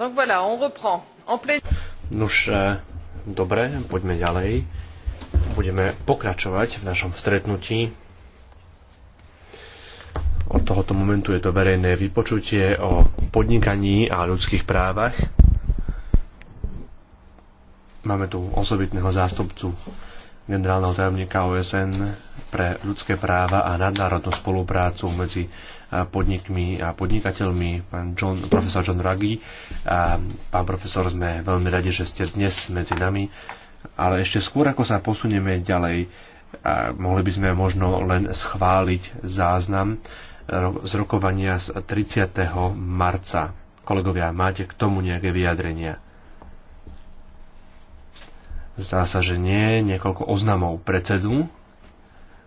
Donc voilà, on reprend. En plein... Nuž, eh, dobre, poďme ďalej. Budeme pokračovať v našom stretnutí. Od tohoto momentu je to verejné vypočutie o podnikaní a ľudských právach. Máme tu osobitného zástupcu generálneho tajomníka OSN pre ľudské práva a nadnárodnú spoluprácu medzi podnikmi a podnikateľmi, pán John, profesor John Ruggie. A pán profesor, sme veľmi radi, že ste dnes medzi nami. Ale ešte skôr, ako sa posunieme ďalej, a mohli by sme možno len schváliť záznam z rokovania z 30. marca. Kolegovia, máte k tomu nejaké vyjadrenia? Zdá sa, že nie. Niekoľko oznamov predsedu.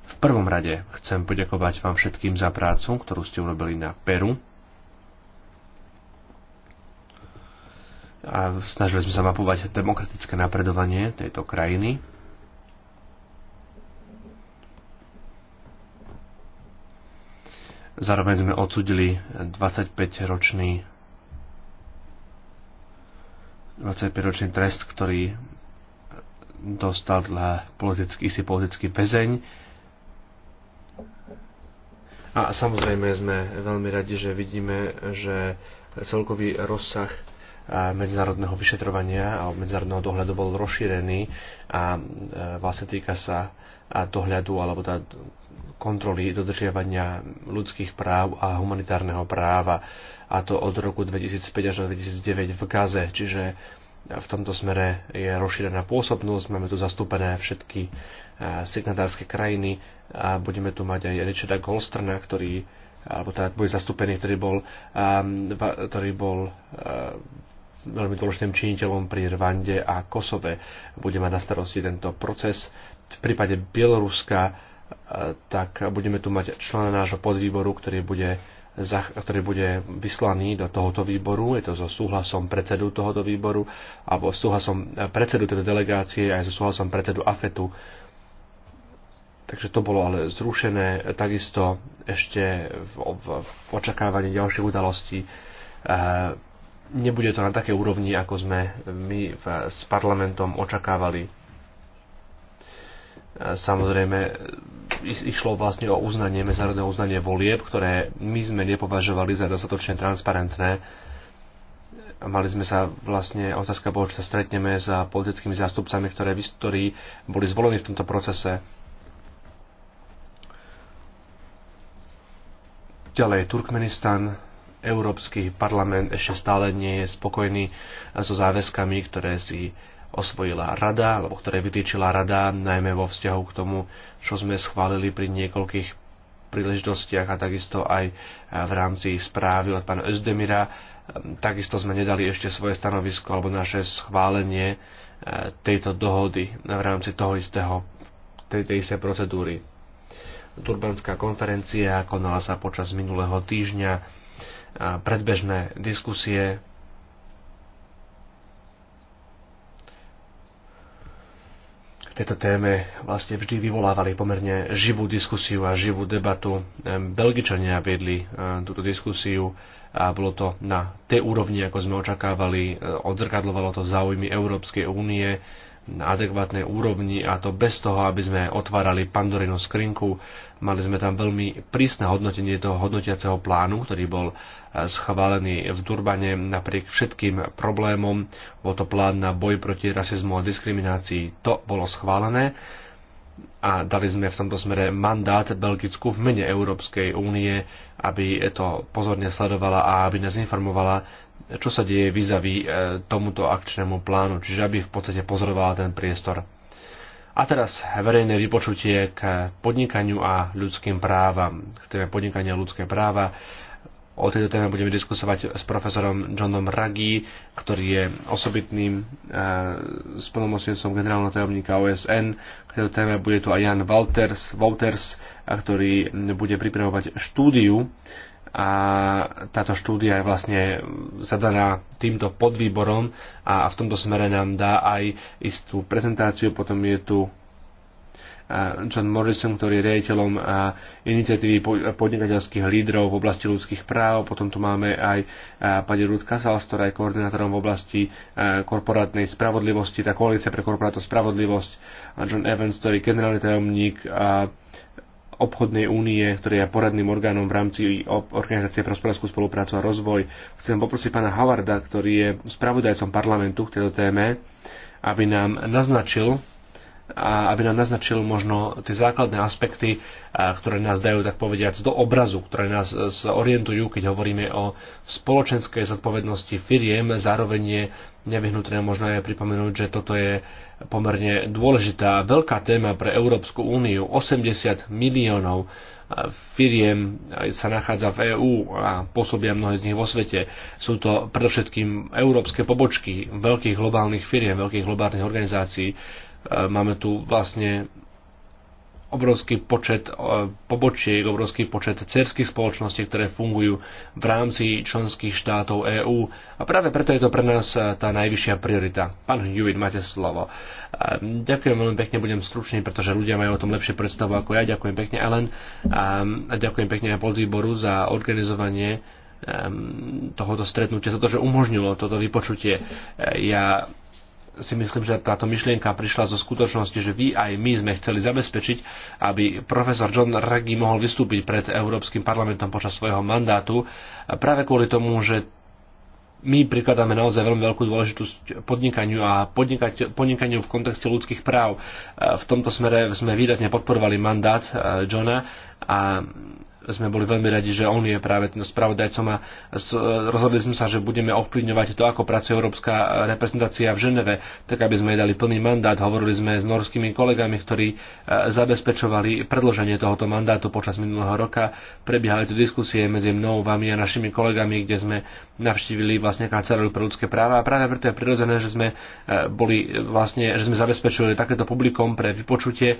V prvom rade chcem poďakovať vám všetkým za prácu, ktorú ste urobili na Peru. A snažili sme sa mapovať demokratické napredovanie tejto krajiny. Zároveň sme odsudili 25-ročný 25-ročný trest, ktorý dostal dlhé politický, istý politický väzeň. A samozrejme sme veľmi radi, že vidíme, že celkový rozsah medzinárodného vyšetrovania a medzinárodného dohľadu bol rozšírený a e, vlastne týka sa dohľadu alebo tá teda kontroly dodržiavania ľudských práv a humanitárneho práva a to od roku 2005 až 2009 v Gaze, čiže v tomto smere je rozšírená pôsobnosť, máme tu zastúpené všetky eh, signatárske krajiny a budeme tu mať aj Richarda Golstrna, ktorý alebo teda bude zastúpený, ktorý bol, ehm, ktorý bol eh, veľmi dôležitým činiteľom pri Rwande a Kosove. Bude mať na starosti tento proces. V prípade Bieloruska eh, tak budeme tu mať člena nášho podvýboru, ktorý bude ktorý bude vyslaný do tohoto výboru. Je to so súhlasom predsedu tohoto výboru, alebo súhlasom eh, predsedu tejto delegácie aj so súhlasom predsedu AFETu. Takže to bolo ale zrušené. Takisto ešte v, v, v očakávaní ďalších udalostí e, nebude to na takej úrovni, ako sme my v, s parlamentom očakávali Samozrejme, išlo vlastne o uznanie, medzinárodné uznanie volieb, ktoré my sme nepovažovali za dostatočne transparentné. Mali sme sa vlastne, otázka bola, či sa stretneme s politickými zástupcami, ktoré, ktorí boli zvolení v tomto procese. Ďalej, Turkmenistan, Európsky parlament ešte stále nie je spokojný so záväzkami, ktoré si osvojila rada, alebo ktoré vytýčila rada, najmä vo vzťahu k tomu, čo sme schválili pri niekoľkých príležitostiach a takisto aj e, v rámci správy od pána Özdemira. E, takisto sme nedali ešte svoje stanovisko alebo naše schválenie e, tejto dohody v rámci toho istého, tej, tej istej procedúry. Turbanská konferencia konala sa počas minulého týždňa. Predbežné diskusie tejto téme vlastne vždy vyvolávali pomerne živú diskusiu a živú debatu. Belgičania viedli túto diskusiu a bolo to na tej úrovni, ako sme očakávali, e, odzrkadlovalo to záujmy Európskej únie na adekvátnej úrovni a to bez toho, aby sme otvárali Pandorinu skrinku. Mali sme tam veľmi prísne hodnotenie toho hodnotiaceho plánu, ktorý bol e, schválený v Durbane napriek všetkým problémom. Bol to plán na boj proti rasizmu a diskriminácii. To bolo schválené a dali sme v tomto smere mandát Belgicku v mene Európskej únie, aby to pozorne sledovala a aby nás informovala, čo sa deje vizavi e, tomuto akčnému plánu, čiže aby v podstate pozorovala ten priestor. A teraz verejné vypočutie k podnikaniu a ľudským právam. Chceme podnikanie a ľudské práva O tejto téme budeme diskusovať s profesorom Johnom Raggi, ktorý je osobitným e, spolomocnencom generálneho tajomníka OSN. K tejto téme bude tu aj Jan Walters, Walters a ktorý bude pripravovať štúdiu a táto štúdia je vlastne zadaná týmto podvýborom a v tomto smere nám dá aj istú prezentáciu. Potom je tu John Morrison, ktorý je riaditeľom iniciatívy podnikateľských lídrov v oblasti ľudských práv. Potom tu máme aj pani Ruth Casals, ktorá je koordinátorom v oblasti korporátnej spravodlivosti, tá koalícia pre korporátnu spravodlivosť. John Evans, ktorý je generálny tajomník obchodnej únie, ktorý je poradným orgánom v rámci Organizácie pre hospodárskú spoluprácu a rozvoj. Chcem poprosiť pána Howarda, ktorý je spravodajcom parlamentu k tejto téme, aby nám naznačil, a aby nám naznačil možno tie základné aspekty, ktoré nás dajú, tak povediať do obrazu, ktoré nás e, orientujú, keď hovoríme o spoločenskej zodpovednosti firiem. Zároveň je nevyhnutné možno aj pripomenúť, že toto je pomerne dôležitá veľká téma pre Európsku úniu. 80 miliónov e, firiem e, sa nachádza v EÚ a pôsobia mnohé z nich vo svete. Sú to predovšetkým európske pobočky veľkých globálnych firiem, veľkých globálnych organizácií. E, máme tu vlastne obrovský počet e, pobočiek, obrovský počet cerských spoločností, ktoré fungujú v rámci členských štátov EÚ a práve preto je to pre nás e, tá najvyššia priorita. Pán Hewitt, máte slovo. Ďakujem veľmi pekne, budem stručný, pretože ľudia majú o tom lepšie predstavu ako ja. Ďakujem pekne Ellen a ďakujem pekne aj podvýboru za organizovanie tohoto stretnutia, za to, že umožnilo toto vypočutie. Ja si myslím, že táto myšlienka prišla zo skutočnosti, že vy aj my sme chceli zabezpečiť, aby profesor John Reggie mohol vystúpiť pred Európskym parlamentom počas svojho mandátu práve kvôli tomu, že my prikladáme naozaj veľmi veľkú dôležitosť podnikaniu a podnikaniu v kontexte ľudských práv. V tomto smere sme výrazne podporovali mandát eh, Johna a sme boli veľmi radi, že on je práve tým spravodajcom a rozhodli sme sa, že budeme ovplyvňovať to, ako pracuje európska reprezentácia v Ženeve, tak aby sme jej dali plný mandát. Hovorili sme s norskými kolegami, ktorí e, zabezpečovali predloženie tohoto mandátu počas minulého roka. Prebiehali tu diskusie medzi mnou, vami a našimi kolegami, kde sme navštívili vlastne kancelárov pre ľudské práva a práve preto je prirodzené, že sme e, boli vlastne, že sme zabezpečili takéto publikum pre vypočutie e,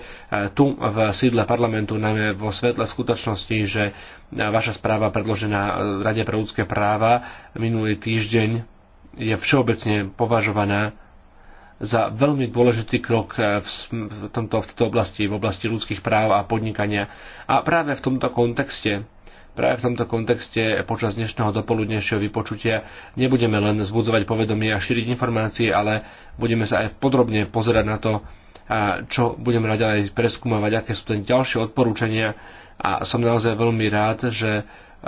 tu v sídle parlamentu, najmä vo svetle skutočnosti, že vaša správa predložená e, Rade pre ľudské práva minulý týždeň je všeobecne považovaná za veľmi dôležitý krok e, v, tomto, v tejto oblasti, v oblasti ľudských práv a podnikania. A práve v tomto kontexte Práve v tomto kontexte počas dnešného dopoludnejšieho vypočutia nebudeme len zbudzovať povedomie a šíriť informácie, ale budeme sa aj podrobne pozerať na to, čo budeme naďalej preskúmavať, aké sú ten ďalšie odporúčania, a som naozaj veľmi rád, že eh,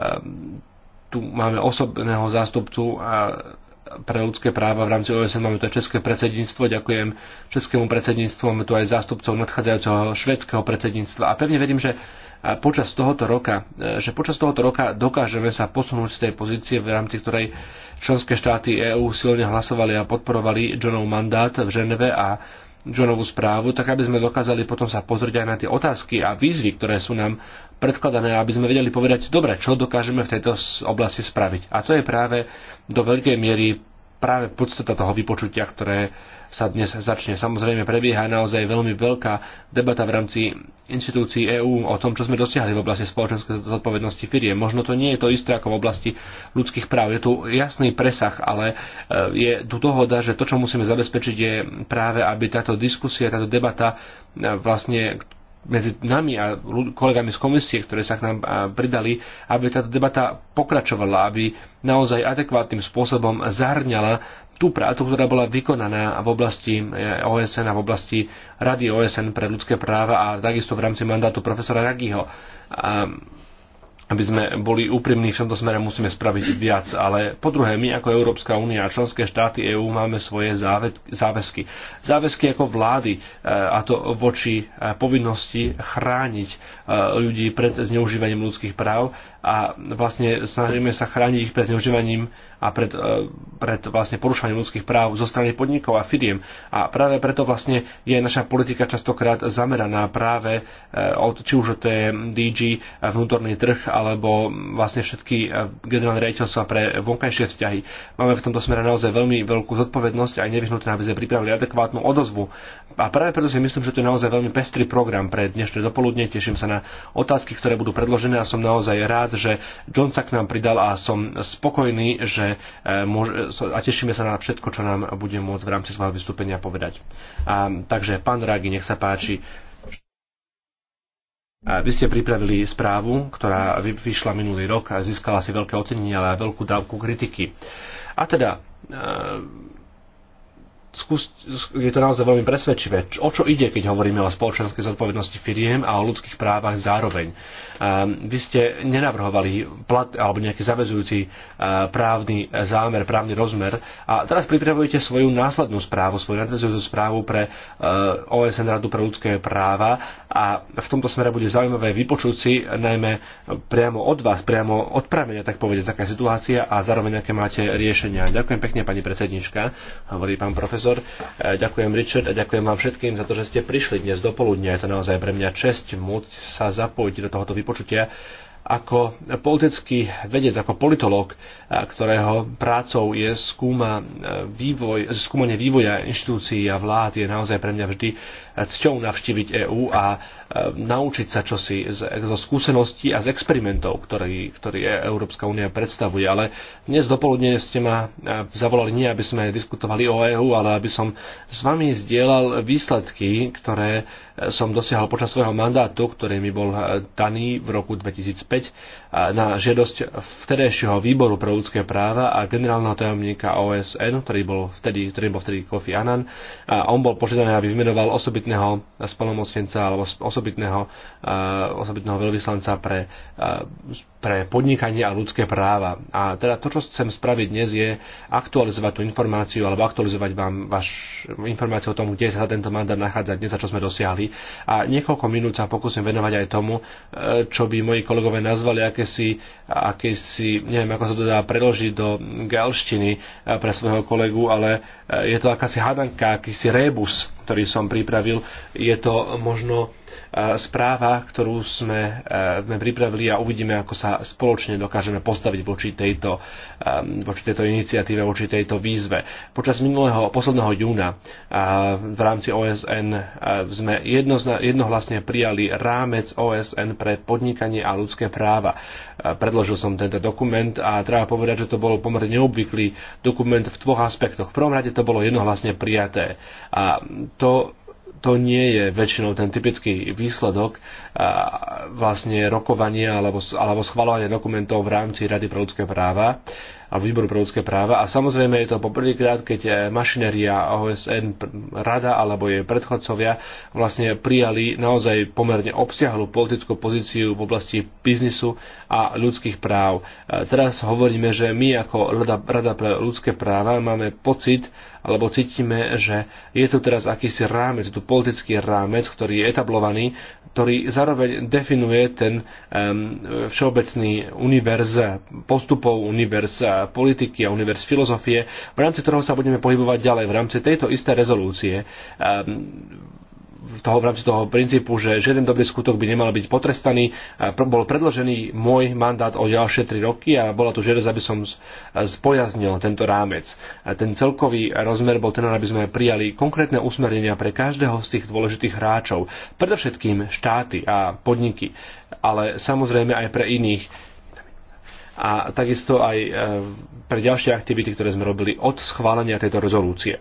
tu máme osobného zástupcu eh, pre ľudské práva v rámci OSN. Máme to české predsedníctvo. Ďakujem českému predsedníctvu. Máme tu aj zástupcov nadchádzajúceho švedského predsedníctva. A pevne verím, že eh, počas tohoto roka, že počas tohoto roka dokážeme sa posunúť z tej pozície, v rámci ktorej členské štáty EÚ silne hlasovali a podporovali Johnov mandát v Ženeve a Johnovú správu, tak aby sme dokázali potom sa pozrieť aj na tie otázky a výzvy, ktoré sú nám predkladané, aby sme vedeli povedať, dobre, čo dokážeme v tejto oblasti spraviť. A to je práve do veľkej miery práve podstata toho vypočutia, ktoré sa dnes začne. Samozrejme prebieha naozaj veľmi veľká debata v rámci inštitúcií EÚ o tom, čo sme dosiahli v oblasti spoločenskej zodpovednosti firie. Možno to nie je to isté ako v oblasti ľudských práv. Je tu jasný presah, ale e, je tu dohoda, že to, čo musíme zabezpečiť, je práve, aby táto diskusia, táto debata e, vlastne medzi nami a kolegami z komisie, ktoré sa k nám e, pridali, aby táto debata pokračovala, aby naozaj adekvátnym spôsobom zahrňala tú prácu, ktorá bola vykonaná v oblasti eh, OSN a v oblasti Rady OSN pre ľudské práva a takisto v rámci mandátu profesora Ragiho. Aby sme boli úprimní v tomto smere, musíme spraviť viac, ale po druhé, my ako Európska únia a členské štáty EÚ máme svoje záväzky. Záväzky ako vlády, eh, a to voči eh, povinnosti chrániť ľudí pred zneužívaním ľudských práv a vlastne snažíme sa chrániť ich pred zneužívaním a pred, e, pred vlastne porušovaním ľudských práv zo strany podnikov a firiem. A práve preto vlastne je naša politika častokrát zameraná práve e, od, či už to je DG e, vnútorný trh alebo vlastne všetky generálne riaditeľstva pre vonkajšie vzťahy. Máme v tomto smere naozaj veľmi veľkú zodpovednosť a je nevyhnutné, aby sme pripravili adekvátnu odozvu. A práve preto si myslím, že to je naozaj veľmi pestrý program pre dnešné dopoludne. Teším sa na otázky, ktoré budú predložené a som naozaj rád, že John sa k nám pridal a som spokojný, že e, môže, a tešíme sa na všetko, čo nám bude môcť v rámci svojho vystúpenia povedať. A, takže pán Dragi, nech sa páči. Vy ste pripravili správu, ktorá vyšla minulý rok a získala si veľké ocenenie, ale aj veľkú dávku kritiky. A teda, e, skús, je to naozaj veľmi presvedčivé. O čo ide, keď hovoríme o spoločenskej zodpovednosti firiem a o ľudských právach zároveň? Vy ste nenavrhovali plat alebo nejaký zavezujúci právny zámer, právny rozmer a teraz pripravujete svoju následnú správu, svoju nadvezujúcu správu pre e, OSN Radu pre ľudské práva a v tomto smere bude zaujímavé vypočuť si najmä priamo od vás, priamo od pramenia, tak povedať, aká je situácia a zároveň aké máte riešenia. Ďakujem pekne, pani predsednička, hovorí pán profesor. E, ďakujem Richard a ďakujem vám všetkým za to, že ste prišli dnes do poludnia. Je to naozaj pre mňa čest môcť sa zapojiť do tohoto vypočutia vypočutia ako politický vedec, ako politológ, ktorého prácou je skúma e, vývoj, skúmanie vývoja inštitúcií a vlád, je naozaj pre mňa vždy cťou navštíviť EÚ a e, naučiť sa čosi zo skúseností a z experimentov, ktorý, ktorý e Európska únia predstavuje. Ale dnes dopoludne ste ma e, zavolali nie, aby sme diskutovali o EÚ, ale aby som s vami zdieľal výsledky, ktoré som dosiahol počas svojho mandátu, ktorý mi bol daný v roku 2005 na žiadosť vtedejšieho výboru pre ľudské práva a generálneho tajomníka OSN, ktorý bol vtedy, ktorý bol vtedy Kofi Annan. A on bol požiadaný, aby vymenoval osobitný osobitného spolomocnenca alebo osobitného, eh, osobitného veľvyslanca pre, eh, pre podnikanie a ľudské práva. A teda to, čo chcem spraviť dnes, je aktualizovať tú informáciu alebo aktualizovať vám vaš informáciu o tom, kde sa tento mandát nachádza dnes a čo sme dosiahli. A niekoľko minút sa pokúsim venovať aj tomu, eh, čo by moji kolegové nazvali akési, akési neviem, ako sa to dá preložiť do galštiny pre svojho kolegu, ale je to akási hadanka, akýsi rebus ktorý som pripravil. Je to možno správa, ktorú sme, eh, sme pripravili a uvidíme, ako sa spoločne dokážeme postaviť voči tejto, ehm, voči tejto iniciatíve, voči tejto výzve. Počas minulého, posledného júna v rámci OSN eh, sme jednohlasne prijali rámec OSN pre podnikanie a ľudské práva. Eh, predložil som tento dokument a treba povedať, že to bol pomerne neobvyklý dokument v dvoch aspektoch. V prvom rade to bolo jednohlasne prijaté. A to to nie je väčšinou ten typický výsledok vlastne rokovania alebo, alebo schvalovania dokumentov v rámci Rady pre ľudské práva a výboru pre ľudské práva. A samozrejme je to poprvýkrát, keď e, mašinéria OSN, rada alebo jej predchodcovia vlastne prijali naozaj pomerne obsiahlu politickú pozíciu v oblasti biznisu a ľudských práv. E, teraz hovoríme, že my ako Rada pre ľudské práva máme pocit, alebo cítime, že je tu teraz akýsi rámec, tu politický rámec, ktorý je etablovaný, ktorý zároveň definuje ten um, všeobecný univerz postupov, univerz politiky a univerz filozofie, v rámci ktorého sa budeme pohybovať ďalej v rámci tejto istej rezolúcie. Um, v toho, v rámci toho princípu, že žiaden dobrý skutok by nemal byť potrestaný. Bol predložený môj mandát o ďalšie 3 roky a bola tu žiadosť, aby som spojaznil tento rámec. Ten celkový rozmer bol ten, aby sme prijali konkrétne usmernenia pre každého z tých dôležitých hráčov. Predovšetkým štáty a podniky, ale samozrejme aj pre iných a takisto aj e, pre ďalšie aktivity, ktoré sme robili od schválenia tejto rezolúcie.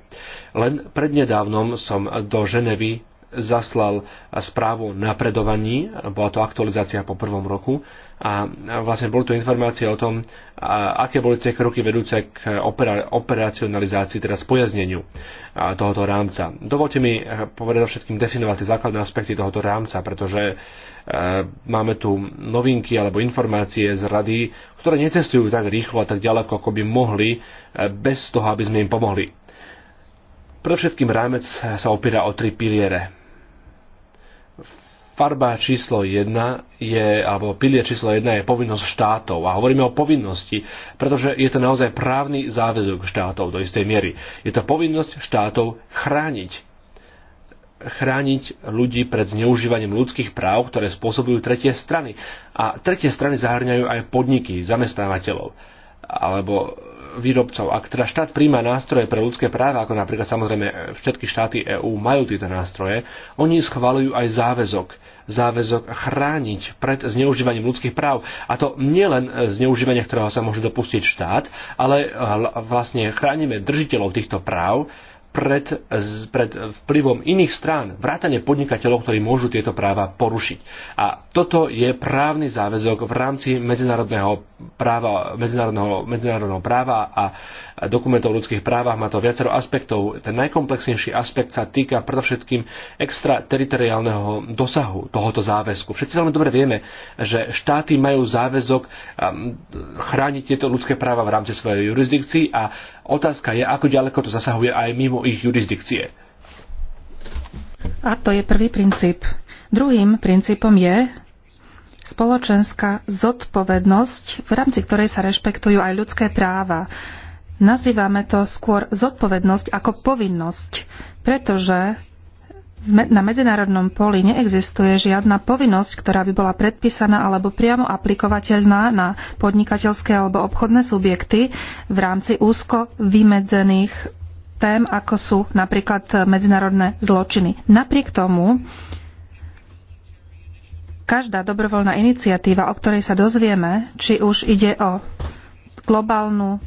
Len prednedávnom som do Ženevy zaslal správu o napredovaní, bola to aktualizácia po prvom roku a vlastne boli to informácie o tom, aké boli tie kroky vedúce k operacionalizácii, teda spojazneniu tohoto rámca. Dovolte mi eh, povedať všetkým definovať tie základné aspekty tohoto rámca, pretože eh, máme tu novinky alebo informácie z rady, ktoré necestujú tak rýchlo a tak ďaleko, ako by mohli, eh, bez toho, aby sme im pomohli. Predovšetkým rámec sa opiera o tri piliere Farba číslo 1 je, alebo pilier číslo 1 je povinnosť štátov. A hovoríme o povinnosti, pretože je to naozaj právny záväzok štátov do istej miery. Je to povinnosť štátov chrániť chrániť ľudí pred zneužívaním ľudských práv, ktoré spôsobujú tretie strany. A tretie strany zahrňajú aj podniky, zamestnávateľov alebo výrobcov. Ak teda štát príjma nástroje pre ľudské práva, ako napríklad samozrejme e, všetky štáty EÚ majú tieto nástroje, oni schvalujú aj záväzok záväzok chrániť pred zneužívaním ľudských práv. A to nielen e, zneužívanie, ktorého sa môže dopustiť štát, ale vlastne chránime držiteľov týchto práv pred, pred vplyvom iných strán, vrátane podnikateľov, ktorí môžu tieto práva porušiť. A toto je právny záväzok v rámci medzinárodného práva, medzinárodného, medzinárodného práva a dokumentov o ľudských právach. Má to viacero aspektov. Ten najkomplexnejší aspekt sa týka predovšetkým extrateritoriálneho dosahu tohoto záväzku. Všetci veľmi dobre vieme, že štáty majú záväzok um, chrániť tieto ľudské práva v rámci svojej jurisdikcii a Otázka je, ako ďaleko to zasahuje aj mimo ich jurisdikcie. A to je prvý princíp. Druhým princípom je spoločenská zodpovednosť, v rámci ktorej sa rešpektujú aj ľudské práva. Nazývame to skôr zodpovednosť ako povinnosť, pretože na medzinárodnom poli neexistuje žiadna povinnosť, ktorá by bola predpísaná alebo priamo aplikovateľná na podnikateľské alebo obchodné subjekty v rámci úzko vymedzených tém, ako sú napríklad medzinárodné zločiny. Napriek tomu, každá dobrovoľná iniciatíva, o ktorej sa dozvieme, či už ide o globálnu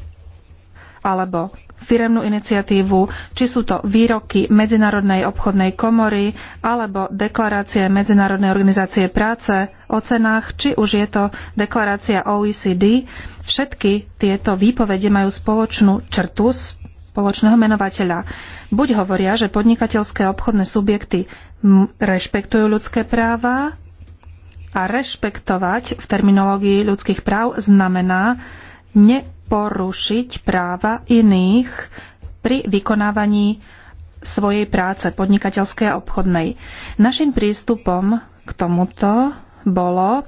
alebo firemnú iniciatívu, či sú to výroky Medzinárodnej obchodnej komory alebo deklarácie Medzinárodnej organizácie práce o cenách, či už je to deklarácia OECD. Všetky tieto výpovede majú spoločnú črtu spoločného menovateľa. Buď hovoria, že podnikateľské obchodné subjekty rešpektujú ľudské práva a rešpektovať v terminológii ľudských práv znamená ne porušiť práva iných pri vykonávaní svojej práce, podnikateľskej a obchodnej. Našim prístupom k tomuto bolo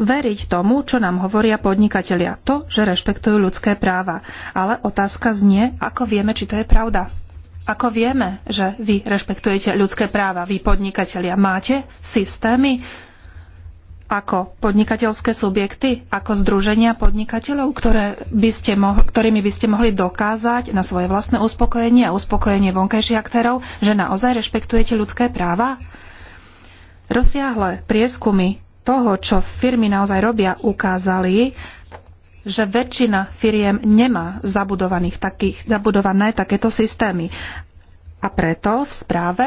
veriť tomu, čo nám hovoria podnikatelia, to, že rešpektujú ľudské práva. Ale otázka znie, ako vieme, či to je pravda. Ako vieme, že vy rešpektujete ľudské práva, vy podnikatelia? Máte systémy, ako podnikateľské subjekty, ako združenia podnikateľov, ktoré by ste mohli, ktorými by ste mohli dokázať na svoje vlastné uspokojenie a uspokojenie vonkajších aktérov, že naozaj rešpektujete ľudské práva? Rozsiahle prieskumy toho, čo firmy naozaj robia, ukázali, že väčšina firiem nemá zabudovaných takých, zabudované takéto systémy. A preto v správe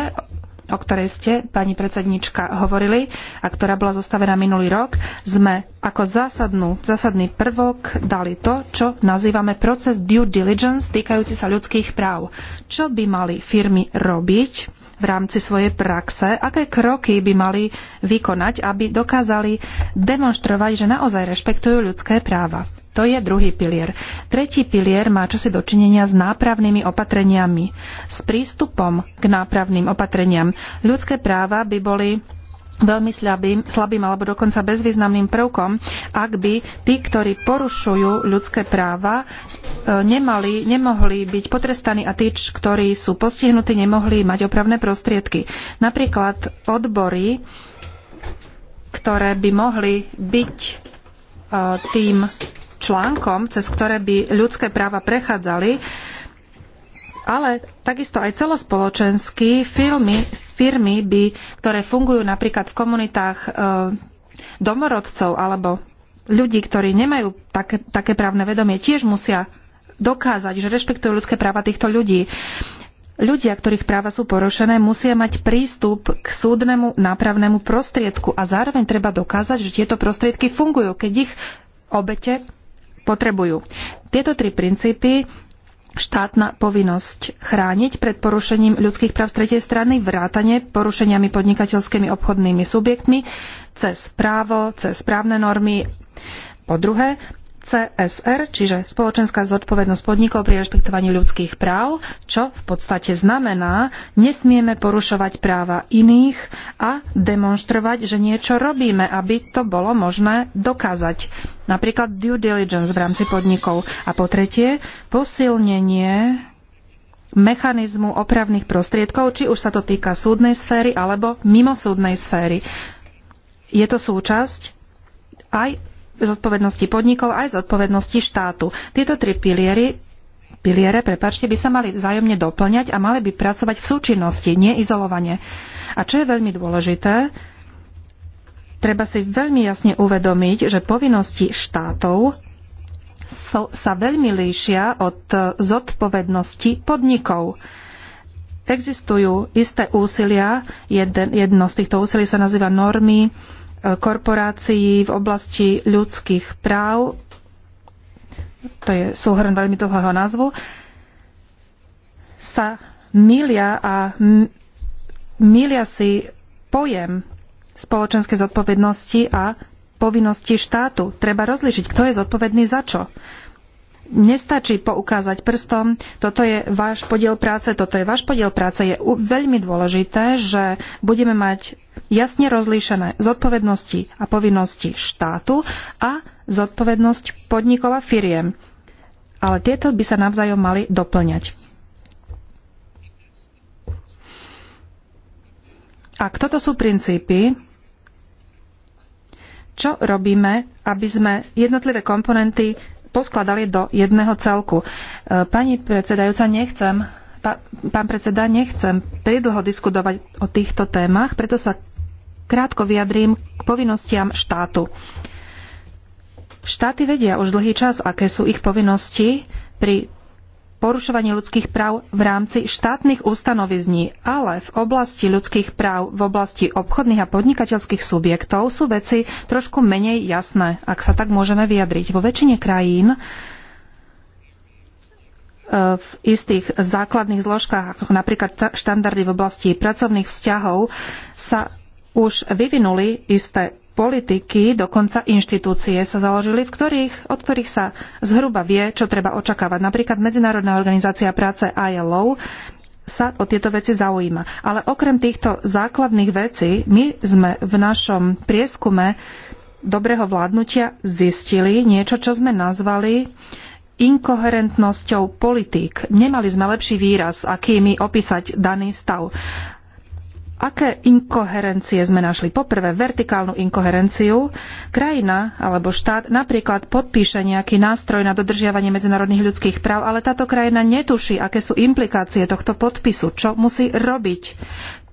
o ktorej ste, pani predsednička, hovorili a ktorá bola zostavená minulý rok, sme ako zásadnú, zásadný prvok dali to, čo nazývame proces due diligence týkajúci sa ľudských práv. Čo by mali firmy robiť v rámci svojej praxe, aké kroky by mali vykonať, aby dokázali demonstrovať, že naozaj rešpektujú ľudské práva. To je druhý pilier. Tretí pilier má čosi dočinenia s nápravnými opatreniami, s prístupom k nápravným opatreniam. Ľudské práva by boli veľmi slabým, slabým alebo dokonca bezvýznamným prvkom, ak by tí, ktorí porušujú ľudské práva, e, nemali, nemohli byť potrestaní a tí, ktorí sú postihnutí, nemohli mať opravné prostriedky. Napríklad odbory, ktoré by mohli byť e, tým článkom, cez ktoré by ľudské práva prechádzali, ale takisto aj celospoločenský filmy, firmy, by, ktoré fungujú napríklad v komunitách e, domorodcov alebo ľudí, ktorí nemajú také, také právne vedomie, tiež musia dokázať, že rešpektujú ľudské práva týchto ľudí. Ľudia, ktorých práva sú porušené, musia mať prístup k súdnemu nápravnému prostriedku a zároveň treba dokázať, že tieto prostriedky fungujú, keď ich obete potrebujú. Tieto tri princípy štátna povinnosť chrániť pred porušením ľudských práv z tretej strany, vrátane porušeniami podnikateľskými obchodnými subjektmi cez právo, cez právne normy. Po druhé, CSR, čiže spoločenská zodpovednosť podnikov pri rešpektovaní ľudských práv, čo v podstate znamená, nesmieme porušovať práva iných a demonstrovať, že niečo robíme, aby to bolo možné dokázať. Napríklad due diligence v rámci podnikov. A po tretie, posilnenie mechanizmu opravných prostriedkov, či už sa to týka súdnej sféry alebo mimosúdnej sféry. Je to súčasť aj zodpovednosti podnikov aj zodpovednosti štátu. Tieto tri piliery piliere, prepačte, by sa mali vzájomne doplňať a mali by pracovať v súčinnosti, nie izolovane. A čo je veľmi dôležité, treba si veľmi jasne uvedomiť, že povinnosti štátov sa veľmi líšia od zodpovednosti podnikov. Existujú isté úsilia, jedno z týchto úsilí sa nazýva normy, korporácií v oblasti ľudských práv. To je súhrn veľmi dlhého názvu sa milia a milia si pojem spoločenskej zodpovednosti a povinnosti štátu. Treba rozlišiť, kto je zodpovedný za čo. Nestačí poukázať prstom, toto je váš podiel práce, toto je váš podiel práce. Je veľmi dôležité, že budeme mať jasne rozlíšené zodpovednosti a povinnosti štátu a zodpovednosť podnikov a firiem. Ale tieto by sa navzájom mali doplňať. A toto sú princípy, čo robíme, aby sme jednotlivé komponenty poskladali do jedného celku? E, pani predsedajúca, nechcem pán predseda, nechcem pridlho diskutovať o týchto témach, preto sa krátko vyjadrím k povinnostiam štátu. Štáty vedia už dlhý čas, aké sú ich povinnosti pri porušovaní ľudských práv v rámci štátnych ustanovizní, ale v oblasti ľudských práv, v oblasti obchodných a podnikateľských subjektov sú veci trošku menej jasné, ak sa tak môžeme vyjadriť. Vo väčšine krajín e, v istých základných zložkách, ako napríklad štandardy v oblasti pracovných vzťahov, sa už vyvinuli isté politiky, dokonca inštitúcie sa založili, v ktorých, od ktorých sa zhruba vie, čo treba očakávať. Napríklad Medzinárodná organizácia práce ILO sa o tieto veci zaujíma. Ale okrem týchto základných vecí, my sme v našom prieskume dobrého vládnutia zistili niečo, čo sme nazvali inkoherentnosťou politík. Nemali sme lepší výraz, akými opísať daný stav. Aké inkoherencie sme našli? Poprvé, vertikálnu inkoherenciu. Krajina alebo štát napríklad podpíše nejaký nástroj na dodržiavanie medzinárodných ľudských práv, ale táto krajina netuší, aké sú implikácie tohto podpisu, čo musí robiť.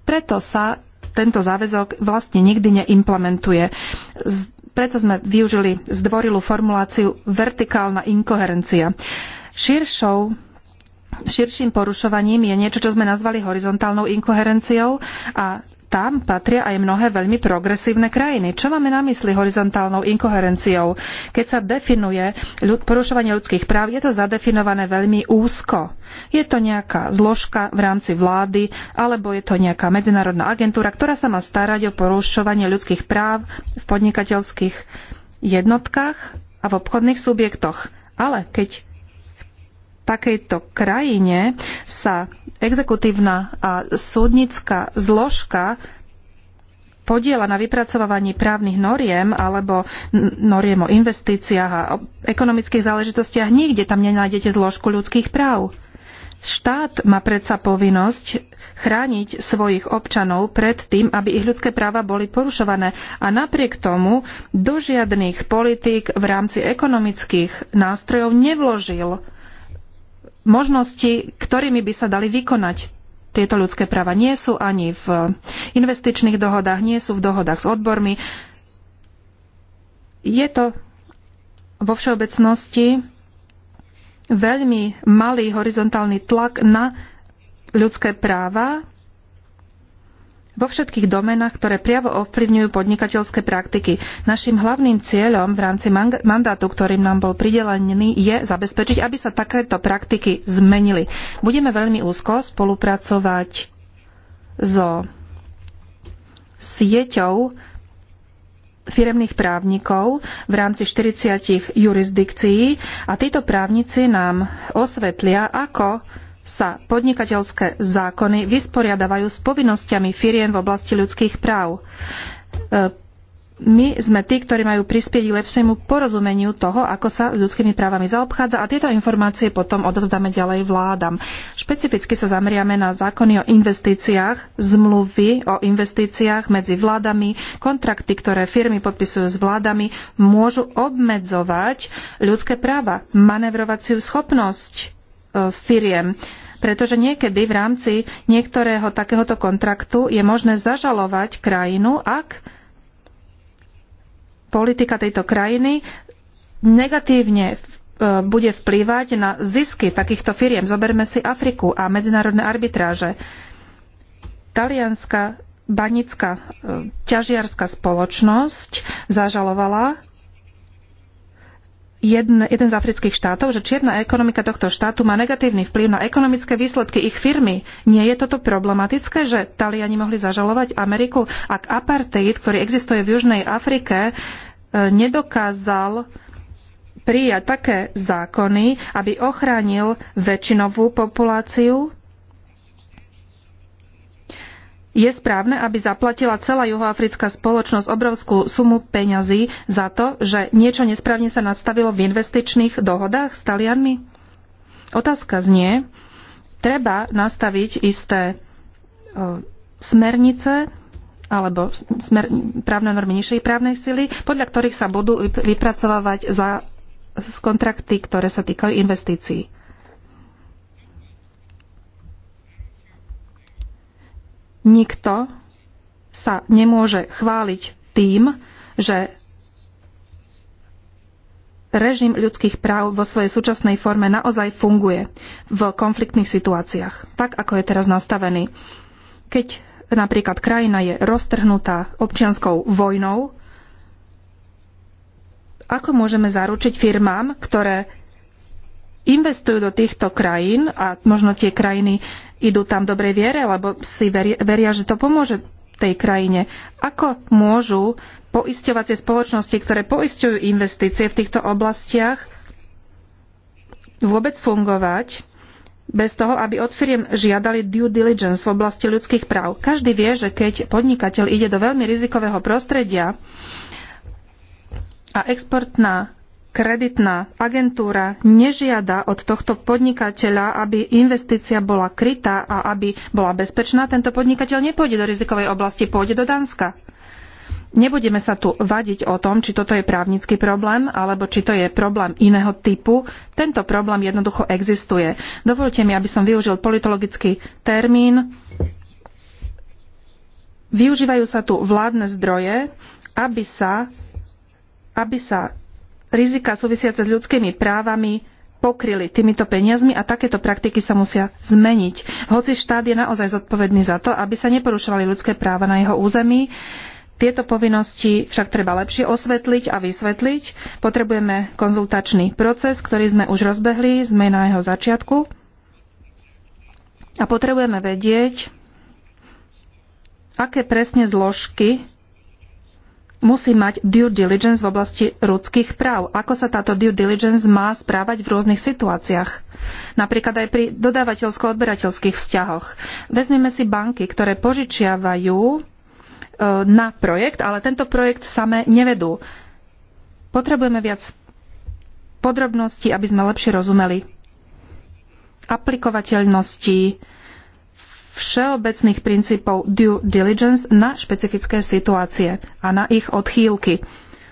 Preto sa tento záväzok vlastne nikdy neimplementuje. Preto sme využili zdvorilú formuláciu vertikálna inkoherencia. Širšou širším porušovaním je niečo, čo sme nazvali horizontálnou inkoherenciou a tam patria aj mnohé veľmi progresívne krajiny. Čo máme na mysli horizontálnou inkoherenciou? Keď sa definuje ľud, porušovanie ľudských práv, je to zadefinované veľmi úzko. Je to nejaká zložka v rámci vlády, alebo je to nejaká medzinárodná agentúra, ktorá sa má starať o porušovanie ľudských práv v podnikateľských jednotkách a v obchodných subjektoch. Ale keď takejto krajine sa exekutívna a súdnická zložka podiela na vypracovávaní právnych noriem alebo noriem o investíciách a o ekonomických záležitostiach, nikde tam nenájdete zložku ľudských práv. Štát má predsa povinnosť chrániť svojich občanov pred tým, aby ich ľudské práva boli porušované. A napriek tomu do žiadnych politík v rámci ekonomických nástrojov nevložil možnosti, ktorými by sa dali vykonať tieto ľudské práva. Nie sú ani v investičných dohodách, nie sú v dohodách s odbormi. Je to vo všeobecnosti veľmi malý horizontálny tlak na ľudské práva vo všetkých domenách, ktoré priamo ovplyvňujú podnikateľské praktiky. Našim hlavným cieľom v rámci mandátu, ktorým nám bol pridelený, je zabezpečiť, aby sa takéto praktiky zmenili. Budeme veľmi úzko spolupracovať so sieťou firemných právnikov v rámci 40 jurisdikcií a títo právnici nám osvetlia, ako sa podnikateľské zákony vysporiadavajú s povinnosťami firiem v oblasti ľudských práv. E, my sme tí, ktorí majú prispieť k lepšiemu porozumeniu toho, ako sa ľudskými právami zaobchádza a tieto informácie potom odovzdáme ďalej vládam. Špecificky sa zameriame na zákony o investíciách, zmluvy o investíciách medzi vládami, kontrakty, ktoré firmy podpisujú s vládami, môžu obmedzovať ľudské práva, manevrovaciu schopnosť z e, firiem. Pretože niekedy v rámci niektorého takéhoto kontraktu je možné zažalovať krajinu, ak politika tejto krajiny negatívne e, bude vplývať na zisky takýchto firiem. Zoberme si Afriku a medzinárodné arbitráže. Talianska banická e, ťažiarská spoločnosť zažalovala jeden, jeden z afrických štátov, že čierna ekonomika tohto štátu má negatívny vplyv na ekonomické výsledky ich firmy. Nie je toto problematické, že Taliani mohli zažalovať Ameriku, ak apartheid, ktorý existuje v Južnej Afrike, e, nedokázal prijať také zákony, aby ochránil väčšinovú populáciu je správne, aby zaplatila celá juhoafrická spoločnosť obrovskú sumu peňazí za to, že niečo nesprávne sa nadstavilo v investičných dohodách s Talianmi? Otázka znie, treba nastaviť isté smernice alebo smer, právne normy nižšej právnej sily, podľa ktorých sa budú vypracovávať za kontrakty, ktoré sa týkajú investícií. Nikto sa nemôže chváliť tým, že režim ľudských práv vo svojej súčasnej forme naozaj funguje v konfliktných situáciách, tak ako je teraz nastavený. Keď napríklad krajina je roztrhnutá občianskou vojnou, ako môžeme zaručiť firmám, ktoré investujú do týchto krajín a možno tie krajiny idú tam dobrej viere, lebo si veria, že to pomôže tej krajine. Ako môžu poisťovacie spoločnosti, ktoré poisťujú investície v týchto oblastiach, vôbec fungovať bez toho, aby od firiem žiadali due diligence v oblasti ľudských práv. Každý vie, že keď podnikateľ ide do veľmi rizikového prostredia a exportná kreditná agentúra nežiada od tohto podnikateľa, aby investícia bola krytá a aby bola bezpečná, tento podnikateľ nepôjde do rizikovej oblasti, pôjde do Dánska. Nebudeme sa tu vadiť o tom, či toto je právnický problém, alebo či to je problém iného typu. Tento problém jednoducho existuje. Dovolte mi, aby som využil politologický termín. Využívajú sa tu vládne zdroje, aby sa, aby sa rizika súvisiace s ľudskými právami pokryli týmito peniazmi a takéto praktiky sa musia zmeniť. Hoci štát je naozaj zodpovedný za to, aby sa neporušovali ľudské práva na jeho území, tieto povinnosti však treba lepšie osvetliť a vysvetliť. Potrebujeme konzultačný proces, ktorý sme už rozbehli, sme na jeho začiatku. A potrebujeme vedieť, aké presne zložky musí mať due diligence v oblasti ľudských práv. Ako sa táto due diligence má správať v rôznych situáciách? Napríklad aj pri dodávateľsko-odberateľských vzťahoch. Vezmeme si banky, ktoré požičiavajú e, na projekt, ale tento projekt same nevedú. Potrebujeme viac podrobností, aby sme lepšie rozumeli aplikovateľnosti všeobecných princípov due diligence na špecifické situácie a na ich odchýlky.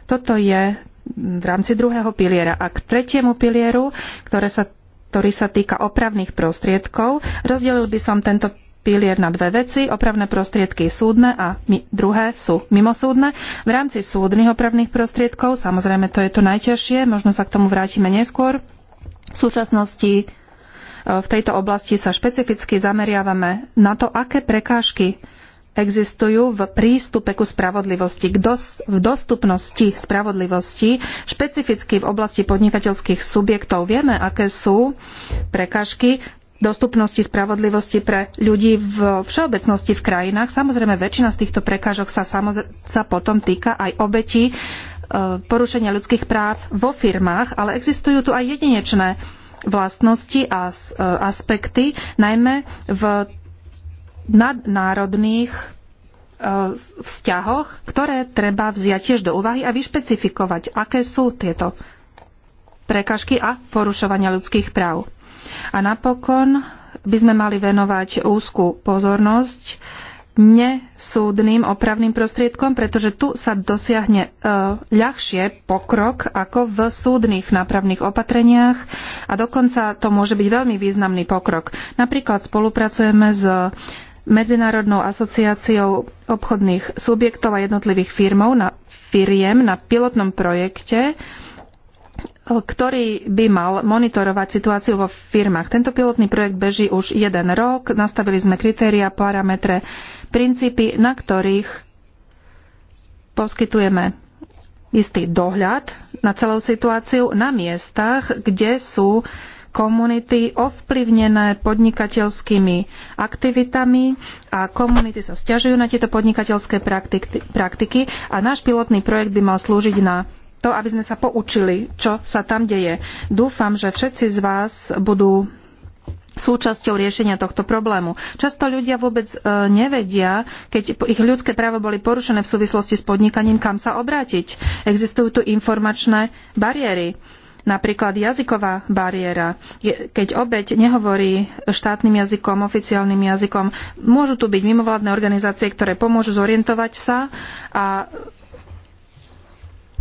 Toto je v rámci druhého piliera. A k tretiemu pilieru, ktoré sa, ktorý sa týka opravných prostriedkov, rozdelil by som tento pilier na dve veci. Opravné prostriedky súdne a mi, druhé sú mimosúdne. V rámci súdnych opravných prostriedkov, samozrejme to je to najťažšie, možno sa k tomu vrátime neskôr, v súčasnosti v tejto oblasti sa špecificky zameriavame na to, aké prekážky existujú v prístupe ku spravodlivosti, k dos- v dostupnosti spravodlivosti, špecificky v oblasti podnikateľských subjektov. Vieme, aké sú prekážky dostupnosti spravodlivosti pre ľudí v všeobecnosti v krajinách. Samozrejme, väčšina z týchto prekážok sa, sa potom týka aj obetí e, porušenia ľudských práv vo firmách, ale existujú tu aj jedinečné vlastnosti a e, aspekty, najmä v nadnárodných e, vzťahoch, ktoré treba vziať tiež do úvahy a vyšpecifikovať, aké sú tieto prekažky a porušovania ľudských práv. A napokon by sme mali venovať úzkú pozornosť nesúdnym opravným prostriedkom, pretože tu sa dosiahne e, ľahšie pokrok ako v súdnych nápravných opatreniach a dokonca to môže byť veľmi významný pokrok. Napríklad spolupracujeme s Medzinárodnou asociáciou obchodných subjektov a jednotlivých firmov na, firiem na pilotnom projekte, e, ktorý by mal monitorovať situáciu vo firmách. Tento pilotný projekt beží už jeden rok. Nastavili sme kritéria, parametre, princípy, na ktorých poskytujeme istý dohľad na celú situáciu na miestach, kde sú komunity ovplyvnené podnikateľskými aktivitami a komunity sa stiažujú na tieto podnikateľské praktiky a náš pilotný projekt by mal slúžiť na to, aby sme sa poučili, čo sa tam deje. Dúfam, že všetci z vás budú súčasťou riešenia tohto problému. Často ľudia vôbec e, nevedia, keď ich ľudské práva boli porušené v súvislosti s podnikaním, kam sa obrátiť. Existujú tu informačné bariéry. Napríklad jazyková bariéra. Keď obeď nehovorí štátnym jazykom, oficiálnym jazykom, môžu tu byť mimovládne organizácie, ktoré pomôžu zorientovať sa a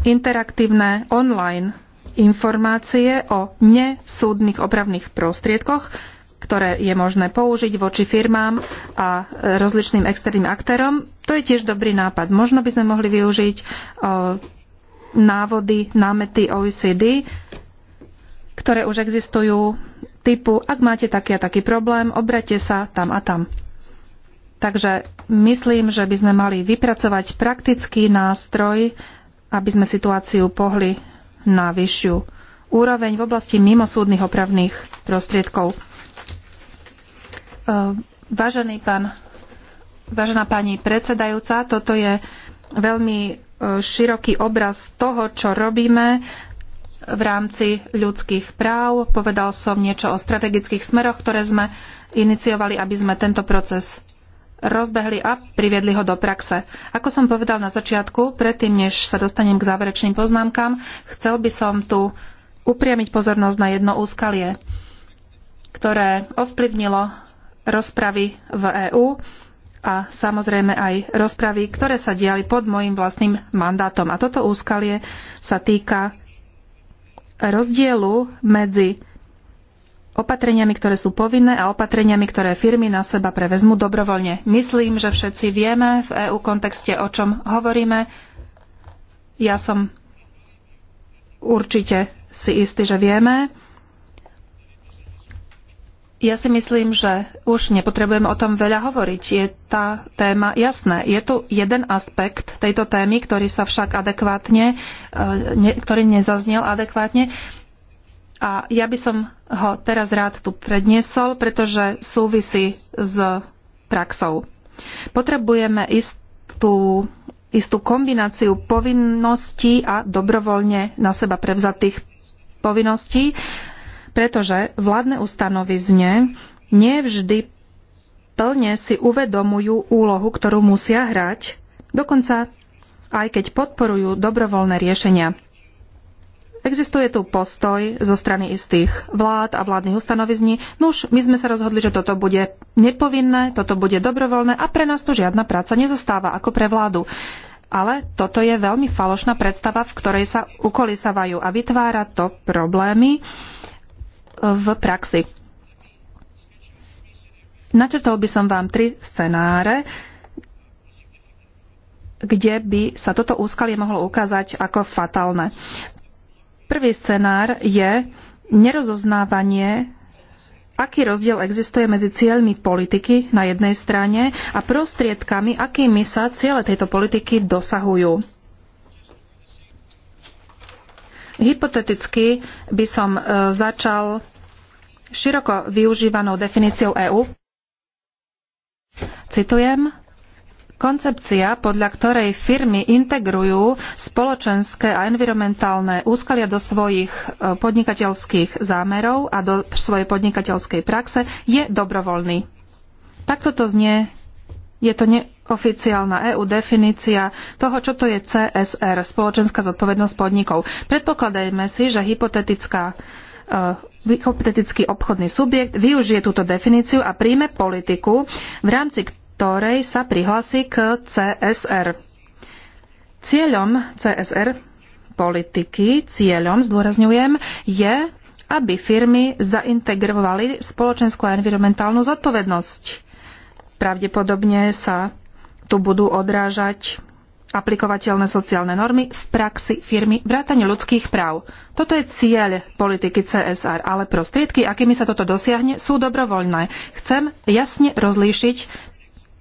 interaktívne online informácie o nesúdnych opravných prostriedkoch ktoré je možné použiť voči firmám a e, rozličným externým aktérom. To je tiež dobrý nápad. Možno by sme mohli využiť e, návody, námety OECD, ktoré už existujú, typu, ak máte taký a taký problém, obrate sa tam a tam. Takže myslím, že by sme mali vypracovať praktický nástroj, aby sme situáciu pohli na vyššiu úroveň v oblasti mimosúdnych opravných prostriedkov. Eh, vážený pán, vážená pani predsedajúca, toto je veľmi eh, široký obraz toho, čo robíme v rámci ľudských práv. Povedal som niečo o strategických smeroch, ktoré sme iniciovali, aby sme tento proces rozbehli a priviedli ho do praxe. Ako som povedal na začiatku, predtým, než sa dostanem k záverečným poznámkam, chcel by som tu upriamiť pozornosť na jedno úskalie, ktoré ovplyvnilo rozpravy v EÚ a samozrejme aj rozpravy, ktoré sa diali pod môjim vlastným mandátom. A toto úskalie sa týka rozdielu medzi opatreniami, ktoré sú povinné a opatreniami, ktoré firmy na seba prevezmú dobrovoľne. Myslím, že všetci vieme v EU kontexte, o čom hovoríme. Ja som určite si istý, že vieme. Ja si myslím, že už nepotrebujem o tom veľa hovoriť. Je tá téma jasná. Je tu jeden aspekt tejto témy, ktorý sa však adekvátne, eh, ktorý nezaznel adekvátne. A ja by som ho teraz rád tu predniesol, pretože súvisí s praxou. Potrebujeme istú, istú kombináciu povinností a dobrovoľne na seba prevzatých povinností pretože vládne ustanovizne nevždy plne si uvedomujú úlohu, ktorú musia hrať, dokonca aj keď podporujú dobrovoľné riešenia. Existuje tu postoj zo strany istých vlád a vládnych ustanovizní. Nuž, no my sme sa rozhodli, že toto bude nepovinné, toto bude dobrovoľné a pre nás tu žiadna práca nezostáva ako pre vládu. Ale toto je veľmi falošná predstava, v ktorej sa ukolisavajú a vytvára to problémy, v praxi. Načrtol by som vám tri scenáre, kde by sa toto úskalie mohlo ukázať ako fatálne. Prvý scenár je nerozoznávanie, aký rozdiel existuje medzi cieľmi politiky na jednej strane a prostriedkami, akými sa ciele tejto politiky dosahujú. Hypoteticky by som e, začal široko využívanou definíciou EÚ. Citujem, Koncepcia, podľa ktorej firmy integrujú spoločenské a environmentálne úskalia do svojich e, podnikateľských zámerov a do svojej podnikateľskej praxe, je dobrovoľný. Takto to znie. Je to ne- oficiálna EU definícia toho, čo to je CSR, spoločenská zodpovednosť podnikov. Predpokladajme si, že hypotetická eh, hypotetický obchodný subjekt využije túto definíciu a príjme politiku, v rámci ktorej sa prihlási k CSR. Cieľom CSR politiky, cieľom, zdôrazňujem, je, aby firmy zaintegrovali spoločenskú a environmentálnu zodpovednosť. Pravdepodobne sa tu budú odrážať aplikovateľné sociálne normy v praxi firmy vrátane ľudských práv. Toto je cieľ politiky CSR, ale prostriedky, akými sa toto dosiahne, sú dobrovoľné. Chcem jasne rozlíšiť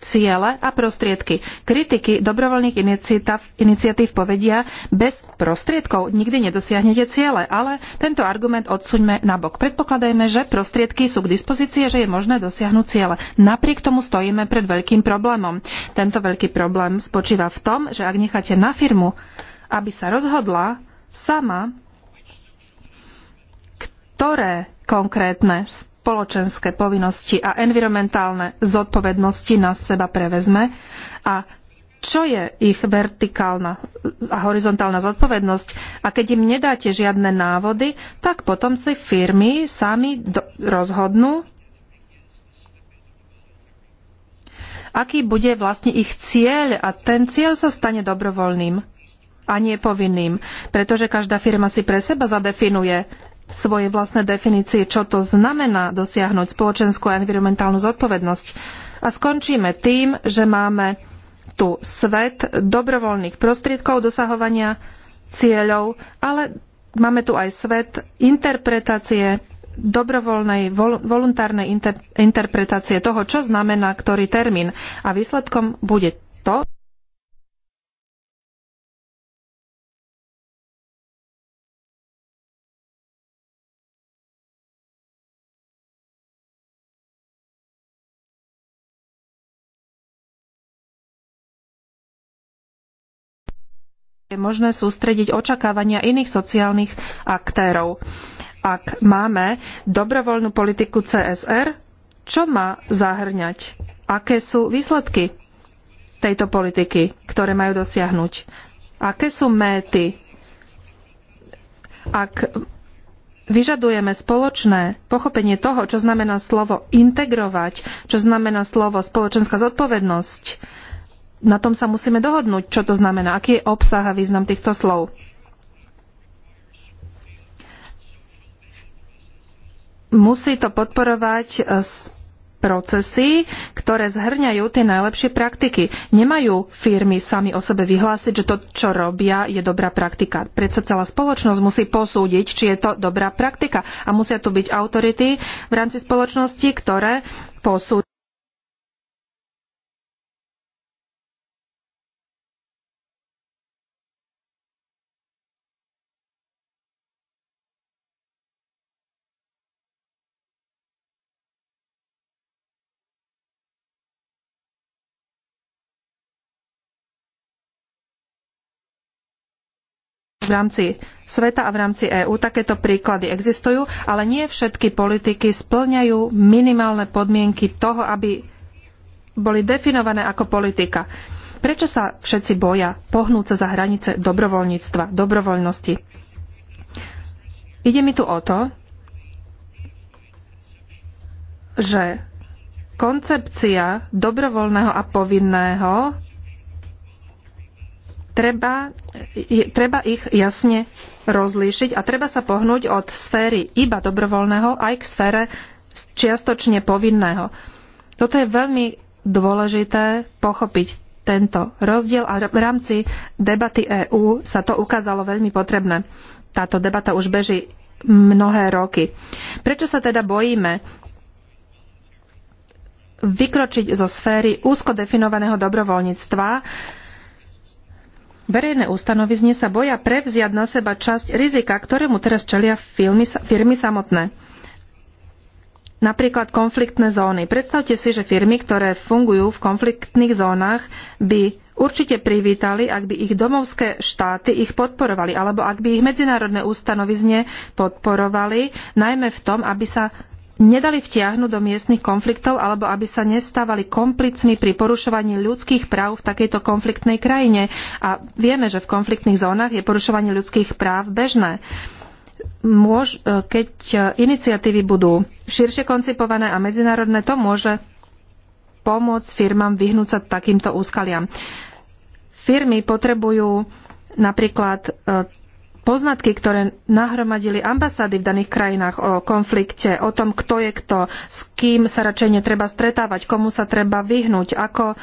ciele a prostriedky. Kritiky dobrovoľných iniciatív povedia, bez prostriedkov nikdy nedosiahnete ciele, ale tento argument odsuňme nabok. Predpokladajme, že prostriedky sú k dispozícii, že je možné dosiahnuť ciele. Napriek tomu stojíme pred veľkým problémom. Tento veľký problém spočíva v tom, že ak necháte na firmu, aby sa rozhodla sama, ktoré konkrétne spoločenské povinnosti a environmentálne zodpovednosti na seba prevezme a čo je ich vertikálna a horizontálna zodpovednosť a keď im nedáte žiadne návody, tak potom si firmy sami rozhodnú, aký bude vlastne ich cieľ a ten cieľ sa stane dobrovoľným a nie povinným, pretože každá firma si pre seba zadefinuje, svoje vlastné definície, čo to znamená dosiahnuť spoločenskú a environmentálnu zodpovednosť. A skončíme tým, že máme tu svet dobrovoľných prostriedkov dosahovania cieľov, ale máme tu aj svet interpretácie dobrovoľnej, vol, voluntárnej inter, interpretácie toho, čo znamená ktorý termín. A výsledkom bude to, je možné sústrediť očakávania iných sociálnych aktérov. Ak máme dobrovoľnú politiku CSR, čo má zahrňať? Aké sú výsledky tejto politiky, ktoré majú dosiahnuť? Aké sú méty? Ak vyžadujeme spoločné pochopenie toho, čo znamená slovo integrovať, čo znamená slovo spoločenská zodpovednosť, na tom sa musíme dohodnúť, čo to znamená, aký je obsah a význam týchto slov. Musí to podporovať e, procesy, ktoré zhrňajú tie najlepšie praktiky. Nemajú firmy sami o sebe vyhlásiť, že to, čo robia, je dobrá praktika. Predsa celá spoločnosť musí posúdiť, či je to dobrá praktika. A musia tu byť autority v rámci spoločnosti, ktoré posúdia v rámci sveta a v rámci EÚ takéto príklady existujú, ale nie všetky politiky splňajú minimálne podmienky toho, aby boli definované ako politika. Prečo sa všetci boja pohnúť sa za hranice dobrovoľníctva, dobrovoľnosti? Ide mi tu o to, že koncepcia dobrovoľného a povinného treba, treba ich jasne rozlíšiť a treba sa pohnúť od sféry iba dobrovoľného aj k sfére čiastočne povinného. Toto je veľmi dôležité pochopiť tento rozdiel a v rámci debaty EÚ sa to ukázalo veľmi potrebné. Táto debata už beží mnohé roky. Prečo sa teda bojíme vykročiť zo sféry úzko definovaného dobrovoľníctva, Verejné ustanovizne sa boja prevziať na seba časť rizika, ktorému teraz čelia firmy, firmy samotné. Napríklad konfliktné zóny. Predstavte si, že firmy, ktoré fungujú v konfliktných zónach, by určite privítali, ak by ich domovské štáty ich podporovali, alebo ak by ich medzinárodné ustanovizne podporovali, najmä v tom, aby sa nedali vtiahnuť do miestnych konfliktov alebo aby sa nestávali komplicmi pri porušovaní ľudských práv v takejto konfliktnej krajine. A vieme, že v konfliktných zónach je porušovanie ľudských práv bežné. Môž, e, keď e, iniciatívy budú širšie koncipované a medzinárodné, to môže pomôcť firmám vyhnúť sa takýmto úskaliam. Firmy potrebujú napríklad e, poznatky, ktoré nahromadili ambasády v daných krajinách o konflikte, o tom, kto je kto, s kým sa radšej netreba stretávať, komu sa treba vyhnúť, ako,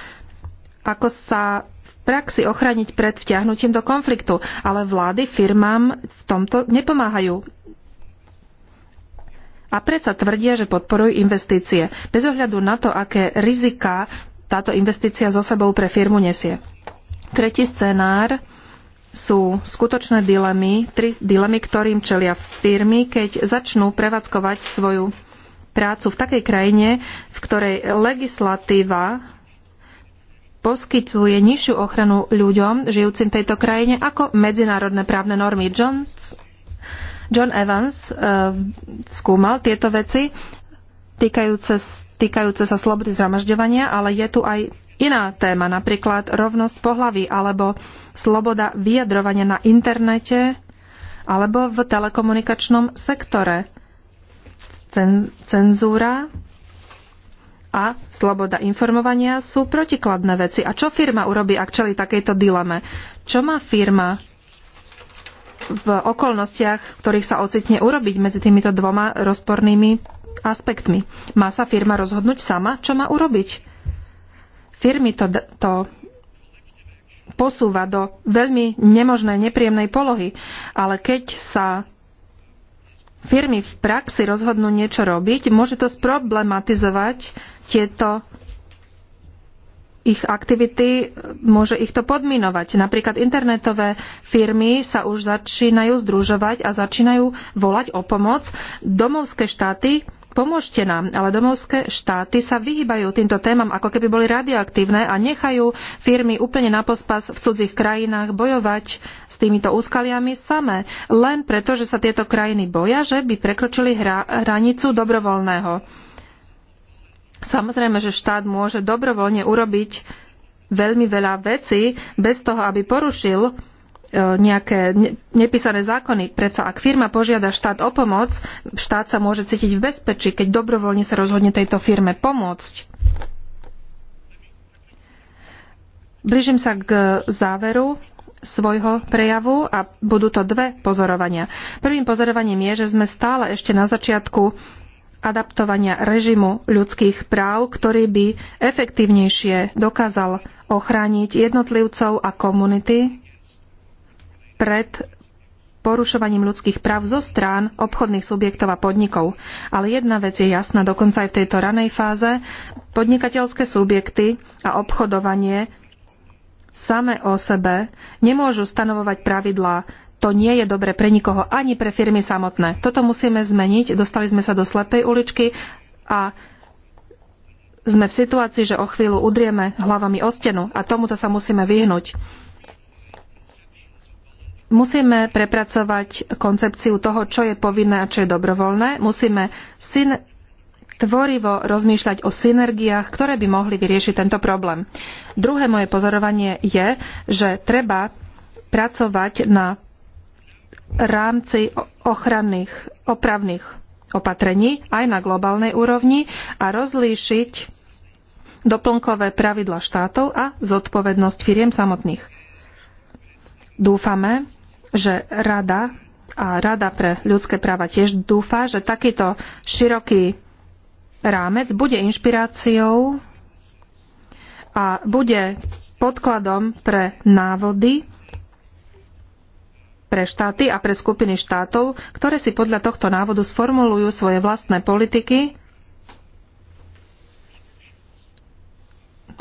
ako sa v praxi ochrániť pred vtiahnutím do konfliktu. Ale vlády firmám v tomto nepomáhajú. A predsa tvrdia, že podporujú investície, bez ohľadu na to, aké rizika táto investícia so sebou pre firmu nesie. Tretí scenár sú skutočné dilemy, tri dilemy, ktorým čelia firmy, keď začnú prevádzkovať svoju prácu v takej krajine, v ktorej legislatíva poskytuje nižšiu ochranu ľuďom žijúcim v tejto krajine ako medzinárodné právne normy. John, John Evans uh, skúmal tieto veci týkajúce, týkajúce sa slobody zhromažďovania, ale je tu aj iná téma, napríklad rovnosť pohlavy alebo sloboda vyjadrovania na internete alebo v telekomunikačnom sektore, cenzúra a sloboda informovania sú protikladné veci. A čo firma urobí, ak čeli takejto dileme? Čo má firma v okolnostiach, v ktorých sa ocitne urobiť medzi týmito dvoma rozpornými aspektmi? Má sa firma rozhodnúť sama, čo má urobiť? firmy to, to posúva do veľmi nemožnej, nepríjemnej polohy. Ale keď sa firmy v praxi rozhodnú niečo robiť, môže to sproblematizovať tieto ich aktivity, môže ich to podminovať. Napríklad internetové firmy sa už začínajú združovať a začínajú volať o pomoc. Domovské štáty Pomôžte nám, ale domovské štáty sa vyhýbajú týmto témam, ako keby boli radioaktívne a nechajú firmy úplne na pospas v cudzích krajinách bojovať s týmito úskaliami samé, len preto, že sa tieto krajiny boja, že by prekročili hra, hranicu dobrovoľného. Samozrejme, že štát môže dobrovoľne urobiť veľmi veľa vecí bez toho, aby porušil E, nejaké nepísané zákony. Preca ak firma požiada štát o pomoc, štát sa môže cítiť v bezpečí, keď dobrovoľne sa rozhodne tejto firme pomôcť. Blížim sa k záveru svojho prejavu a budú to dve pozorovania. Prvým pozorovaním je, že sme stále ešte na začiatku adaptovania režimu ľudských práv, ktorý by efektívnejšie dokázal ochrániť jednotlivcov a komunity pred porušovaním ľudských práv zo strán obchodných subjektov a podnikov. Ale jedna vec je jasná, dokonca aj v tejto ranej fáze, podnikateľské subjekty a obchodovanie same o sebe nemôžu stanovovať pravidlá. To nie je dobre pre nikoho, ani pre firmy samotné. Toto musíme zmeniť. Dostali sme sa do slepej uličky a sme v situácii, že o chvíľu udrieme hlavami o stenu a tomuto sa musíme vyhnúť. Musíme prepracovať koncepciu toho, čo je povinné a čo je dobrovoľné. Musíme syn- tvorivo rozmýšľať o synergiách, ktoré by mohli vyriešiť tento problém. Druhé moje pozorovanie je, že treba pracovať na rámci ochranných, opravných opatrení aj na globálnej úrovni a rozlíšiť doplnkové pravidla štátov a zodpovednosť firiem samotných. Dúfame, že rada a Rada pre ľudské práva tiež dúfa, že takýto široký rámec bude inšpiráciou a bude podkladom pre návody pre štáty a pre skupiny štátov, ktoré si podľa tohto návodu sformulujú svoje vlastné politiky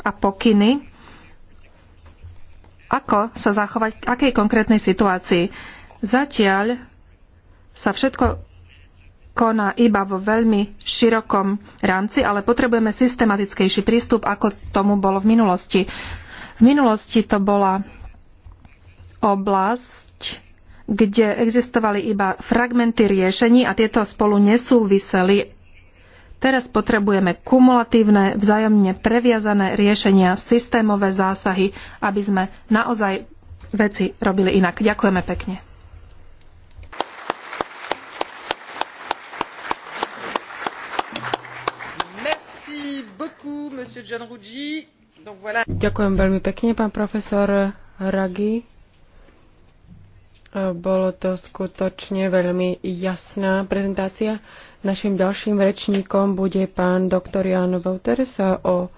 a pokyny ako sa zachovať k akej konkrétnej situácii. Zatiaľ sa všetko koná iba vo veľmi širokom rámci, ale potrebujeme systematickejší prístup, ako tomu bolo v minulosti. V minulosti to bola oblasť, kde existovali iba fragmenty riešení a tieto spolu nesúviseli Teraz potrebujeme kumulatívne, vzájomne previazané riešenia, systémové zásahy, aby sme naozaj veci robili inak. Ďakujeme pekne. Ďakujem veľmi pekne, pán profesor Ragi. Bolo to skutočne veľmi jasná prezentácia. Našim ďalším rečníkom bude pán doktor Jan Wouter sa o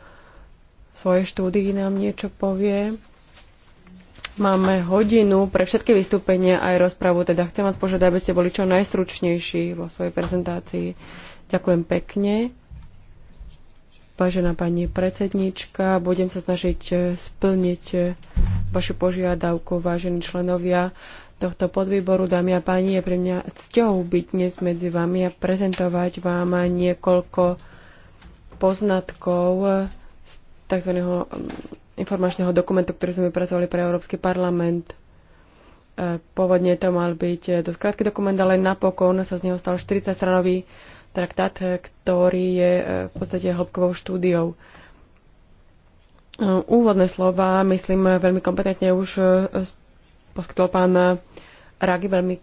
svojej štúdii nám niečo povie. Máme hodinu pre všetky vystúpenia aj rozpravu, teda chcem vás požiadať, aby ste boli čo najstručnejší vo svojej prezentácii. Ďakujem pekne. Vážená pani predsednička, budem sa snažiť splniť vašu požiadavku, vážení členovia tohto podvýboru, dámy a páni, je pre mňa cťou byť dnes medzi vami a prezentovať vám niekoľko poznatkov z tzv. Mm, informačného dokumentu, ktorý sme vypracovali pre Európsky parlament. E, pôvodne to mal byť e, dosť krátky dokument, ale napokon sa z neho stal 40-stranový traktát, e, ktorý je v podstate hĺbkovou štúdiou. Úvodné slova, myslím, veľmi kompetentne už poskytol pán Ragi veľmi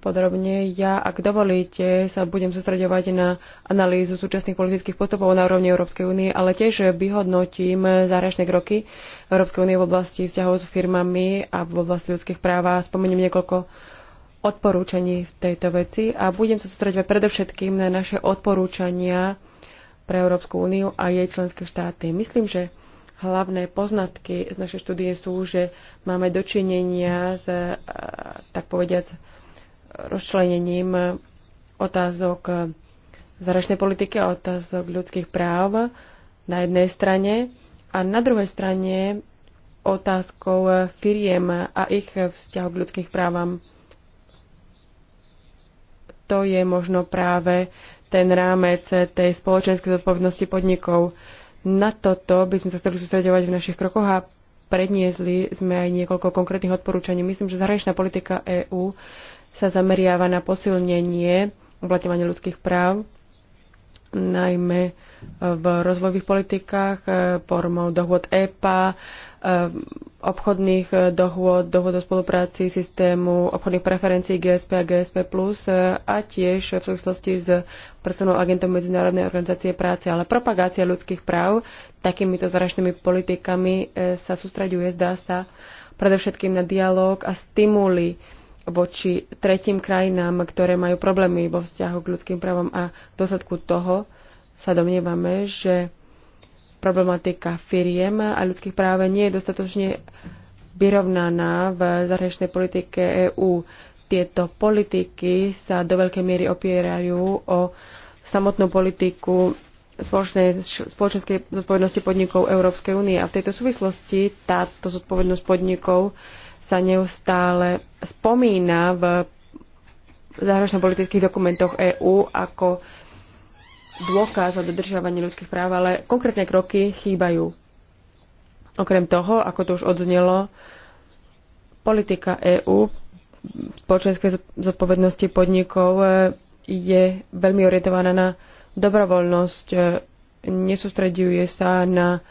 podrobne. Ja, ak dovolíte, sa budem sústredovať na analýzu súčasných politických postupov na úrovni Európskej únie, ale tiež vyhodnotím záražné kroky Európskej únie v oblasti vzťahov s firmami a v oblasti ľudských práv a spomeniem niekoľko odporúčaní v tejto veci a budem sa sústredovať predovšetkým na naše odporúčania pre Európsku úniu a jej členské štáty. Myslím, že Hlavné poznatky z našej štúdie sú, že máme dočinenia s, tak povediať, rozčlenením otázok zahraničnej politiky a otázok ľudských práv na jednej strane a na druhej strane otázkou firiem a ich vzťahu k ľudských právam. To je možno práve ten rámec tej spoločenskej zodpovednosti podnikov. Na toto by sme sa chceli sústredovať v našich krokoch a predniesli sme aj niekoľko konkrétnych odporúčaní. Myslím, že zahraničná politika EÚ sa zameriava na posilnenie uplatňovania ľudských práv najmä v rozvojových politikách, e, formou dohôd EPA, e, obchodných e, dohôd, dohôd o spolupráci systému obchodných preferencií GSP a GSP+, a tiež v súvislosti s predstavnou agentom Medzinárodnej organizácie práce. Ale propagácia ľudských práv takýmito zračnými politikami sa sústraďuje, zdá sa, predovšetkým na dialog a stimuli voči tretím krajinám, ktoré majú problémy vo vzťahu k ľudským právom a v dôsledku toho sa domnievame, že problematika firiem a ľudských práv nie je dostatočne vyrovnaná v zahraničnej politike EÚ. Tieto politiky sa do veľkej miery opierajú o samotnú politiku spoločnej, spoločenskej zodpovednosti podnikov Európskej únie. A v tejto súvislosti táto zodpovednosť podnikov sa neustále spomína v zahranično-politických dokumentoch EÚ ako dôkaz o dodržiavaní ľudských práv, ale konkrétne kroky chýbajú. Okrem toho, ako to už odznelo, politika EÚ spoločenskej zodpovednosti podnikov e, je veľmi orientovaná na dobrovoľnosť, e, nesústreďuje sa na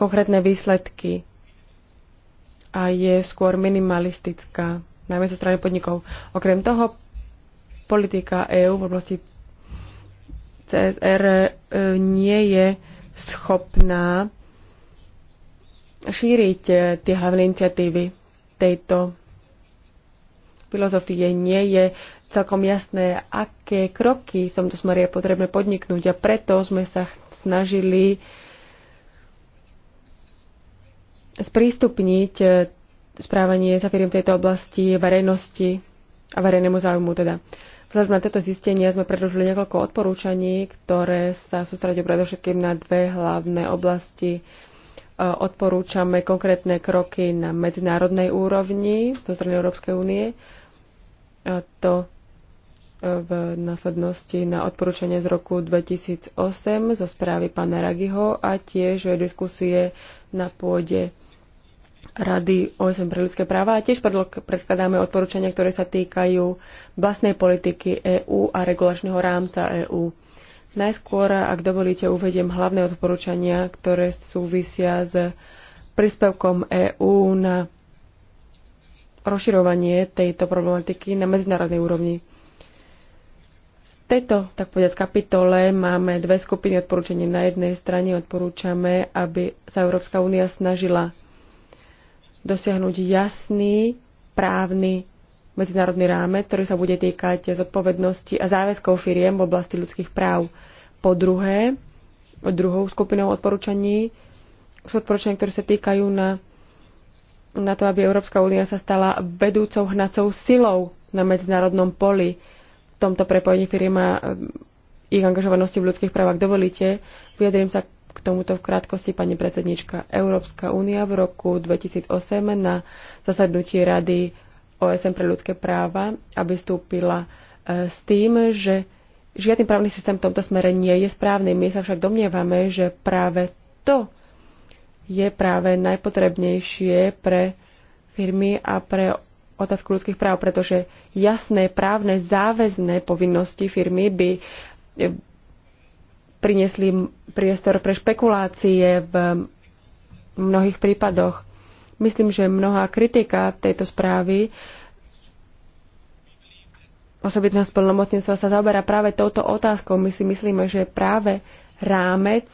konkrétne výsledky a je skôr minimalistická, najmä zo strany podnikov. Okrem toho, politika EÚ v oblasti CSR e, nie je schopná šíriť e, tie hlavné iniciatívy tejto filozofie. Nie je celkom jasné, aké kroky v tomto smere je potrebné podniknúť a preto sme sa snažili uh, sprístupniť e, správanie sa firiem tejto oblasti verejnosti a verejnému záujmu teda. Vzhľadom na tieto zistenia sme predložili niekoľko odporúčaní, ktoré sa sústredia predovšetkým na dve hlavné oblasti. E, odporúčame konkrétne kroky na medzinárodnej úrovni zo strany Európskej únie. A to e, v následnosti na odporúčanie z roku 2008 zo správy pána Ragiho a tiež diskusie na pôde Rady OSN pre ľudské práva a tiež predkladáme odporúčania, ktoré sa týkajú vlastnej politiky EÚ a regulačného rámca EÚ. Najskôr, ak dovolíte, uvediem hlavné odporúčania, ktoré súvisia s príspevkom EÚ na rozširovanie tejto problematiky na medzinárodnej úrovni. V tejto, tak povedať, kapitole máme dve skupiny odporúčaní. Na jednej strane odporúčame, aby sa Európska únia snažila dosiahnuť jasný právny medzinárodný rámec, ktorý sa bude týkať zodpovednosti a záväzkov firiem v oblasti ľudských práv. Po druhé, druhou skupinou odporúčaní sú odporúčania, ktoré sa týkajú na, na to, aby Európska únia sa stala vedúcou hnacou silou na medzinárodnom poli v tomto prepojení firiem a e, ich angažovanosti v ľudských právach. Dovolíte, vyjadrím sa k tomuto v krátkosti, pani predsednička, Európska únia v roku 2008 na zasadnutí Rady OSN pre ľudské práva, aby vstúpila e, s tým, že žiadny právny systém v tomto smere nie je správny. My sa však domnievame, že práve to je práve najpotrebnejšie pre firmy a pre otázku ľudských práv, pretože jasné právne záväzné povinnosti firmy by e, priniesli priestor pre špekulácie v mnohých prípadoch. Myslím, že mnohá kritika tejto správy osobitného spolnomocníctva sa zaoberá práve touto otázkou. My si myslíme, že práve rámec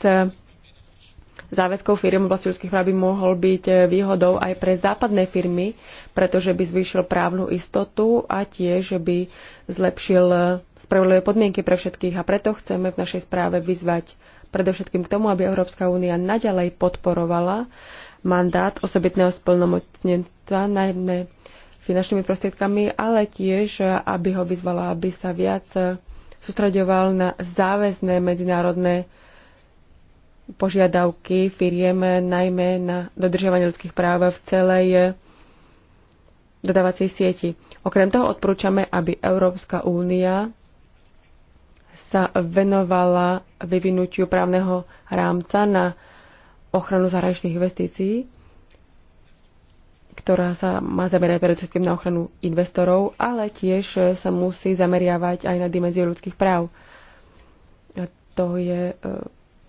záväzkov firm v oblasti ľudských práv by mohol byť eh, výhodou aj pre západné firmy, pretože by zvýšil právnu istotu a tiež eh, by zlepšil eh, spravodlivé podmienky pre všetkých. A preto chceme v našej správe vyzvať predovšetkým k tomu, aby Európska únia naďalej podporovala mandát osobitného splnomocnenstva, najmä finančnými prostriedkami, ale tiež, aby ho vyzvala, aby sa viac sústreďoval na záväzné medzinárodné požiadavky firiem najmä na dodržiavanie ľudských práv v celej dodávacej sieti. Okrem toho odporúčame, aby Európska únia sa venovala vyvinutiu právneho rámca na ochranu zahraničných investícií, ktorá sa má zamerať predovšetkým na ochranu investorov, ale tiež sa musí zameriavať aj na dimenziu ľudských práv. A to je e,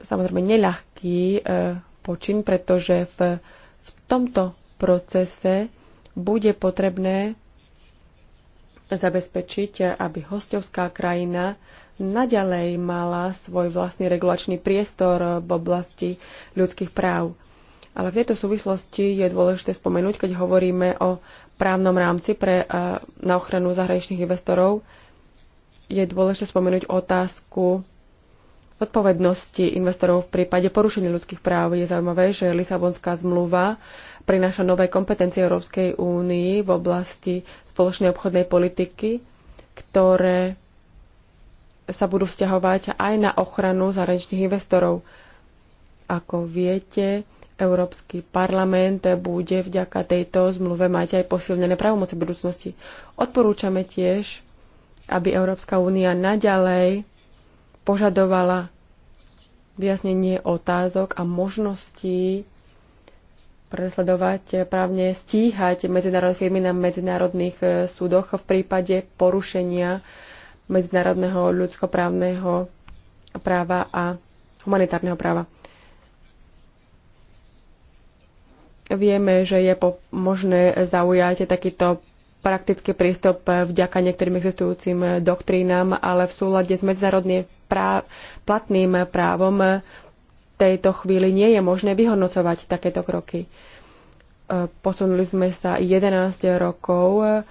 samozrejme neľahký e, počin, pretože v, v tomto procese bude potrebné zabezpečiť, aby hostovská krajina naďalej mala svoj vlastný regulačný priestor v oblasti ľudských práv. Ale v tejto súvislosti je dôležité spomenúť, keď hovoríme o právnom rámci pre, e, na ochranu zahraničných investorov, je dôležité spomenúť otázku zodpovednosti investorov v prípade porušenia ľudských práv. Je zaujímavé, že Lisabonská zmluva prináša nové kompetencie Európskej únii v oblasti spoločnej obchodnej politiky, ktoré sa budú vzťahovať aj na ochranu zahraničných investorov. Ako viete, Európsky parlament bude vďaka tejto zmluve mať aj posilnené právomoci budúcnosti. Odporúčame tiež, aby Európska únia naďalej požadovala vyjasnenie otázok a možností presledovať eh, právne, stíhať medzinárodné firmy na medzinárodných eh, súdoch v prípade porušenia medzinárodného ľudskoprávneho práva a humanitárneho práva. Vieme, že je možné zaujať takýto praktický prístup vďaka niektorým existujúcim doktrínam, ale v súlade s medzinárodne práv, platným právom tejto chvíli nie je možné vyhodnocovať takéto kroky. E, posunuli sme sa 11 rokov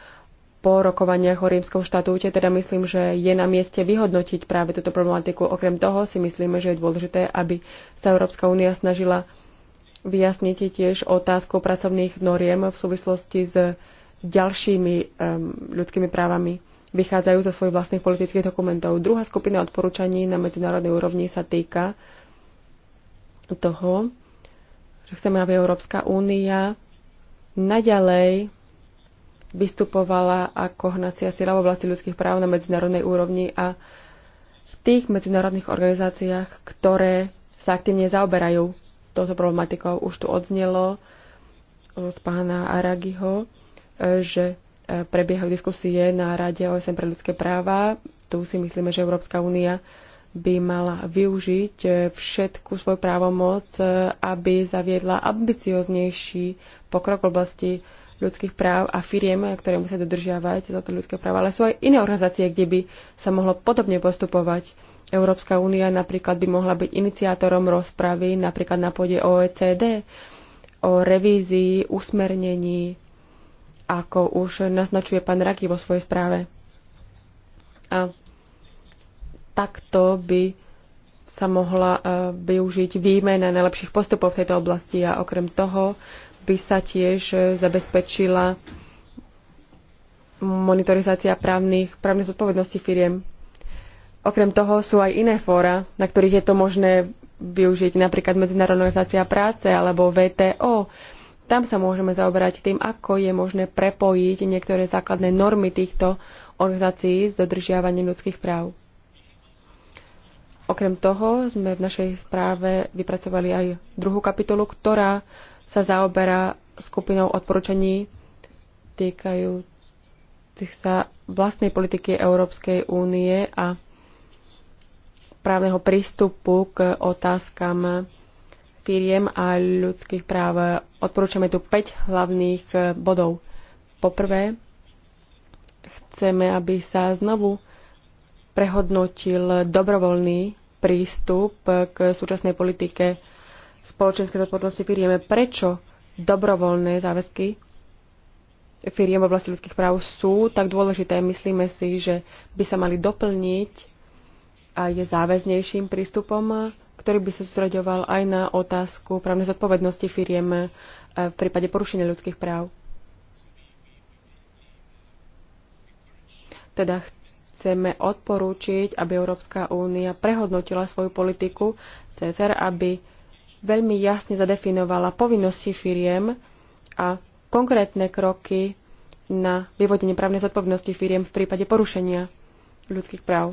po rokovaniach o rímskom štatúte, teda myslím, že je na mieste vyhodnotiť práve túto problematiku. Okrem toho si myslíme, že je dôležité, aby sa Európska únia snažila vyjasniť tiež otázku pracovných noriem v súvislosti s ďalšími ľudskými právami vychádzajú zo svojich vlastných politických dokumentov. Druhá skupina odporúčaní na medzinárodnej úrovni sa týka toho, že chceme, aby Európska únia naďalej vystupovala ako hnacia sila v oblasti ľudských práv na medzinárodnej úrovni a v tých medzinárodných organizáciách, ktoré sa aktívne zaoberajú touto problematikou. Už tu odznelo z pána Aragiho, že e, prebiehajú diskusie na Rade OSN pre ľudské práva. Tu si myslíme, že Európska únia by mala využiť e, všetku svoju právomoc, e, aby zaviedla ambicioznejší pokrok v oblasti ľudských práv a firiem, ktoré musia dodržiavať to ľudské práva. Ale sú aj iné organizácie, kde by sa mohlo podobne postupovať. Európska únia napríklad by mohla byť iniciátorom rozpravy napríklad na pôde OECD o revízii usmernení ako už naznačuje pán Raky vo svojej správe. A takto by sa mohla e, využiť výmena najlepších postupov v tejto oblasti a okrem toho by sa tiež e, zabezpečila monitorizácia právnych, právnych zodpovedností firiem. Okrem toho sú aj iné fóra, na ktorých je to možné využiť, napríklad Medzinárodná organizácia práce alebo VTO. Tam sa môžeme zaoberať tým, ako je možné prepojiť niektoré základné normy týchto organizácií s dodržiavaním ľudských práv. Okrem toho sme v našej správe vypracovali aj druhú kapitolu, ktorá sa zaoberá skupinou odporúčaní týkajúcich sa vlastnej politiky Európskej únie a právneho prístupu k otázkam firiem a ľudských práv. Odporúčame tu 5 hlavných eh, bodov. Poprvé, chceme, aby sa znovu prehodnotil dobrovoľný prístup eh, k súčasnej politike spoločenskej zodpovednosti firiem. Prečo dobrovoľné záväzky firiem v oblasti ľudských práv sú tak dôležité. Myslíme si, že by sa mali doplniť a je záväznejším prístupom ktorý by sa sústredoval aj na otázku právnej zodpovednosti firiem eh, v prípade porušenia ľudských práv. Teda chceme odporúčiť, aby Európska únia prehodnotila svoju politiku CSR, aby veľmi jasne zadefinovala povinnosti firiem a konkrétne kroky na vyvodenie právnej zodpovednosti firiem v prípade porušenia ľudských práv.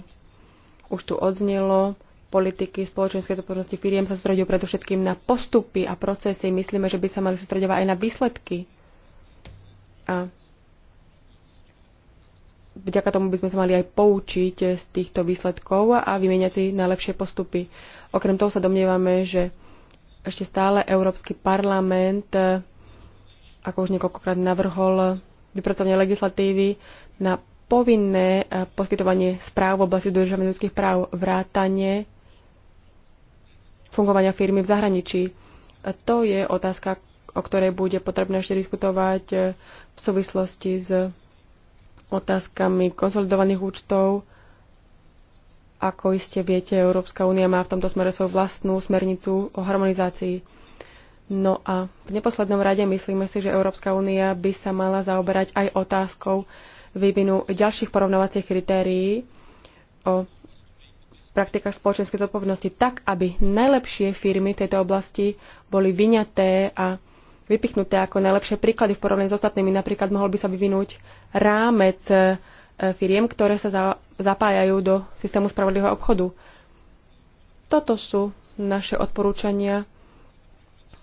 Už tu odznelo, politiky spoločenskej zodpovednosti firiem sa sústredujú predovšetkým na postupy a procesy. Myslíme, že by sa mali sústredovať aj na výsledky. A vďaka tomu by sme sa mali aj poučiť z týchto výsledkov a vymieňať si najlepšie postupy. Okrem toho sa domnievame, že ešte stále Európsky parlament, eh, ako už niekoľkokrát navrhol, vypracovanie legislatívy na povinné eh, poskytovanie správ v oblasti dodržiavania ľudských práv, vrátanie fungovania firmy v zahraničí. To je otázka, o ktorej bude potrebné ešte diskutovať e, v súvislosti s otázkami konsolidovaných účtov. Ako iste viete, Európska únia má v tomto smere svoju vlastnú smernicu o harmonizácii. No a v neposlednom rade myslíme si, že Európska únia by sa mala zaoberať aj otázkou vývinu ďalších porovnovacích kritérií o praktikách spoločenskej zodpovednosti tak, aby najlepšie firmy tejto oblasti boli vyňaté a vypichnuté ako najlepšie príklady v porovnaní s ostatnými. Napríklad mohol by sa vyvinúť rámec e, firiem, ktoré sa zapájajú do systému spravodlivého obchodu. Toto sú naše odporúčania,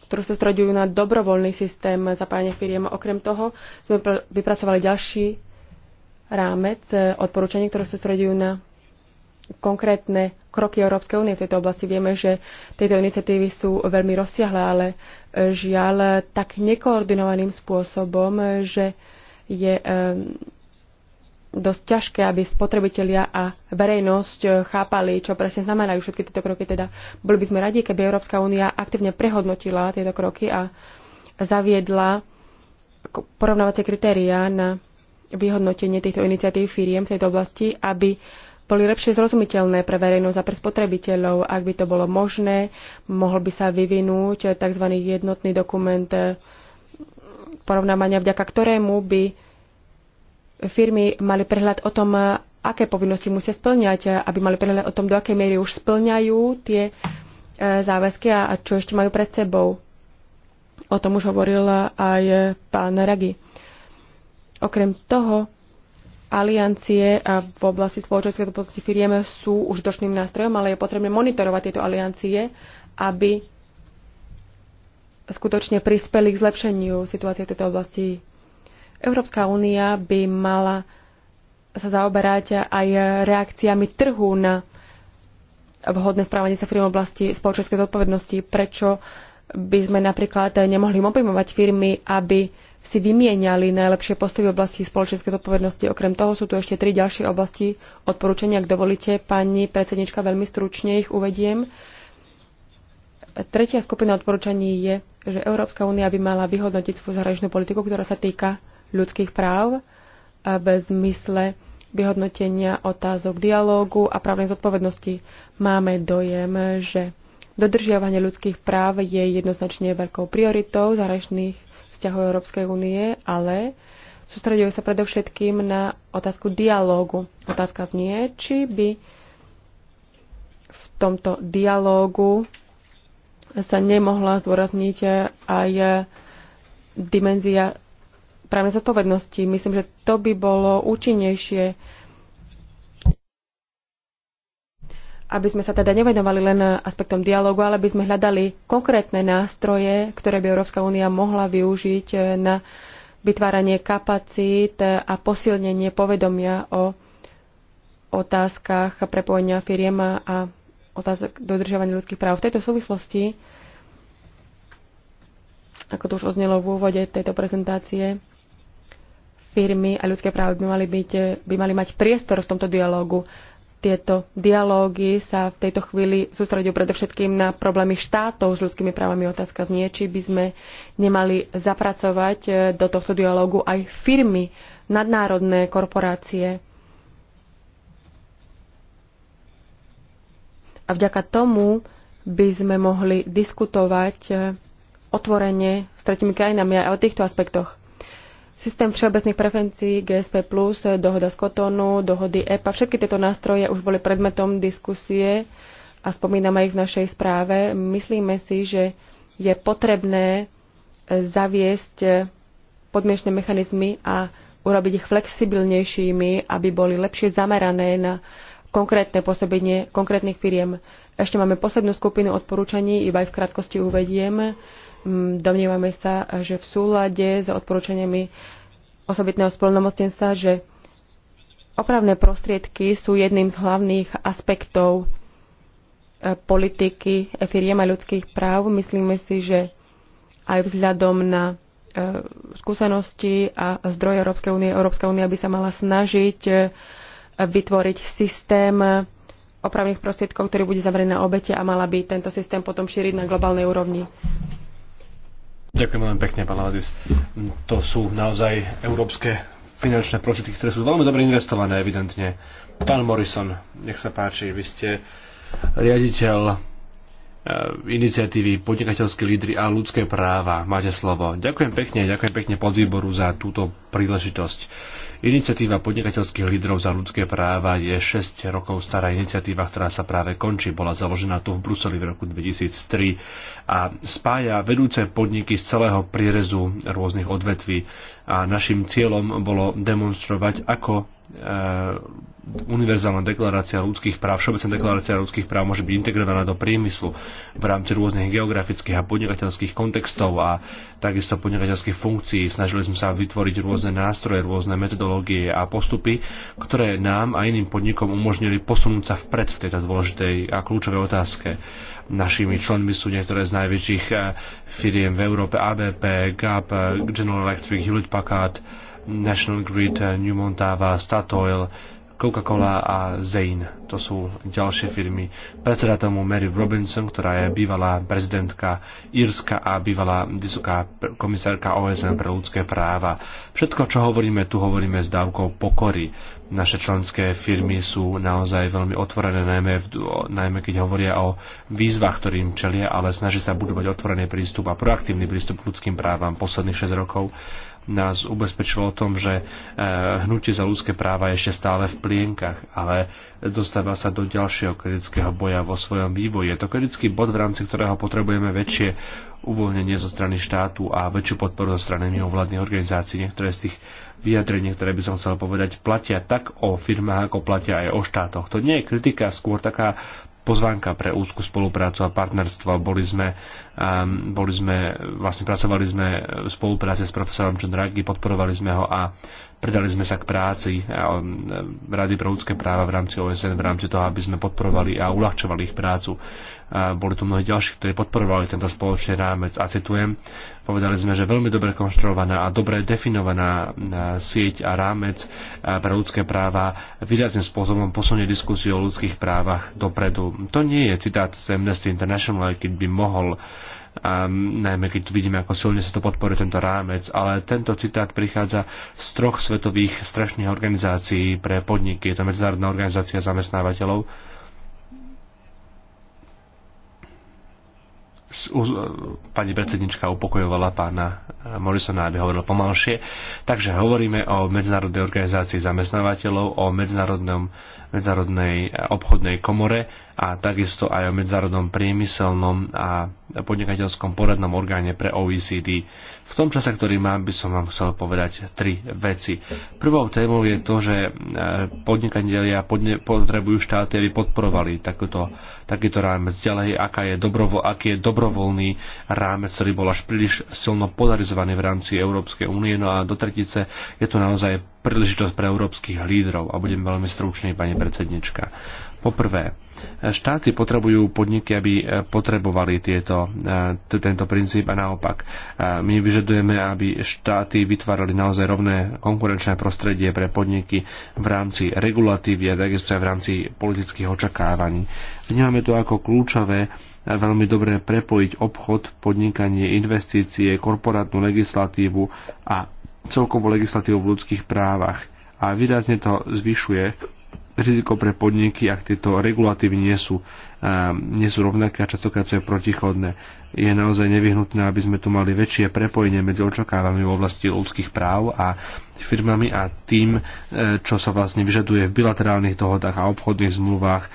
ktoré sa strodujú na dobrovoľný systém zapájania firiem. Okrem toho sme vypracovali ďalší rámec e, odporúčaní, ktoré sa strodujú na konkrétne kroky Európskej únie v tejto oblasti. Vieme, že tieto iniciatívy sú veľmi rozsiahle, ale žiaľ tak nekoordinovaným spôsobom, že je ehm, dosť ťažké, aby spotrebitelia a verejnosť e, chápali, čo presne znamenajú všetky tieto kroky. Teda boli by sme radi, keby Európska únia aktívne prehodnotila tieto kroky a zaviedla porovnávacie kritériá na vyhodnotenie týchto iniciatív firiem v tejto oblasti, aby boli lepšie zrozumiteľné pre verejnosť a pre spotrebiteľov. Ak by to bolo možné, mohol by sa vyvinúť tzv. jednotný dokument porovnávania, vďaka ktorému by firmy mali prehľad o tom, aké povinnosti musia splňať, aby mali prehľad o tom, do akej miery už splňajú tie e, záväzky a čo ešte majú pred sebou. O tom už hovoril aj pán Ragi. Okrem toho, aliancie v oblasti spoločenskej odpovednosti firiem sú užitočným nástrojom, ale je potrebné monitorovať tieto aliancie, aby skutočne prispeli k zlepšeniu situácie v tejto oblasti. Európska únia by mala sa zaoberať aj reakciami trhu na vhodné správanie sa firm v oblasti spoločenskej zodpovednosti. Prečo by sme napríklad nemohli mobilizovať firmy, aby si vymieniali najlepšie postupy v oblasti spoločenskej zodpovednosti. Okrem toho sú tu ešte tri ďalšie oblasti odporúčania. Ak dovolíte, pani predsednička, veľmi stručne ich uvediem. Tretia skupina odporúčaní je, že Európska únia by mala vyhodnotiť svoju zahraničnú politiku, ktorá sa týka ľudských práv bez zmysle vyhodnotenia otázok dialógu a právnej zodpovednosti. Máme dojem, že dodržiavanie ľudských práv je jednoznačne veľkou prioritou zahraničných vzťahov Európskej únie, ale sústredujú sa predovšetkým na otázku dialógu. Otázka znie, či by v tomto dialógu sa nemohla zdôrazniť aj dimenzia právnej zodpovednosti. Myslím, že to by bolo účinnejšie aby sme sa teda nevenovali len aspektom dialogu, ale aby sme hľadali konkrétne nástroje, ktoré by Európska únia mohla využiť na vytváranie kapacít a posilnenie povedomia o otázkach prepojenia firiem a otázok dodržovania ľudských práv. V tejto súvislosti, ako to už odznelo v úvode tejto prezentácie, firmy a ľudské práva by mali, byť, by mali mať priestor v tomto dialogu tieto dialógy sa v tejto chvíli sústredujú predovšetkým na problémy štátov s ľudskými právami. Otázka znie, či by sme nemali zapracovať e, do tohto dialógu aj firmy, nadnárodné korporácie. A vďaka tomu by sme mohli diskutovať e, otvorene s tretimi krajinami aj o týchto aspektoch. Systém všeobecných preferencií GSP+, eh, dohoda z Kotonu, dohody EPA, všetky tieto nástroje už boli predmetom diskusie a spomíname ich v našej správe. Myslíme si, že je potrebné eh, zaviesť eh, podmiešné mechanizmy a urobiť ich flexibilnejšími, aby boli lepšie zamerané na konkrétne pôsobenie konkrétnych firiem. Ešte máme poslednú skupinu odporúčaní, iba aj v krátkosti uvediem. Mm, Domnievame sa, že v súlade s odporúčaniami osobitného spolnomostenstva, že opravné prostriedky sú jedným z hlavných aspektov e, politiky firiem a ľudských práv. Myslíme si, že aj vzhľadom na e, skúsenosti a zdroje Európskej únie, Európska únia by sa mala snažiť e, vytvoriť systém opravných prostriedkov, ktorý bude zavrený na obete a mala by tento systém potom šíriť na globálnej úrovni. Ďakujem veľmi pekne, pán Lazis. To sú naozaj európske finančné prostriedky, ktoré sú veľmi dobre investované, evidentne. Pán Morrison, nech sa páči, vy ste riaditeľ e, iniciatívy Podnikateľské lídry a ľudské práva. Máte slovo. Ďakujem pekne, ďakujem pekne podvýboru za túto príležitosť Iniciatíva podnikateľských lídrov za ľudské práva je 6 rokov stará iniciatíva, ktorá sa práve končí. Bola založená tu v Bruseli v roku 2003 a spája vedúce podniky z celého prierezu rôznych odvetví. A našim cieľom bolo demonstrovať, ako E, univerzálna deklarácia ľudských práv, všeobecná deklarácia ľudských práv môže byť integrovaná do priemyslu v rámci rôznych geografických a podnikateľských kontextov a takisto podnikateľských funkcií. Snažili sme sa vytvoriť rôzne nástroje, rôzne metodológie a postupy, ktoré nám a iným podnikom umožnili posunúť sa vpred v tejto dôležitej a kľúčovej otázke. Našimi členmi sú niektoré z najväčších e, firiem v Európe ABP, GAP, General Electric, Hewlett Packard, National Grid, New Montava, Statoil, Coca-Cola a Zane. To sú ďalšie firmy. Predseda tomu Mary Robinson, ktorá je bývalá prezidentka Írska a bývalá vysoká komisárka OSN pre ľudské práva. Všetko, čo hovoríme, tu hovoríme s dávkou pokory. Naše členské firmy sú naozaj veľmi otvorené, najmä, v, najmä keď hovoria o výzvach, ktorým čelia, ale snaží sa budovať otvorený prístup a proaktívny prístup k ľudským právam posledných 6 rokov nás ubezpečilo o tom, že e, hnutie za ľudské práva je ešte stále v plienkach, ale dostáva sa do ďalšieho kritického boja vo svojom vývoji. Je to kritický bod, v rámci ktorého potrebujeme väčšie uvoľnenie zo strany štátu a väčšiu podporu zo strany mimovládnych organizácií. Niektoré z tých vyjadrení, ktoré by som chcel povedať, platia tak o firmách, ako platia aj o štátoch. To nie je kritika, skôr taká pozvánka pre úzku spoluprácu a partnerstvo. Boli sme, um, boli sme, vlastne pracovali sme v spolupráci s profesorom John Ruggie, podporovali sme ho a predali sme sa k práci um, Rady pre ľudské práva v rámci OSN, v rámci toho, aby sme podporovali a uľahčovali ich prácu. Boli tu mnohí ďalší, ktorí podporovali tento spoločný rámec a citujem, Povedali sme, že veľmi dobre konštruovaná a dobre definovaná e, sieť a rámec e, pre ľudské práva výrazným spôsobom posunie diskusiu o ľudských právach dopredu. To nie je citát z Amnesty International, keď by mohol a e, najmä keď vidíme, ako silne sa to podporuje tento rámec, ale tento citát prichádza z troch svetových strašných organizácií pre podniky. Je to Medzinárodná organizácia zamestnávateľov, pani predsednička upokojovala pána eh, Morrisona, aby hovoril pomalšie. Takže hovoríme o Medzinárodnej organizácii zamestnávateľov, o Medzinárodnom Medzárodnej obchodnej komore a takisto aj o Medzárodnom priemyselnom a podnikateľskom poradnom orgáne pre OECD. V tom čase, ktorý mám, by som vám chcel povedať tri veci. Prvou témou je to, že e, podnikatelia podne, potrebujú štáty, aby podporovali takýto, takýto rámec. Ďalej, aká je dobrovo, aký je dobrovoľný rámec, ktorý bol až príliš silno polarizovaný v rámci Európskej únie. No a do tretice je to naozaj príležitosť pre európskych lídrov a budem veľmi stručný, pani predsednička. Poprvé, štáty potrebujú podniky, aby e, potrebovali tieto, e, tento princíp a naopak. E, my vyžadujeme, aby štáty vytvárali naozaj rovné konkurenčné prostredie pre podniky v rámci regulatívy a takisto aj v rámci politických očakávaní. Vnímame to ako kľúčové veľmi dobre prepojiť obchod, podnikanie, investície, korporátnu legislatívu a celkovú legislatívu v ľudských právach a výrazne to zvyšuje riziko pre podniky, ak tieto regulatívy nie sú a nie sú rovnaké a častokrát sú protichodné. Je naozaj nevyhnutné, aby sme tu mali väčšie prepojenie medzi očakávami v oblasti ľudských práv a firmami a tým, e, čo sa vlastne vyžaduje v bilaterálnych dohodách a obchodných zmluvách, e,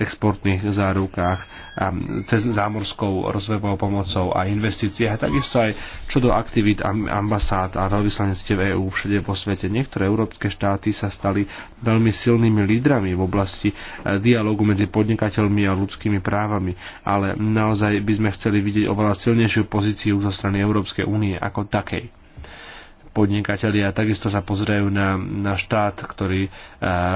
exportných zárukách a cez zámorskou rozvojovou pomocou a investíciách. A takisto aj čo do aktivít ambasád a veľvyslanectiev EÚ všade vo svete. Niektoré európske štáty sa stali veľmi silnými lídrami v oblasti e, dialogu medzi podnikateľmi a ľudskými právami, ale naozaj by sme chceli vidieť oveľa silnejšiu pozíciu zo strany Európskej únie ako takej podnikatelia takisto sa pozerajú na, na štát, ktorý eh,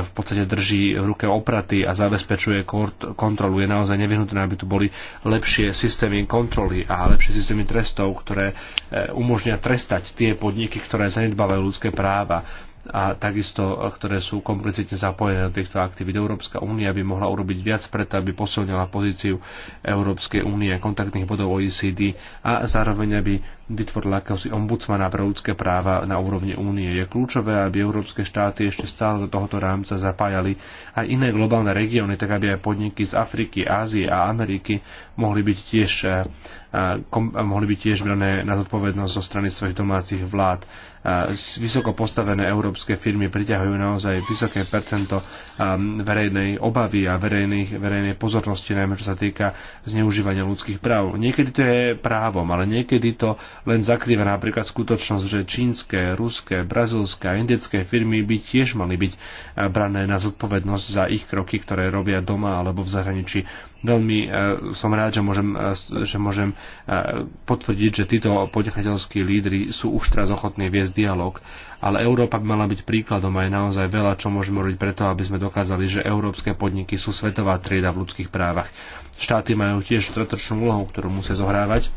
v podstate drží v ruke opraty a zabezpečuje kontrolu. Je naozaj nevyhnutné, aby tu boli lepšie systémy kontroly a lepšie systémy trestov, ktoré eh, umožnia trestať tie podniky, ktoré zanedbávajú ľudské práva a takisto, eh, ktoré sú komplicitne zapojené do týchto aktivít. Európska únia by mohla urobiť viac preto, aby posilnila pozíciu Európskej únie kontaktných bodov OECD a zároveň aby vytvorila akéhosi ombudsmana pre ľudské práva na úrovni únie. Je kľúčové, aby európske štáty ešte stále do tohoto rámca zapájali aj iné globálne regióny, tak aby aj podniky z Afriky, Ázie a Ameriky mohli byť tiež, eh, eh, mohli byť tiež brané na zodpovednosť zo strany svojich domácich vlád vysoko postavené európske firmy priťahujú naozaj vysoké percento verejnej obavy a verejnej, verejnej pozornosti, najmä čo sa týka zneužívania ľudských práv. Niekedy to je právom, ale niekedy to len zakrýva napríklad skutočnosť, že čínske, ruské, brazilské a indické firmy by tiež mali byť brané na zodpovednosť za ich kroky, ktoré robia doma alebo v zahraničí veľmi e, som rád, že môžem, e, že môžem e, potvrdiť, že títo podnikateľskí lídry sú už teraz ochotní viesť viesť dialog, ale Európa by mala byť príkladom a je naozaj veľa, čo môžeme robiť preto, aby sme dokázali, že európske podniky sú svetová trieda v ľudských právach. Štáty majú tiež stratočnú úlohu, ktorú musia zohrávať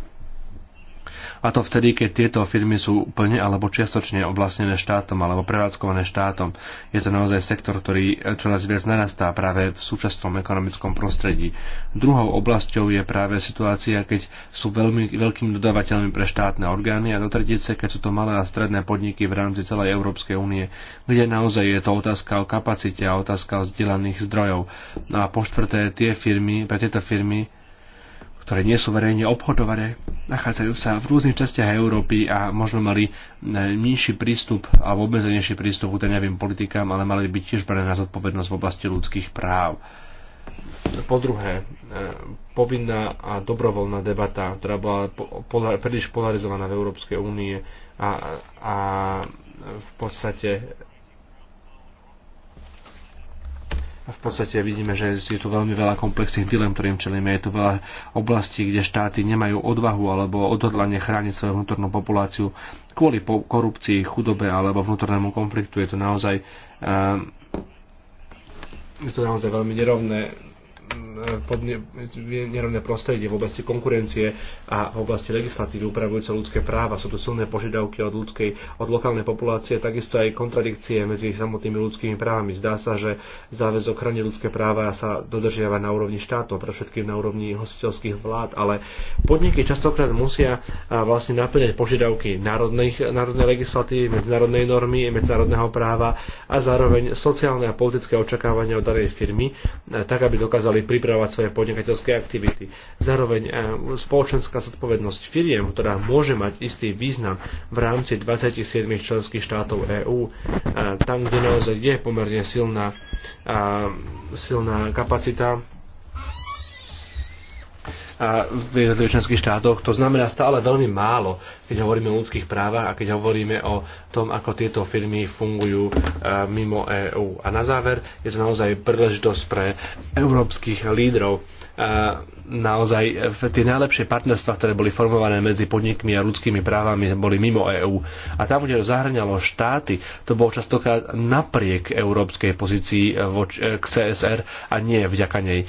a to vtedy, keď tieto firmy sú úplne alebo čiastočne oblastnené štátom alebo prevádzkované štátom. Je to naozaj sektor, ktorý e, čoraz viac narastá práve v súčasnom ekonomickom prostredí. Druhou oblasťou je práve situácia, keď sú veľmi veľkým dodávateľmi pre štátne orgány a do tretice, keď sú to malé a stredné podniky v rámci celej Európskej únie, kde naozaj je to otázka o kapacite a otázka o zdieľaných zdrojov. No A po štvrté, tie firmy, pre tieto firmy ktoré nie sú verejne obchodované, nachádzajú sa v rôznych častiach Európy a možno mali e, nižší prístup alebo obmedzenejší prístup k daňovým politikám, ale mali byť tiež brané na zodpovednosť v oblasti ľudských práv. Po druhé, e, povinná a dobrovoľná debata, ktorá bola polar, príliš polarizovaná v Európskej únie a, a v podstate v podstate vidíme, že je tu veľmi veľa komplexných dilem, ktorým čelíme. Je tu veľa oblastí, kde štáty nemajú odvahu alebo odhodlanie chrániť svoju vnútornú populáciu kvôli korupcii, chudobe alebo vnútornému konfliktu. Je to naozaj, ehm, je to naozaj veľmi nerovné Mm, podne, nerovné prostredie v oblasti konkurencie a v oblasti legislatívy upravujúce ľudské práva. Sú tu silné požiadavky od, ľudskej, od lokálnej populácie, takisto aj kontradikcie medzi samotnými ľudskými právami. Zdá sa, že záväz ochrany ľudské práva sa dodržiava na úrovni štátov, pre všetkých na úrovni hostiteľských vlád, ale podniky častokrát musia vlastne naplňať požiadavky národnej legislatívy, medzinárodnej normy, medzinárodného práva a zároveň sociálne a politické očakávania od danej firmy, e, tak aby dokázali dokázali pripravovať svoje podnikateľské aktivity. Zároveň eh, spoločenská zodpovednosť firiem, ktorá môže mať istý význam v rámci 27 členských štátov EÚ, eh, tam, kde naozaj je pomerne silná, eh, silná kapacita v jednotlivých členských štátoch. To znamená stále veľmi málo, keď hovoríme o ľudských právach a keď hovoríme o tom, ako tieto firmy fungujú e, mimo EÚ. A na záver je to naozaj príležitosť pre európskych lídrov naozaj tie najlepšie partnerstva, ktoré boli formované medzi podnikmi a ľudskými právami, boli mimo EÚ. A tam, kde to zahrňalo štáty, to bolo častokrát napriek európskej pozícii eh, k CSR a nie vďaka nej.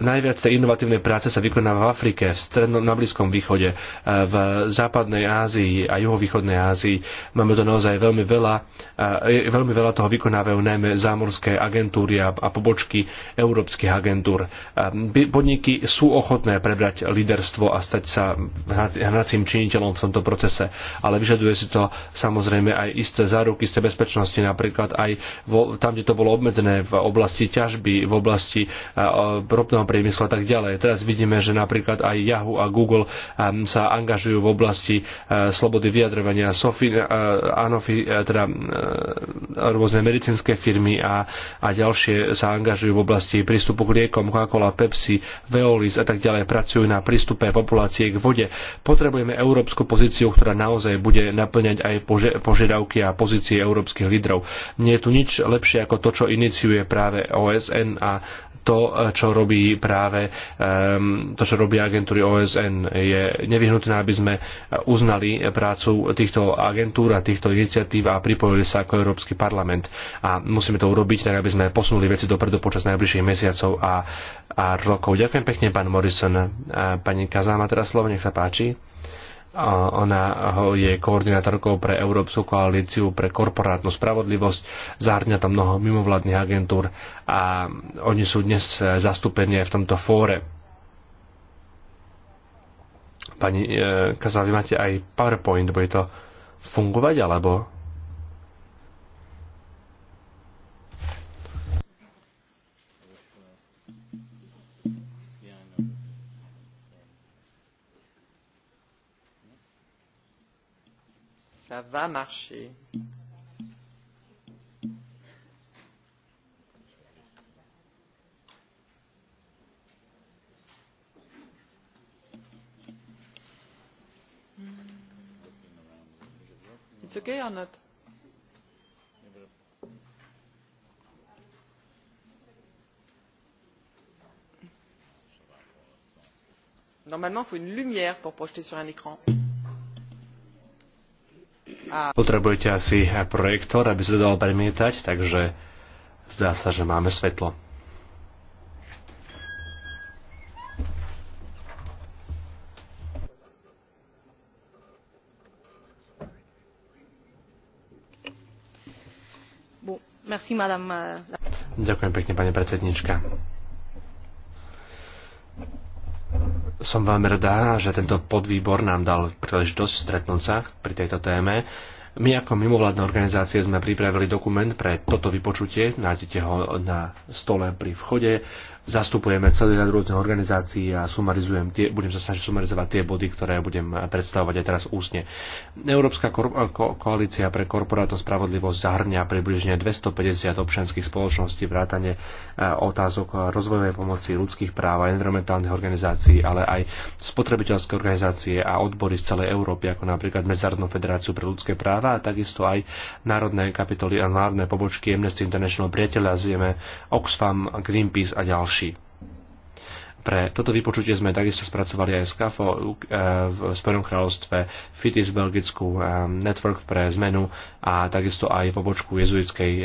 Najviac tej inovatívnej práce sa vykonáva v Afrike, v strednom, na Blízkom východe, eh, v západnej Ázii a juhovýchodnej Ázii. Máme to naozaj veľmi veľa, eh, veľmi veľa toho vykonávajú najmä zámorské agentúry a pobočky európskych agentúr podniky sú ochotné prebrať líderstvo a stať sa hnacím činiteľom v tomto procese, ale vyžaduje si to samozrejme aj isté záruky, isté bezpečnosti, napríklad aj vo, tam, kde to bolo obmedzené v oblasti ťažby, v oblasti ropného priemyslu a tak ďalej. Teraz vidíme, že napríklad aj Yahoo a Google um, sa angažujú v oblasti slobody vyjadrovania, Sofi, Anofi, teda rôzne medicínske firmy a, a ďalšie sa angažujú v oblasti prístupu k liekom, Coca-Cola, Pepsi, Veolis a tak ďalej pracujú na prístupe populácie k vode. Potrebujeme európsku pozíciu, ktorá naozaj bude naplňať aj požiadavky a pozície európskych lídrov. Nie je tu nič lepšie ako to, čo iniciuje práve OSN a to, čo robí práve ehm, to, čo robí agentúry OSN. Je nevyhnutné, aby sme uznali prácu týchto agentúr a týchto iniciatív a pripojili sa ako Európsky parlament. A musíme to urobiť tak, aby sme posunuli veci dopredu počas najbližších mesiacov a a rokov. Ďakujem pekne, pán Morrison. A pani Kazáma teraz slovo, nech sa páči. Ona je koordinátorkou pre Európsku koalíciu pre korporátnu spravodlivosť, zahrňa tam mnoho mimovládnych agentúr a oni sú dnes zastúpení v tomto fóre. Pani e, Kazá, vy máte aj PowerPoint, bude to fungovať, alebo Ça va marcher. It's okay or not? Normalement, il faut une lumière pour projeter sur un écran. Potrebujete asi projektor, aby sa dalo premietať, takže zdá sa, že máme svetlo. Euh, Ďakujem pekne, pani predsednička. som veľmi rada, že tento podvýbor nám dal príležitosť stretnúť sa pri tejto téme my ako mimovládne organizácie sme pripravili dokument pre toto vypočutie, nájdete ho na stole pri vchode. Zastupujeme celý rad rôznych organizácií a sumarizujem tie, budem sa snažiť sumarizovať tie body, ktoré budem predstavovať aj teraz ústne. Európska ko- ko- koalícia pre korporátnu spravodlivosť zahrňa približne 250 občianských spoločností vrátane e, otázok rozvojovej pomoci ľudských práv a environmentálnych organizácií, ale aj spotrebiteľské organizácie a odbory z celej Európy, ako napríklad Medzárodnú federáciu pre ľudské práva práva a takisto aj národné kapitoly a národné pobočky Amnesty International, Priateľa zieme Oxfam, Greenpeace a ďalší. Pre toto vypočutie sme takisto spracovali aj SCAFO e, v Spojenom kráľovstve, FITIS Belgickú, e, Network pre zmenu a takisto aj pobočku jezuitskej e,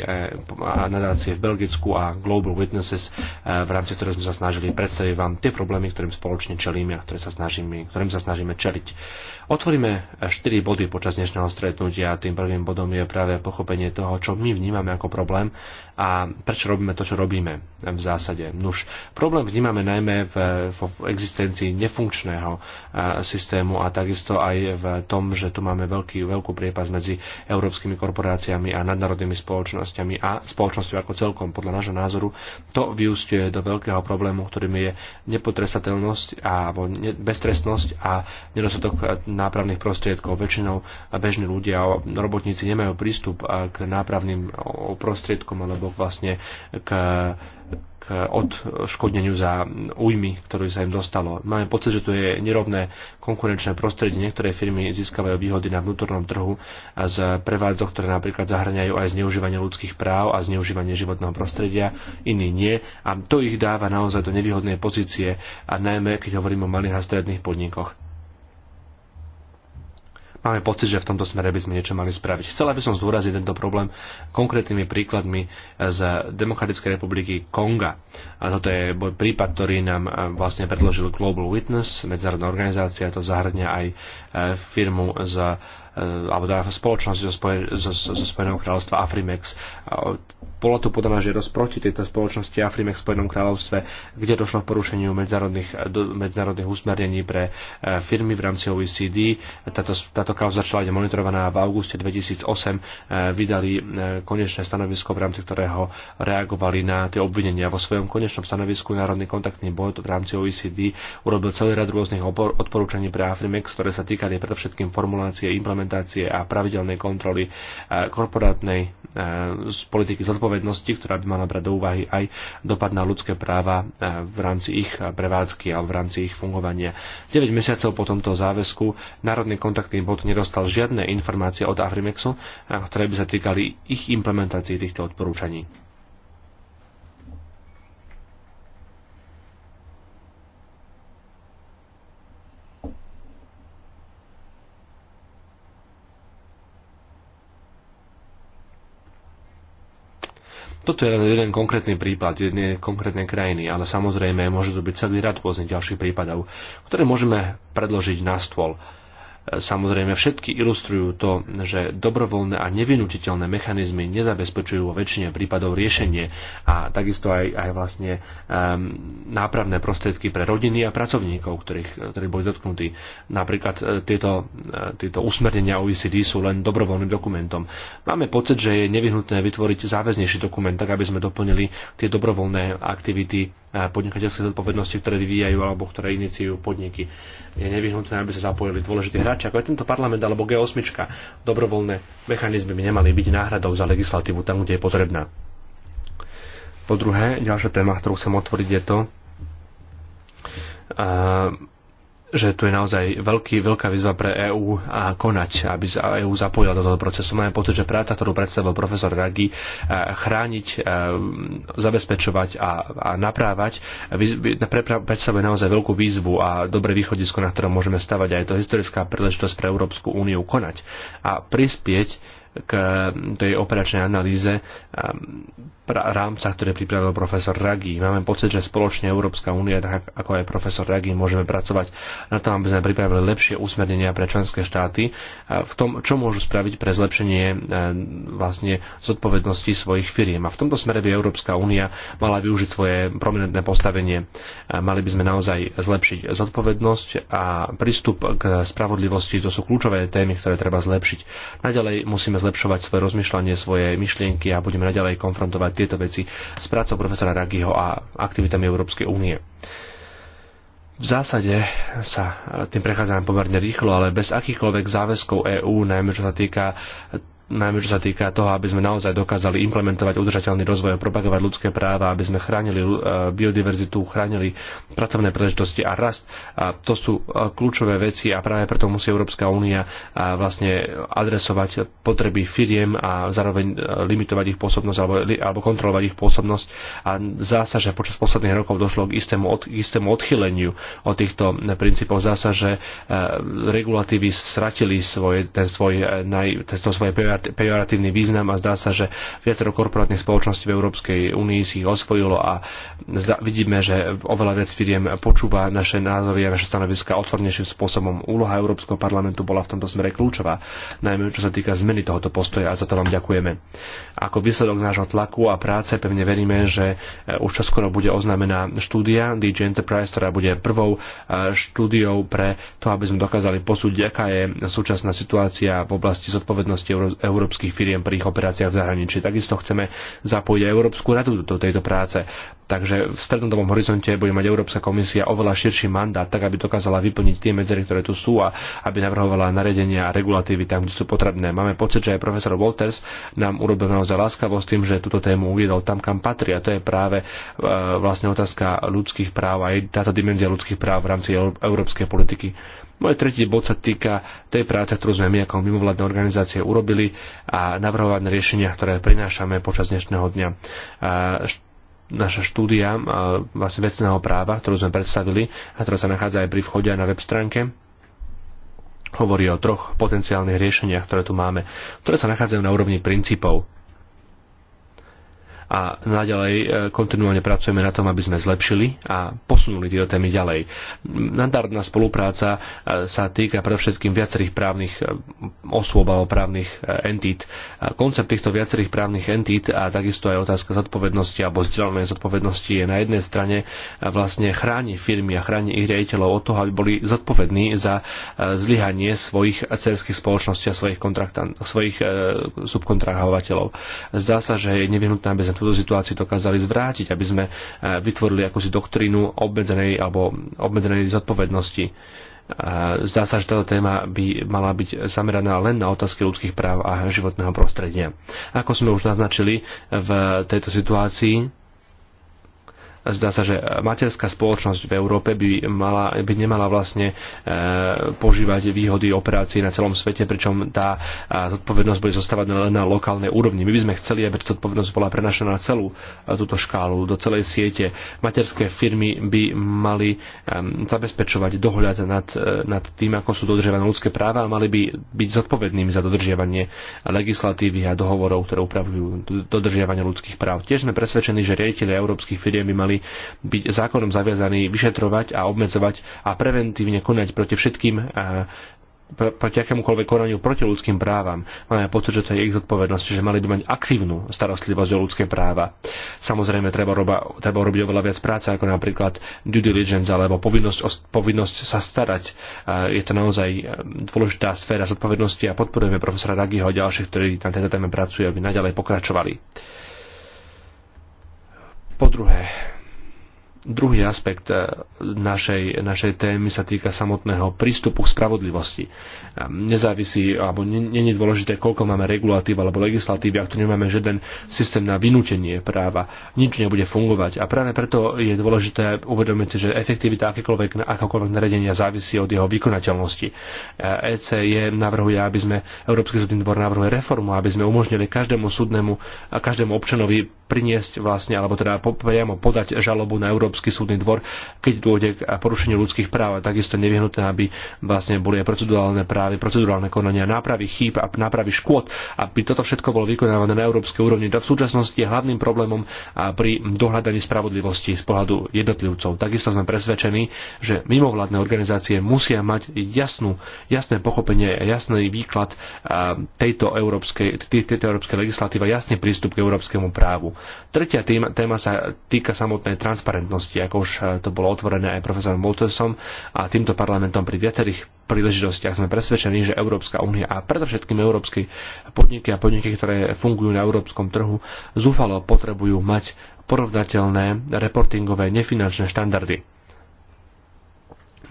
nadácie v Belgicku a Global Witnesses, v rámci ktorých sme sa snažili predstaviť vám tie problémy, ktorým spoločne čelíme a ktoré sa snažíme, ktorým sa snažíme čeliť. Otvoríme 4 body počas dnešného stretnutia. Tým prvým bodom je práve pochopenie toho, čo my vnímame ako problém a prečo robíme to, čo robíme v zásade. Nuž, problém vnímame najmä v, v, existencii nefunkčného systému a takisto aj v tom, že tu máme veľký, veľkú priepas medzi európskymi korporáciami a nadnárodnými spoločnosťami a spoločnosťou ako celkom. Podľa nášho názoru to vyústiuje do veľkého problému, ktorým je nepotresateľnosť alebo beztrestnosť a nedostatok nápravných prostriedkov. Väčšinou bežní ľudia, a robotníci nemajú prístup k nápravným prostriedkom alebo vlastne k k odškodneniu za újmy, ktoré sa im dostalo. Máme pocit, že tu je nerovné konkurenčné prostredie. Niektoré firmy získavajú výhody na vnútornom trhu a z prevádzok, ktoré napríklad zahrňajú aj zneužívanie ľudských práv a zneužívanie životného prostredia, iní nie. A to ich dáva naozaj do nevýhodnej pozície, a najmä keď hovoríme o malých a stredných podnikoch máme pocit, že v tomto smere by sme niečo mali spraviť. Chcela by som zdôraziť tento problém konkrétnymi príkladmi z Demokratickej republiky Konga. A toto je prípad, ktorý nám e, vlastne predložil Global Witness, medzinárodná organizácia, to zahrňa aj e, firmu z Eh, alebo teda spoločnosť zo, Spojen- zo, zo Spojeného kráľovstva Afrimex. Bola tu podaná žiadosť proti tejto spoločnosti Afrimex v Spojenom kráľovstve, kde došlo k porušeniu medzinárodných, eh, medzinárodných usmernení pre eh, firmy v rámci OECD. Táto, táto kauza začala byť monitorovaná v auguste 2008. Vydali konečné stanovisko, v rámci ktorého reagovali na tie obvinenia. Vo svojom konečnom stanovisku Národný kontaktný bod v rámci OECD urobil celý rad rôznych odporúčaní pre Afrimex, ktoré sa týkali predovšetkým formulácie implementácie implementácie a pravidelnej kontroly e, korporátnej e, z politiky zodpovednosti, ktorá by mala brať do úvahy aj dopad na ľudské práva e, v rámci ich prevádzky alebo v rámci ich fungovania. 9 mesiacov po tomto záväzku Národný kontaktný bod nedostal žiadne informácie od Afrimexu, ktoré by sa týkali ich implementácie týchto odporúčaní. Toto je len jeden konkrétny prípad jednej konkrétnej krajiny, ale samozrejme môže to byť celý rad rôznych ďalších prípadov, ktoré môžeme predložiť na stôl Samozrejme všetky ilustrujú to, že dobrovoľné a nevinutiteľné mechanizmy nezabezpečujú vo väčšine prípadov riešenie a takisto aj, aj vlastne um, nápravné prostriedky pre rodiny a pracovníkov, ktorých, ktorí boli dotknutí. Napríklad e, tieto, e, tieto usmernenia OECD sú len dobrovoľným dokumentom. Máme pocit, že je nevyhnutné vytvoriť záväznejší dokument, tak aby sme doplnili tie dobrovoľné aktivity podnikateľské zodpovednosti, ktoré vyvíjajú alebo ktoré iniciujú podniky. Je nevyhnutné, aby sa zapojili dôležití hráči, ako je tento parlament alebo G8. Dobrovoľné mechanizmy by nemali byť náhradou za legislatívu tam, kde je potrebná. Po druhé, ďalšia téma, ktorú chcem otvoriť, je to, uh, že tu je naozaj veľký, veľká výzva pre EÚ a konať, aby sa EÚ zapojila do toho procesu. Máme pocit, že práca, ktorú predstavil profesor Ragi, e, chrániť, e, zabezpečovať a, a naprávať, predstavuje naozaj veľkú výzvu a dobré východisko, na ktorom môžeme stavať. A je to historická príležitosť pre Európsku úniu konať a prispieť k tej operačnej analýze rámca, ktoré pripravil profesor Ragi. Máme pocit, že spoločne Európska únia, tak ako aj profesor Ragi, môžeme pracovať na tom, aby sme pripravili lepšie usmernenia pre členské štáty v tom, čo môžu spraviť pre zlepšenie vlastne zodpovednosti svojich firiem. A v tomto smere by Európska únia mala využiť svoje prominentné postavenie. Mali by sme naozaj zlepšiť zodpovednosť a prístup k spravodlivosti. To sú kľúčové témy, ktoré treba zlepšiť. Naďalej musíme zlepšovať svoje rozmýšľanie, svoje myšlienky a budeme naďalej konfrontovať tieto veci s prácou profesora Ragiho a aktivitami Európskej únie. V zásade sa tým prechádzame pomerne rýchlo, ale bez akýchkoľvek záväzkov EÚ, najmä čo sa týka najmä čo sa týka toho, aby sme naozaj dokázali implementovať udržateľný rozvoj a propagovať ľudské práva, aby sme chránili eh, biodiverzitu, chránili pracovné príležitosti a rast. A to sú eh, kľúčové veci a práve preto musí Európska únia eh, vlastne adresovať potreby firiem a zároveň limitovať ich pôsobnosť alebo, alebo kontrolovať ich pôsobnosť. A zdá sa, že počas posledných rokov došlo k istému, od, k istému odchyleniu od týchto princípov. Zdá sa, že regulatívy stratili svoje, ten svoj, naj, to svoje PR pejoratívny význam a zdá sa, že viacero korporátnych spoločností v Európskej únii si ich osvojilo a vidíme, že oveľa viac firiem počúva naše názory a naše stanoviska otvornejším spôsobom. Úloha Európskeho parlamentu bola v tomto smere kľúčová, najmä čo sa týka zmeny tohoto postoja a za to vám ďakujeme. Ako výsledok nášho tlaku a práce pevne veríme, že e, už čoskoro bude oznámená štúdia DG Enterprise, ktorá bude prvou e, štúdiou pre to, aby sme dokázali posúdiť, aká je súčasná situácia v oblasti zodpovednosti európskych firiem pri ich operáciách v zahraničí. Takisto chceme zapojiť aj Európsku radu do tejto práce. Takže v strednodobom horizonte bude mať Európska komisia oveľa širší mandát, tak aby dokázala vyplniť tie medzery, ktoré tu sú a aby navrhovala naredenia a regulatívy tam, kde sú potrebné. Máme pocit, že aj profesor Walters nám urobil naozaj láskavo s tým, že túto tému uviedol tam, kam patrí. A to je práve e, vlastne otázka ľudských práv a aj táto dimenzia ľudských práv v rámci európskej politiky. Môj tretí bod sa týka tej práce, ktorú sme my ako mimovládne organizácie urobili a navrhované riešenia, ktoré prinášame počas dnešného dňa. A naša štúdia vlastne vecného práva, ktorú sme predstavili a ktorá sa nachádza aj pri vchode na web stránke, hovorí o troch potenciálnych riešeniach, ktoré tu máme, ktoré sa nachádzajú na úrovni princípov a naďalej e, kontinuálne pracujeme na tom, aby sme zlepšili a posunuli tieto témy ďalej. Nadárodná spolupráca e, sa týka predovšetkým viacerých právnych e, osôb alebo právnych entít. Koncept týchto viacerých právnych entít a takisto aj otázka zodpovednosti alebo zdieľanej zodpovednosti je na jednej strane vlastne chráni firmy a chráni ich riaditeľov od toho, aby boli zodpovední za zlyhanie svojich cerských spoločností a svojich, svojich subkontrahovateľov. Zdá sa, že je nevyhnutné, aby sme túto situáciu dokázali zvrátiť, aby sme e, vytvorili akúsi doktrínu obmedzenej alebo obmedzenej zodpovednosti. E, zdá sa, že táto téma by mala byť zameraná len na otázky ľudských práv a životného prostredia. Ako sme už naznačili, v tejto situácii zdá sa, že materská spoločnosť v Európe by, mala, by nemala vlastne e, požívať výhody operácií na celom svete, pričom tá e, zodpovednosť bude zostávať len na lokálnej úrovni. My by sme chceli, aby zodpovednosť bola prenašaná na celú e, túto škálu, do celej siete. Materské firmy by mali zabezpečovať dohľad nad, nad tým, ako sú dodržiavané ľudské práva a mali by byť zodpovednými za dodržiavanie legislatívy a dohovorov, ktoré upravujú dodržiavanie ľudských práv. Tiež sme presvedčení, že riaditeľi európskych firiem by mali byť zákonom zaviazaní vyšetrovať a obmedzovať a preventívne konať proti všetkým e, proti akémukoľvek konaniu proti ľudským právam. Máme pocit, že to je ich zodpovednosť, že mali by mať aktívnu starostlivosť o ľudské práva. Samozrejme, treba, roba, treba robiť oveľa viac práce, ako napríklad due diligence alebo povinnosť, povinnosť sa starať. E, je to naozaj e, dôležitá sféra zodpovednosti a podporujeme profesora Dagiho a ďalších, ktorí na tejto téme pracujú, aby naďalej pokračovali. Po druhé, Druhý aspekt eh, našej, našej témy sa týka samotného prístupu k spravodlivosti. Eh, nezávisí, alebo nie je dôležité, koľko máme regulatív alebo legislatívy, ak tu nemáme žiaden systém na vynútenie práva, nič nebude fungovať. A práve preto je dôležité uvedomiť si, že efektivita akékoľvek, akékoľvek naredenia závisí od jeho vykonateľnosti. je eh, navrhuje, aby sme, Európsky súdny dvor navrhuje reformu, aby sme umožnili každému súdnemu a každému občanovi priniesť vlastne, alebo teda priamo podať žalobu na Európsky Európsky súdny dvor, keď dôjde k porušeniu ľudských práv. A takisto nevyhnutné, aby vlastne boli aj procedurálne právy, procedurálne konania, nápravy chýb a nápravy škôd, aby toto všetko bolo vykonávané na európskej úrovni. V súčasnosti je hlavným problémom pri dohľadaní spravodlivosti z pohľadu jednotlivcov. Takisto sme presvedčení, že mimovládne organizácie musia mať jasnú, jasné pochopenie, jasný výklad tejto európskej, tejto európskej legislatívy, jasný prístup k európskemu právu. Tretia téma sa týka samotnej transparentnosti minulosti, ako už eh, to bolo otvorené aj profesorom Woltersom a týmto parlamentom pri viacerých príležitostiach sme presvedčení, že Európska únia a predovšetkým európsky podniky a podniky, ktoré fungujú na európskom trhu, zúfalo potrebujú mať porovnateľné reportingové nefinančné štandardy.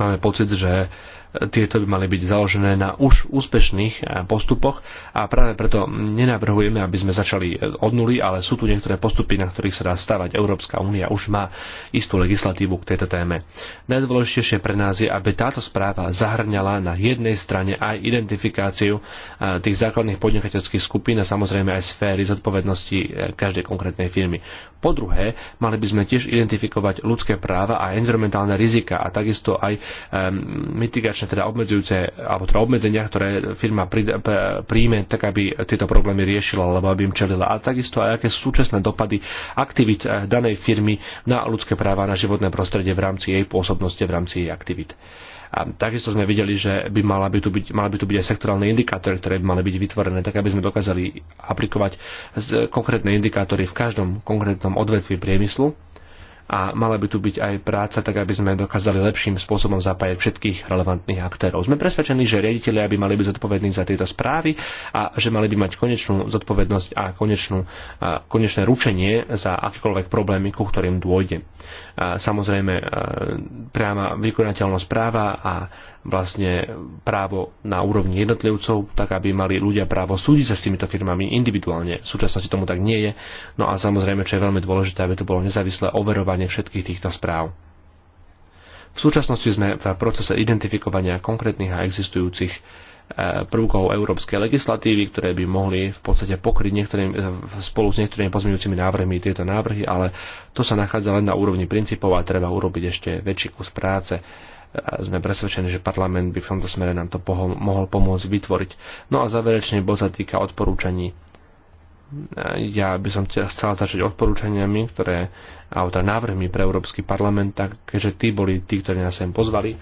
Máme pocit, že tieto by mali byť založené na už úspešných eh, postupoch a práve preto nenavrhujeme, aby sme začali od nuly, ale sú tu niektoré postupy, na ktorých sa dá stavať. Európska únia už má istú legislatívu k tejto téme. Najdôležitejšie pre nás je, aby táto správa zahrňala na jednej strane aj identifikáciu eh, tých základných podnikateľských skupín a samozrejme aj sféry zodpovednosti eh, každej konkrétnej firmy. Po druhé, mali by sme tiež identifikovať ľudské práva a environmentálne rizika a takisto aj um, mitigačné, teda obmedzujúce, alebo teda obmedzenia, ktoré firma prí, príjme, tak aby tieto problémy riešila, alebo aby im čelila. A takisto aj aké sú súčasné dopady aktivít eh, danej firmy na ľudské práva, na životné prostredie v rámci jej pôsobnosti, v rámci jej aktivít. A takisto sme videli, že by mala by tu byť, mala by tu byť aj sektorálne indikátory, ktoré by mali byť vytvorené, tak aby sme dokázali aplikovať konkrétne indikátory v každom konkrétnom odvetvi priemyslu a mala by tu byť aj práca, tak aby sme dokázali lepším spôsobom zapájať všetkých relevantných aktérov. Sme presvedčení, že riaditeľia by mali byť zodpovední za tieto správy a že mali by mať konečnú zodpovednosť a, konečnú, a konečné ručenie za akékoľvek problémy, ku ktorým dôjde. A samozrejme, e, priama vykonateľnosť práva a vlastne právo na úrovni jednotlivcov, tak aby mali ľudia právo súdiť sa s týmito firmami individuálne. V súčasnosti tomu tak nie je. No a samozrejme, čo je veľmi dôležité, aby to bolo nezávislé overovanie všetkých týchto správ. V súčasnosti sme v procese identifikovania konkrétnych a existujúcich e, prvkov európskej legislatívy, ktoré by mohli v podstate pokryť niektorým, e, spolu s niektorými pozmeňujúcimi návrhmi tieto návrhy, ale to sa nachádza len na úrovni princípov a treba urobiť ešte väčší kus práce sme presvedčení, že parlament by v tomto smere nám to poho- mohol pomôcť vytvoriť. No a záverečný bod sa týka odporúčaní. Ja by som chcel začať odporúčaniami, ktoré, autor návrhmi pre Európsky parlament, tak, keďže tí boli tí, ktorí nás sem pozvali.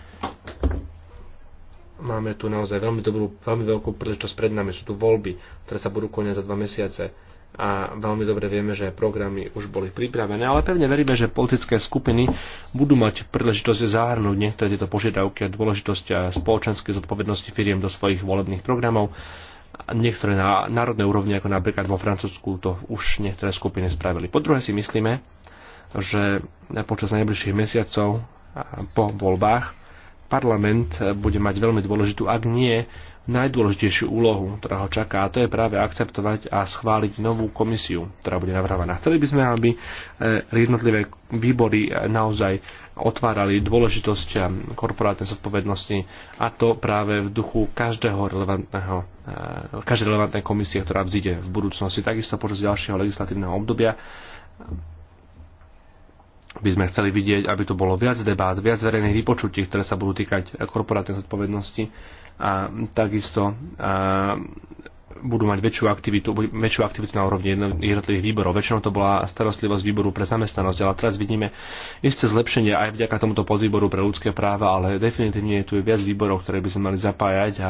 Máme tu naozaj veľmi, dobrú, veľmi veľkú príležitosť pred nami. Sú tu voľby, ktoré sa budú koniať za dva mesiace a veľmi dobre vieme, že programy už boli pripravené, ale pevne veríme, že politické skupiny budú mať príležitosť zahrnúť niektoré tieto požiadavky a dôležitosť a spoločenskej zodpovednosti firiem do svojich volebných programov. Niektoré na národnej úrovni, ako napríklad vo Francúzsku, to už niektoré skupiny spravili. Po druhé si myslíme, že počas najbližších mesiacov po voľbách parlament bude mať veľmi dôležitú, ak nie najdôležitejšiu úlohu, ktorá ho čaká, a to je práve akceptovať a schváliť novú komisiu, ktorá bude navrhovaná. Chceli by sme, aby eh, jednotlivé výbory eh, naozaj otvárali dôležitosť eh, korporátnej zodpovednosti a to práve v duchu každého relevantného, každej relevantnej komisie, ktorá vzíde v budúcnosti. Takisto počas ďalšieho legislatívneho obdobia by sme chceli vidieť, aby to bolo viac debát, viac verejných vypočutí, ktoré sa budú týkať korporátnej zodpovednosti a takisto a, budú mať väčšiu aktivitu, väčšiu aktivitu na úrovni jednotlivých výborov. Väčšinou to bola starostlivosť výboru pre zamestnanosť, ale teraz vidíme isté zlepšenie aj vďaka tomuto podvýboru pre ľudské práva, ale definitívne tu je viac výborov, ktoré by sme mali zapájať a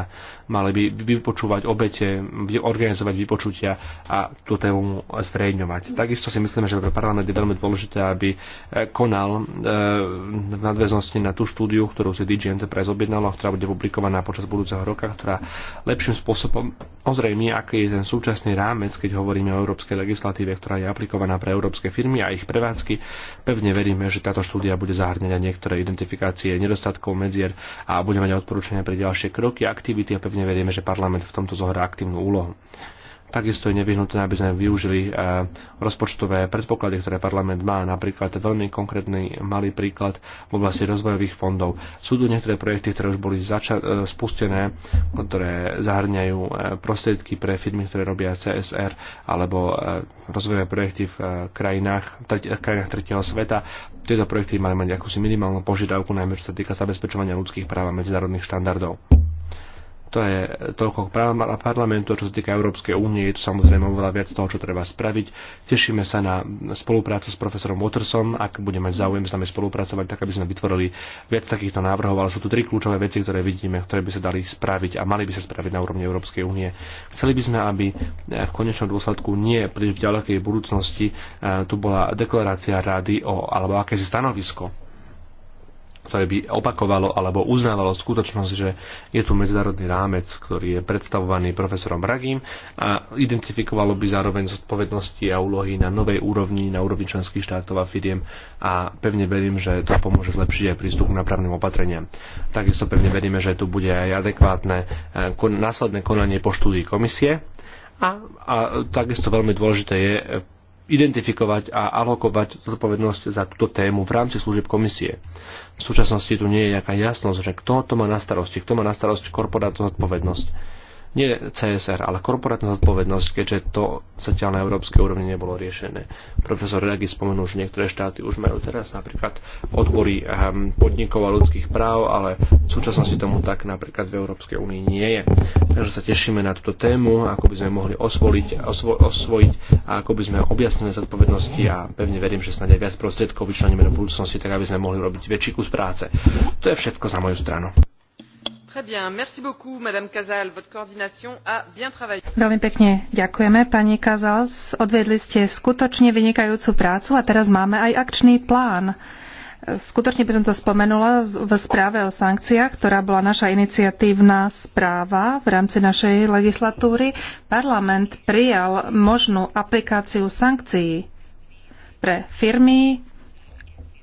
mali by vypočúvať obete, organizovať vypočutia a tú tému zverejňovať. Takisto si myslíme, že pre parlament je veľmi dôležité, aby eh, konal eh, v nadväznosti na tú štúdiu, ktorú si DG Enterprise objednala, ktorá bude publikovaná počas budúceho roka, ktorá lepším spôsobom ozrejme firmy, aký je ten súčasný rámec, keď hovoríme o európskej legislatíve, ktorá je aplikovaná pre európske firmy a ich prevádzky. Pevne veríme, že táto štúdia bude zahrňať aj niektoré identifikácie nedostatkov medzier a budeme mať odporúčania pre ďalšie kroky a aktivity a pevne veríme, že parlament v tomto zohrá aktívnu úlohu. Takisto je nevyhnutné, aby sme využili e, rozpočtové predpoklady, ktoré parlament má. Napríklad veľmi konkrétny malý príklad v oblasti rozvojových fondov. Sú tu niektoré projekty, ktoré už boli zača- e, spustené, ktoré zahrňajú e, prostriedky pre firmy, ktoré robia CSR alebo rozvojové projekty v krajinách, v krajinách tretieho sveta. Tieto projekty mali mať akúsi minimálnu požiadavku, najmä čo sa týka zabezpečovania ľudských práv a medzinárodných štandardov. To je toľko parlamentu, čo sa týka Európskej únie, je tu samozrejme oveľa viac toho, čo treba spraviť. Tešíme sa na spoluprácu s profesorom Watersom, ak bude mať záujem s nami spolupracovať, tak aby sme vytvorili viac takýchto návrhov, ale sú tu tri kľúčové veci, ktoré vidíme, ktoré by sa dali spraviť a mali by sa spraviť na úrovni Európskej únie. Chceli by sme, aby v konečnom dôsledku nie príliš v ďalekej budúcnosti tu bola deklarácia rady o, alebo akési stanovisko ktoré by opakovalo alebo uznávalo skutočnosť, že je tu medzinárodný rámec, ktorý je predstavovaný profesorom Bragím a identifikovalo by zároveň zodpovednosti a úlohy na novej úrovni, na úrovni členských štátov a firiem a pevne verím, že to pomôže zlepšiť aj prístup k napravným opatreniam. Takisto pevne veríme, že tu bude aj adekvátne eh, následné konanie po štúdii komisie a, a takisto veľmi dôležité je eh, identifikovať a alokovať zodpovednosť za túto tému v rámci služieb komisie. V súčasnosti tu nie je nejaká jasnosť, že kto to má na starosti, kto má na starosti korporátnu zodpovednosť nie CSR, ale korporátna zodpovednosť, keďže to zatiaľ na európskej úrovni nebolo riešené. Profesor Regi spomenul, že niektoré štáty už majú teraz napríklad odbory ehm, podnikov a ľudských práv, ale v súčasnosti tomu tak napríklad v Európskej únii nie je. Takže sa tešíme na túto tému, ako by sme mohli osvoliť, osvo, osvojiť a ako by sme objasnili zodpovednosti a pevne verím, že snáď aj viac prostriedkov vyčleníme do budúcnosti, tak aby sme mohli robiť väčší kus práce. To je všetko za moju stranu. Veľmi pekne ďakujeme, pani casals Odviedli ste skutočne vynikajúcu prácu a teraz máme aj akčný plán. Skutočne by som to spomenula v správe o sankciách, ktorá bola naša iniciatívna správa v rámci našej legislatúry. Parlament prijal možnú aplikáciu sankcií pre firmy,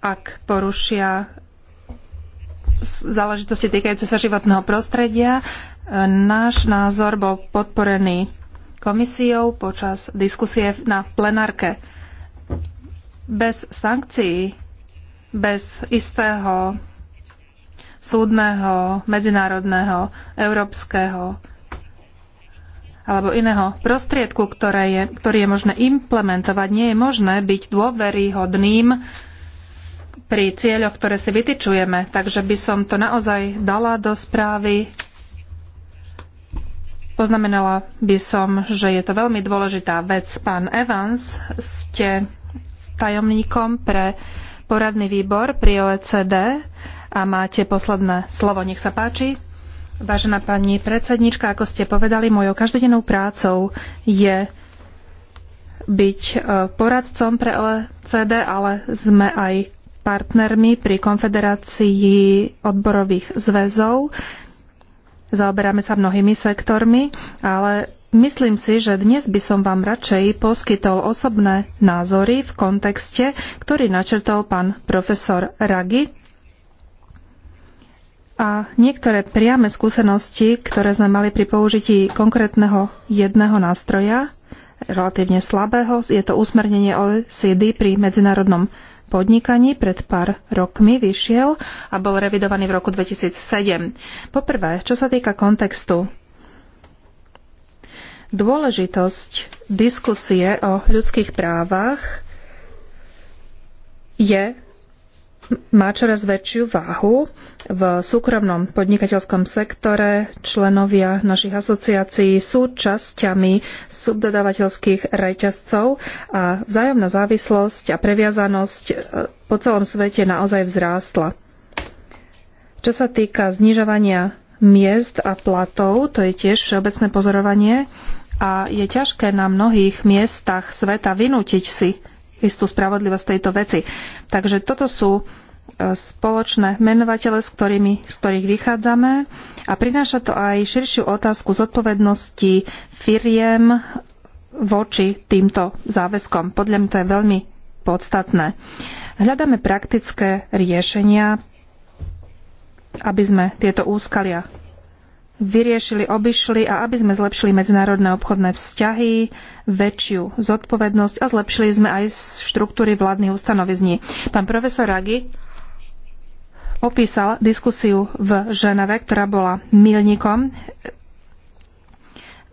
ak porušia záležitosti týkajúce sa životného prostredia. E, náš názor bol podporený komisiou počas diskusie na plenárke. Bez sankcií, bez istého súdneho, medzinárodného, európskeho alebo iného prostriedku, ktoré je, ktorý je možné implementovať, nie je možné byť dôveryhodným pri cieľoch, ktoré si vytyčujeme. Takže by som to naozaj dala do správy. Poznamenala by som, že je to veľmi dôležitá vec. Pán Evans, ste tajomníkom pre poradný výbor pri OECD a máte posledné slovo. Nech sa páči. Vážená pani predsednička, ako ste povedali, mojou každodennou prácou je byť e, poradcom pre OECD, ale sme aj partnermi pri Konfederácii odborových zväzov. Zaoberáme sa mnohými sektormi, ale myslím si, že dnes by som vám radšej poskytol osobné názory v kontexte, ktorý načrtol pán profesor Ragi a niektoré priame skúsenosti, ktoré sme mali pri použití konkrétneho jedného nástroja, relatívne slabého, je to usmernenie OECD pri medzinárodnom podnikaní pred pár rokmi vyšiel a bol revidovaný v roku 2007. Poprvé, čo sa týka kontextu, dôležitosť diskusie o ľudských právach je má čoraz väčšiu váhu v súkromnom podnikateľskom sektore. Členovia našich asociácií sú časťami subdodávateľských reťazcov a vzájomná závislosť a previazanosť e, po celom svete naozaj vzrástla. Čo sa týka znižovania miest a platov, to je tiež všeobecné pozorovanie a je ťažké na mnohých miestach sveta vynútiť si istú spravodlivosť tejto veci. Takže toto sú e, spoločné menovatele, s, ktorými, z ktorých vychádzame a prináša to aj širšiu otázku zodpovednosti firiem voči týmto záväzkom. Podľa mňa to je veľmi podstatné. Hľadáme praktické riešenia, aby sme tieto úskalia vyriešili, obišli a aby sme zlepšili medzinárodné obchodné vzťahy, väčšiu zodpovednosť a zlepšili sme aj štruktúry vládnych ustanovizní. Pán profesor Ragi opísal diskusiu v Ženeve, ktorá bola milníkom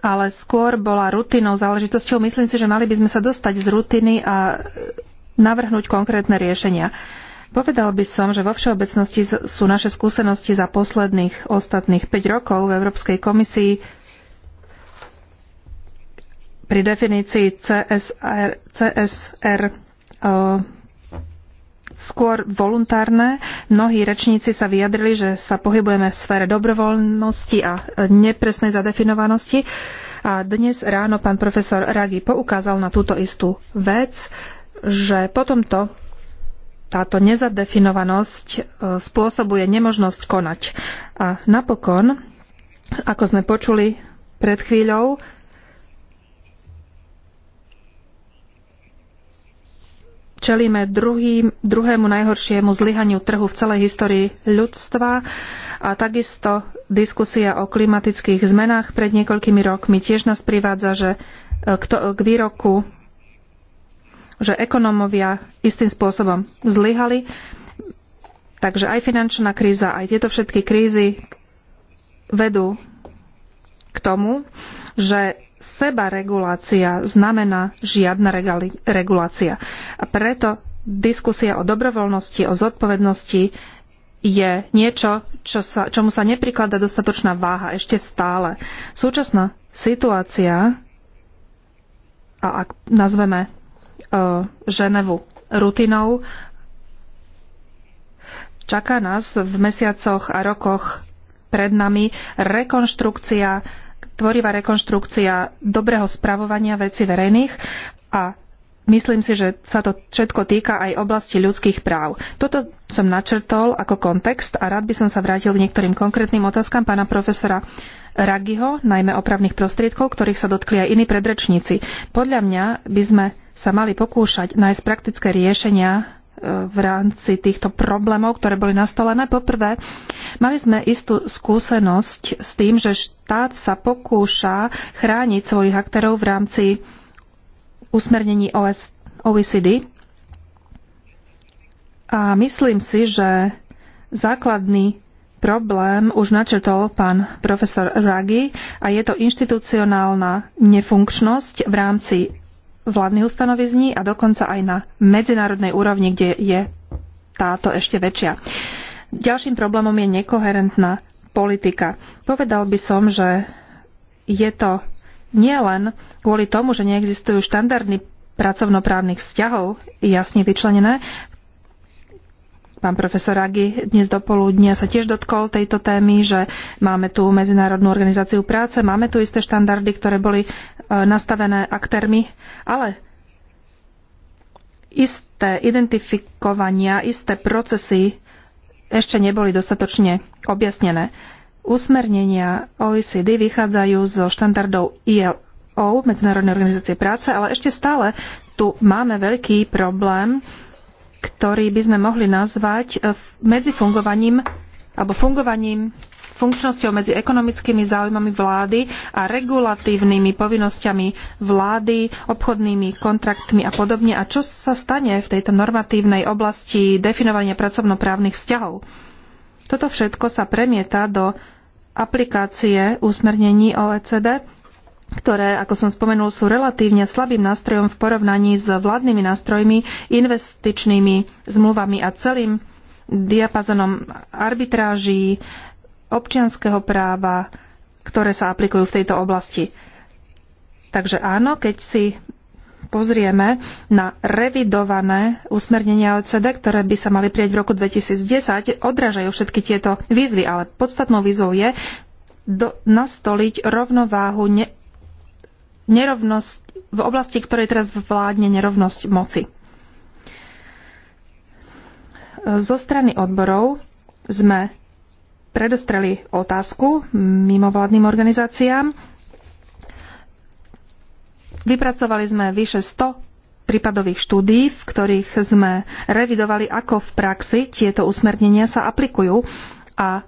ale skôr bola rutinou záležitosťou. Myslím si, že mali by sme sa dostať z rutiny a navrhnúť konkrétne riešenia. Povedal by som, že vo všeobecnosti sú naše skúsenosti za posledných ostatných 5 rokov v Európskej komisii pri definícii CSR, CSR eh, skôr voluntárne. Mnohí rečníci sa vyjadrili, že sa pohybujeme v sfére dobrovoľnosti a eh, nepresnej zadefinovanosti. A dnes ráno pán profesor Ragi poukázal na túto istú vec, že po tomto táto nezadefinovanosť e, spôsobuje nemožnosť konať. A napokon, ako sme počuli pred chvíľou, čelíme druhým, druhému najhoršiemu zlyhaniu trhu v celej histórii ľudstva a takisto diskusia o klimatických zmenách pred niekoľkými rokmi tiež nás privádza že e, k, to, k výroku že ekonómovia istým spôsobom zlyhali. Takže aj finančná kríza, aj tieto všetky krízy vedú k tomu, že seba regulácia znamená žiadna regulácia. A preto diskusia o dobrovoľnosti, o zodpovednosti je niečo, čo sa, čomu sa neprikladá dostatočná váha ešte stále. Súčasná situácia, a ak nazveme Eh, Ženevu rutinou. Čaká nás v mesiacoch a rokoch pred nami rekonštrukcia, tvorivá rekonštrukcia dobrého spravovania veci verejných a Myslím si, že sa to všetko týka aj oblasti ľudských práv. Toto som načrtol ako kontext a rád by som sa vrátil k niektorým konkrétnym otázkam pána profesora Ragiho, najmä opravných prostriedkov, ktorých sa dotkli aj iní predrečníci. Podľa mňa by sme sa mali pokúšať nájsť praktické riešenia e, v rámci týchto problémov, ktoré boli nastolené. No poprvé, mali sme istú skúsenosť s tým, že štát sa pokúša chrániť svojich aktérov v rámci usmernení OS, OECD. A myslím si, že základný problém už načetol pán profesor Ragi a je to inštitucionálna nefunkčnosť v rámci vládnych ustanovizní a dokonca aj na medzinárodnej úrovni, kde je táto ešte väčšia. Ďalším problémom je nekoherentná politika. Povedal by som, že je to nielen kvôli tomu, že neexistujú štandardní pracovnoprávnych vzťahov jasne vyčlenené, Pán profesor Agi dnes do poludnia sa tiež dotkol tejto témy, že máme tu Medzinárodnú organizáciu práce, máme tu isté štandardy, ktoré boli e, nastavené aktérmi, ale isté identifikovania, isté procesy ešte neboli dostatočne objasnené. Usmernenia OECD vychádzajú zo štandardov ILO, Medzinárodnej organizácie práce, ale ešte stále tu máme veľký problém ktorý by sme mohli nazvať e, medzi fungovaním alebo fungovaním funkčnosťou medzi ekonomickými záujmami vlády a regulatívnymi povinnosťami vlády, obchodnými kontraktmi a podobne. A čo sa stane v tejto normatívnej oblasti definovania pracovnoprávnych vzťahov? Toto všetko sa premieta do aplikácie úsmernení OECD ktoré, ako som spomenul, sú relatívne slabým nástrojom v porovnaní s vládnymi nástrojmi, investičnými zmluvami a celým diapazonom arbitráží, občianského práva, ktoré sa aplikujú v tejto oblasti. Takže áno, keď si pozrieme na revidované usmernenia OECD, ktoré by sa mali prieť v roku 2010, odrážajú všetky tieto výzvy, ale podstatnou výzvou je do, nastoliť rovnováhu ne, nerovnosť, v oblasti, ktorej teraz vládne nerovnosť moci. Zo strany odborov sme predostreli otázku mimovládnym organizáciám. Vypracovali sme vyše 100 prípadových štúdí, v ktorých sme revidovali, ako v praxi tieto usmernenia sa aplikujú a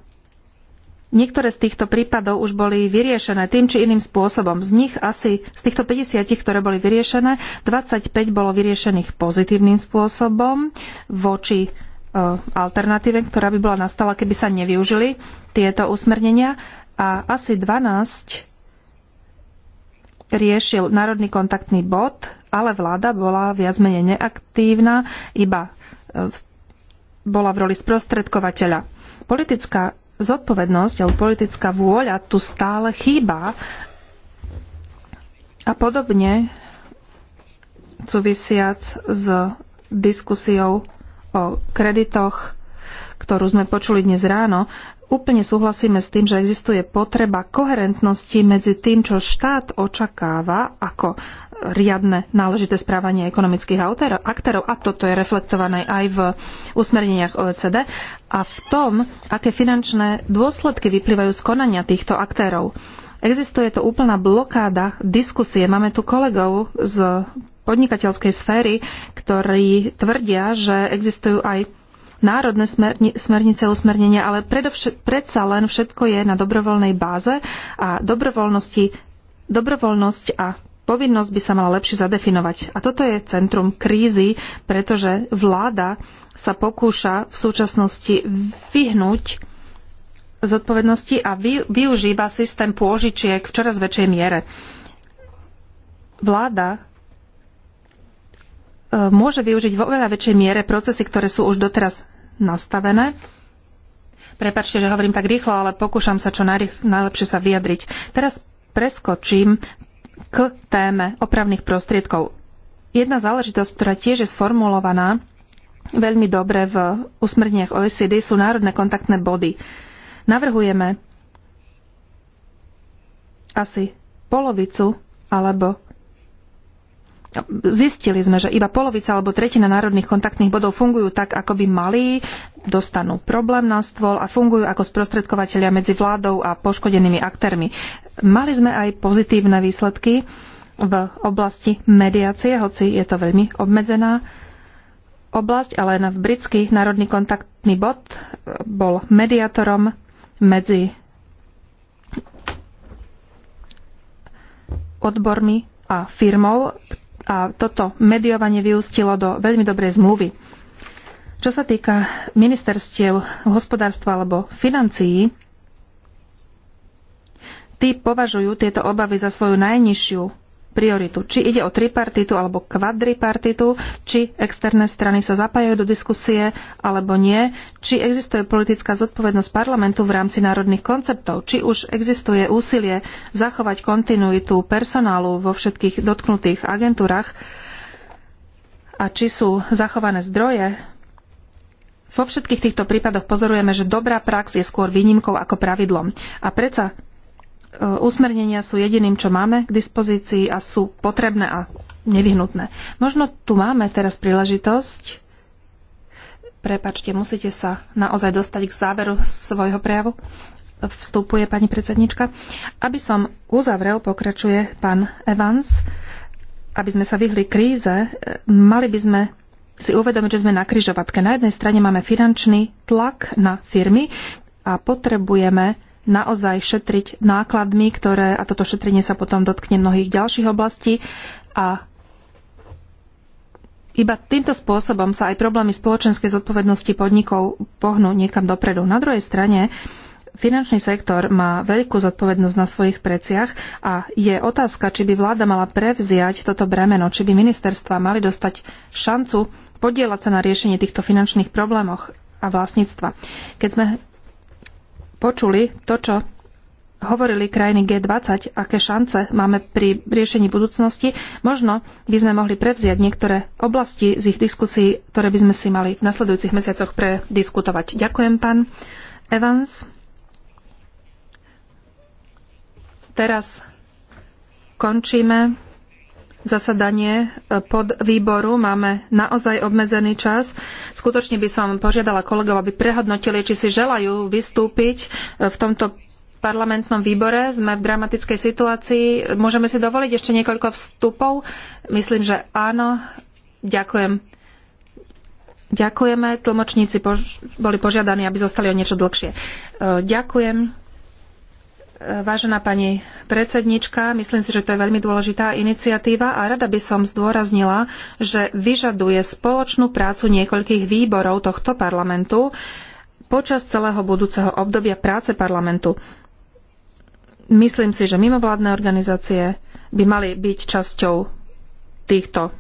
Niektoré z týchto prípadov už boli vyriešené tým či iným spôsobom. Z nich asi z týchto 50, ktoré boli vyriešené, 25 bolo vyriešených pozitívnym spôsobom voči e, alternatíve, ktorá by bola nastala, keby sa nevyužili tieto usmernenia a asi 12 riešil Národný kontaktný bod, ale vláda bola viac menej neaktívna, iba e, bola v roli sprostredkovateľa. Politická zodpovednosť alebo politická vôľa tu stále chýba. A podobne súvisiac s diskusiou o kreditoch, ktorú sme počuli dnes ráno, úplne súhlasíme s tým, že existuje potreba koherentnosti medzi tým, čo štát očakáva ako riadne náležité správanie ekonomických aktérov a toto je reflektované aj v usmerneniach OECD a v tom, aké finančné dôsledky vyplývajú z konania týchto aktérov. Existuje to úplná blokáda diskusie. Máme tu kolegov z podnikateľskej sféry, ktorí tvrdia, že existujú aj národné smernice usmernenia, ale predsa len všetko je na dobrovoľnej báze a dobrovoľnosti, dobrovoľnosť a povinnosť by sa mala lepšie zadefinovať. A toto je centrum krízy, pretože vláda sa pokúša v súčasnosti vyhnúť zodpovednosti a využíva systém pôžičiek v čoraz väčšej miere. Vláda e, môže využiť vo veľa väčšej miere procesy, ktoré sú už doteraz nastavené. Prepačte, že hovorím tak rýchlo, ale pokúšam sa čo najlepšie sa vyjadriť. Teraz preskočím k téme opravných prostriedkov. Jedna záležitosť, ktorá tiež je sformulovaná veľmi dobre v usmerneniach OECD, sú národné kontaktné body. Navrhujeme asi polovicu alebo zistili sme, že iba polovica alebo tretina národných kontaktných bodov fungujú tak, ako by mali, dostanú problém na stôl a fungujú ako sprostredkovateľia medzi vládou a poškodenými aktérmi. Mali sme aj pozitívne výsledky v oblasti mediácie, hoci je to veľmi obmedzená oblasť, ale na britský národný kontaktný bod eh, bol mediátorom medzi odbormi a firmou, a toto mediovanie vyústilo do veľmi dobrej zmluvy. Čo sa týka ministerstiev hospodárstva alebo financií, tí považujú tieto obavy za svoju najnižšiu prioritu. Či ide o tripartitu alebo kvadripartitu, či externé strany sa zapájajú do diskusie alebo nie, či existuje politická zodpovednosť parlamentu v rámci národných konceptov, či už existuje úsilie zachovať kontinuitu personálu vo všetkých dotknutých agentúrach a či sú zachované zdroje vo všetkých týchto prípadoch pozorujeme, že dobrá prax je skôr výnimkou ako pravidlom. A predsa E, usmernenia sú jediným, čo máme k dispozícii a sú potrebné a nevyhnutné. Možno tu máme teraz príležitosť. Prepačte, musíte sa naozaj dostať k záveru svojho prejavu. Vstupuje pani predsednička. Aby som uzavrel, pokračuje pán Evans, aby sme sa vyhli kríze, e, mali by sme si uvedomiť, že sme na kryžovatke. Na jednej strane máme finančný tlak na firmy a potrebujeme naozaj šetriť nákladmi, ktoré, a toto šetrenie sa potom dotkne mnohých ďalších oblastí a iba týmto spôsobom sa aj problémy spoločenskej zodpovednosti podnikov pohnú niekam dopredu. Na druhej strane, finančný sektor má veľkú zodpovednosť na svojich preciach a je otázka, či by vláda mala prevziať toto bremeno, či by ministerstva mali dostať šancu podielať sa na riešenie týchto finančných problémoch a vlastníctva. Keď sme počuli to, čo hovorili krajiny G20, aké šance máme pri riešení budúcnosti, možno by sme mohli prevziať niektoré oblasti z ich diskusí, ktoré by sme si mali v nasledujúcich mesiacoch prediskutovať. Ďakujem, pán Evans. Teraz končíme zasadanie e, pod výboru. Máme naozaj obmedzený čas. Skutočne by som požiadala kolegov, aby prehodnotili, či si želajú vystúpiť e, v tomto parlamentnom výbore. Sme v dramatickej situácii. Môžeme si dovoliť ešte niekoľko vstupov? Myslím, že áno. Ďakujem. Ďakujeme. Tlmočníci boli požiadaní, aby zostali o niečo dlhšie. E, ďakujem. Vážená pani predsednička, myslím si, že to je veľmi dôležitá iniciatíva a rada by som zdôraznila, že vyžaduje spoločnú prácu niekoľkých výborov tohto parlamentu počas celého budúceho obdobia práce parlamentu. Myslím si, že mimovládne organizácie by mali byť časťou týchto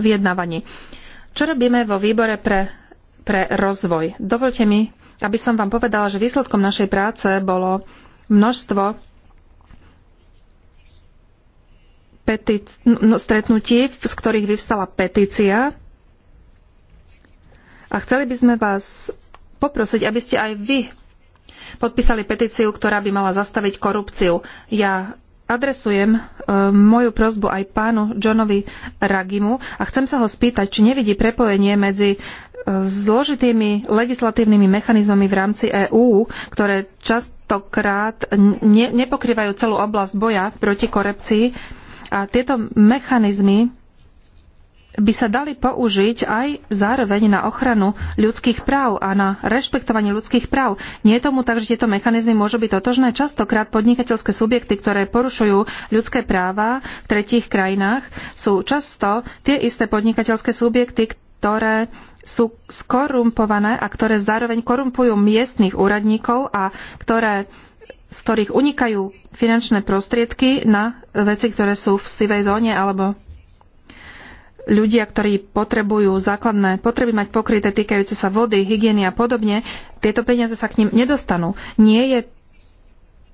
vyjednávaní. Čo robíme vo výbore pre, pre rozvoj? Dovolte mi aby som vám povedala, že výsledkom našej práce bolo množstvo petic- no, stretnutí, z ktorých vyvstala petícia. A chceli by sme vás poprosiť, aby ste aj vy podpísali petíciu, ktorá by mala zastaviť korupciu. Ja adresujem e, moju prozbu aj pánu Johnovi Ragimu a chcem sa ho spýtať, či nevidí prepojenie medzi zložitými legislatívnymi mechanizmami v rámci EÚ, ktoré častokrát ne, nepokrývajú celú oblasť boja proti korupcii. A tieto mechanizmy by sa dali použiť aj zároveň na ochranu ľudských práv a na rešpektovanie ľudských práv. Nie je tomu tak, že tieto mechanizmy môžu byť totožné. Častokrát podnikateľské subjekty, ktoré porušujú ľudské práva v tretích krajinách, sú často tie isté podnikateľské subjekty, ktoré sú skorumpované a ktoré zároveň korumpujú miestnych úradníkov a ktoré, z ktorých unikajú finančné prostriedky na veci, ktoré sú v sivej zóne alebo ľudia, ktorí potrebujú základné potreby mať pokryté týkajúce sa vody, hygieny a podobne, tieto peniaze sa k ním nedostanú. Nie je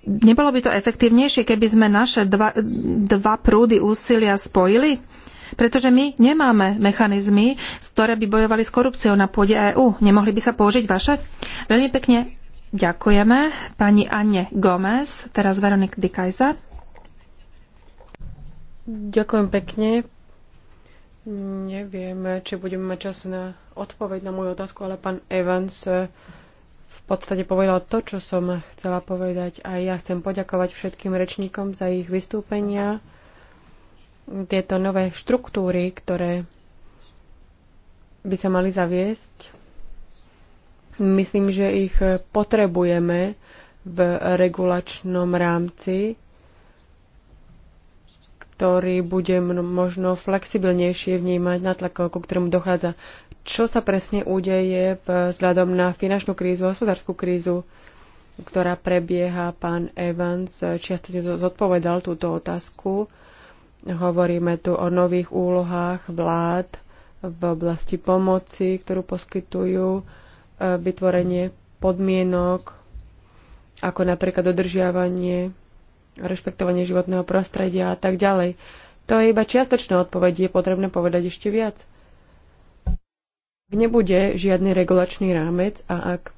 Nebolo by to efektívnejšie, keby sme naše dva, dva prúdy úsilia spojili? Pretože my nemáme mechanizmy, ktoré by bojovali s korupciou na pôde EÚ. Nemohli by sa použiť vaše? Veľmi pekne ďakujeme pani Anne Gomez, teraz Veronik Dikajza. Ďakujem pekne. Neviem, či budeme mať čas na odpoveď na moju otázku, ale pán Evans eh, v podstate povedal to, čo som chcela povedať. A ja chcem poďakovať všetkým rečníkom za ich vystúpenia tieto nové štruktúry, ktoré by sa mali zaviesť, myslím, že ich potrebujeme v regulačnom rámci, ktorý bude možno flexibilnejšie vnímať na tlak, ku ktorému dochádza. Čo sa presne udeje vzhľadom na finančnú krízu, hospodárskú krízu, ktorá prebieha, pán Evans čiastočne zodpovedal túto otázku Hovoríme tu o nových úlohách vlád v oblasti pomoci, ktorú poskytujú, e, vytvorenie podmienok, ako napríklad dodržiavanie, rešpektovanie životného prostredia a tak ďalej. To je iba čiastočná odpoveď, je potrebné povedať ešte viac. Ak nebude žiadny regulačný rámec a ak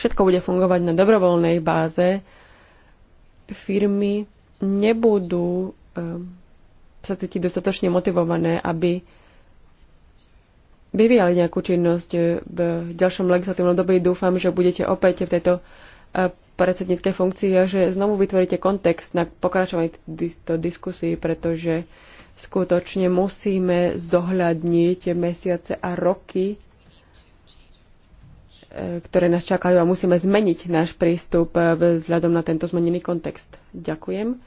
všetko bude fungovať na dobrovoľnej báze, firmy nebudú Ehm, sa cíti dostatočne motivované, aby vyvíjali nejakú činnosť eh, v ďalšom legislatívnom dobe. Dúfam, že budete opäť v tejto eh, predsedníckej funkcii a že znovu vytvoríte kontext na pokračovanie týchto diskusí, pretože skutočne musíme zohľadniť mesiace a roky, eh, ktoré nás čakajú a musíme zmeniť náš prístup vzhľadom na tento zmenený kontext. Ďakujem.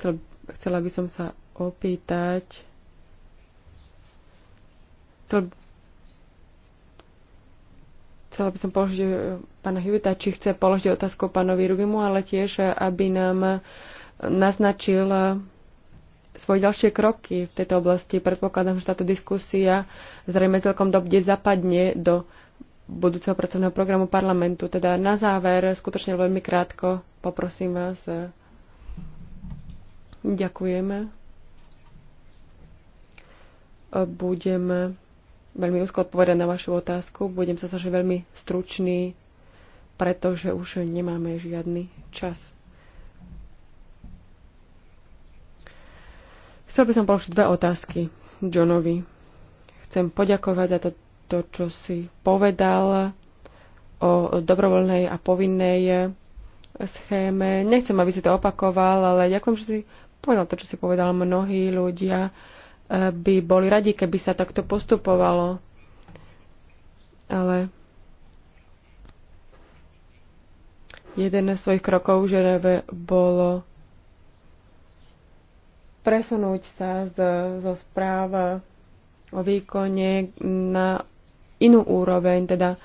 Chcel, chcela by som sa opýtať, chcel, chcela by som položiť e, pána Hivita, či chce položiť otázku pánovi Rugimu, ale tiež, e, aby nám e, naznačil svoje ďalšie kroky v tejto oblasti. Predpokladám, že táto diskusia zrejme celkom dobde zapadne do budúceho pracovného programu parlamentu. Teda na záver, skutočne veľmi krátko, poprosím vás Ďakujeme. Budem veľmi úzko odpovedať na vašu otázku. Budem sa zase veľmi stručný, pretože už nemáme žiadny čas. Chcel by som položiť dve otázky Johnovi. Chcem poďakovať za to, to čo si povedal o dobrovoľnej a povinnej schéme. Nechcem, aby si to opakoval, ale ďakujem, že si povedal to, čo si povedal. Mnohí ľudia e, by boli radi, keby sa takto postupovalo. Ale jeden z svojich krokov v Ženeve bolo presunúť sa z, zo správ o výkone na inú úroveň, teda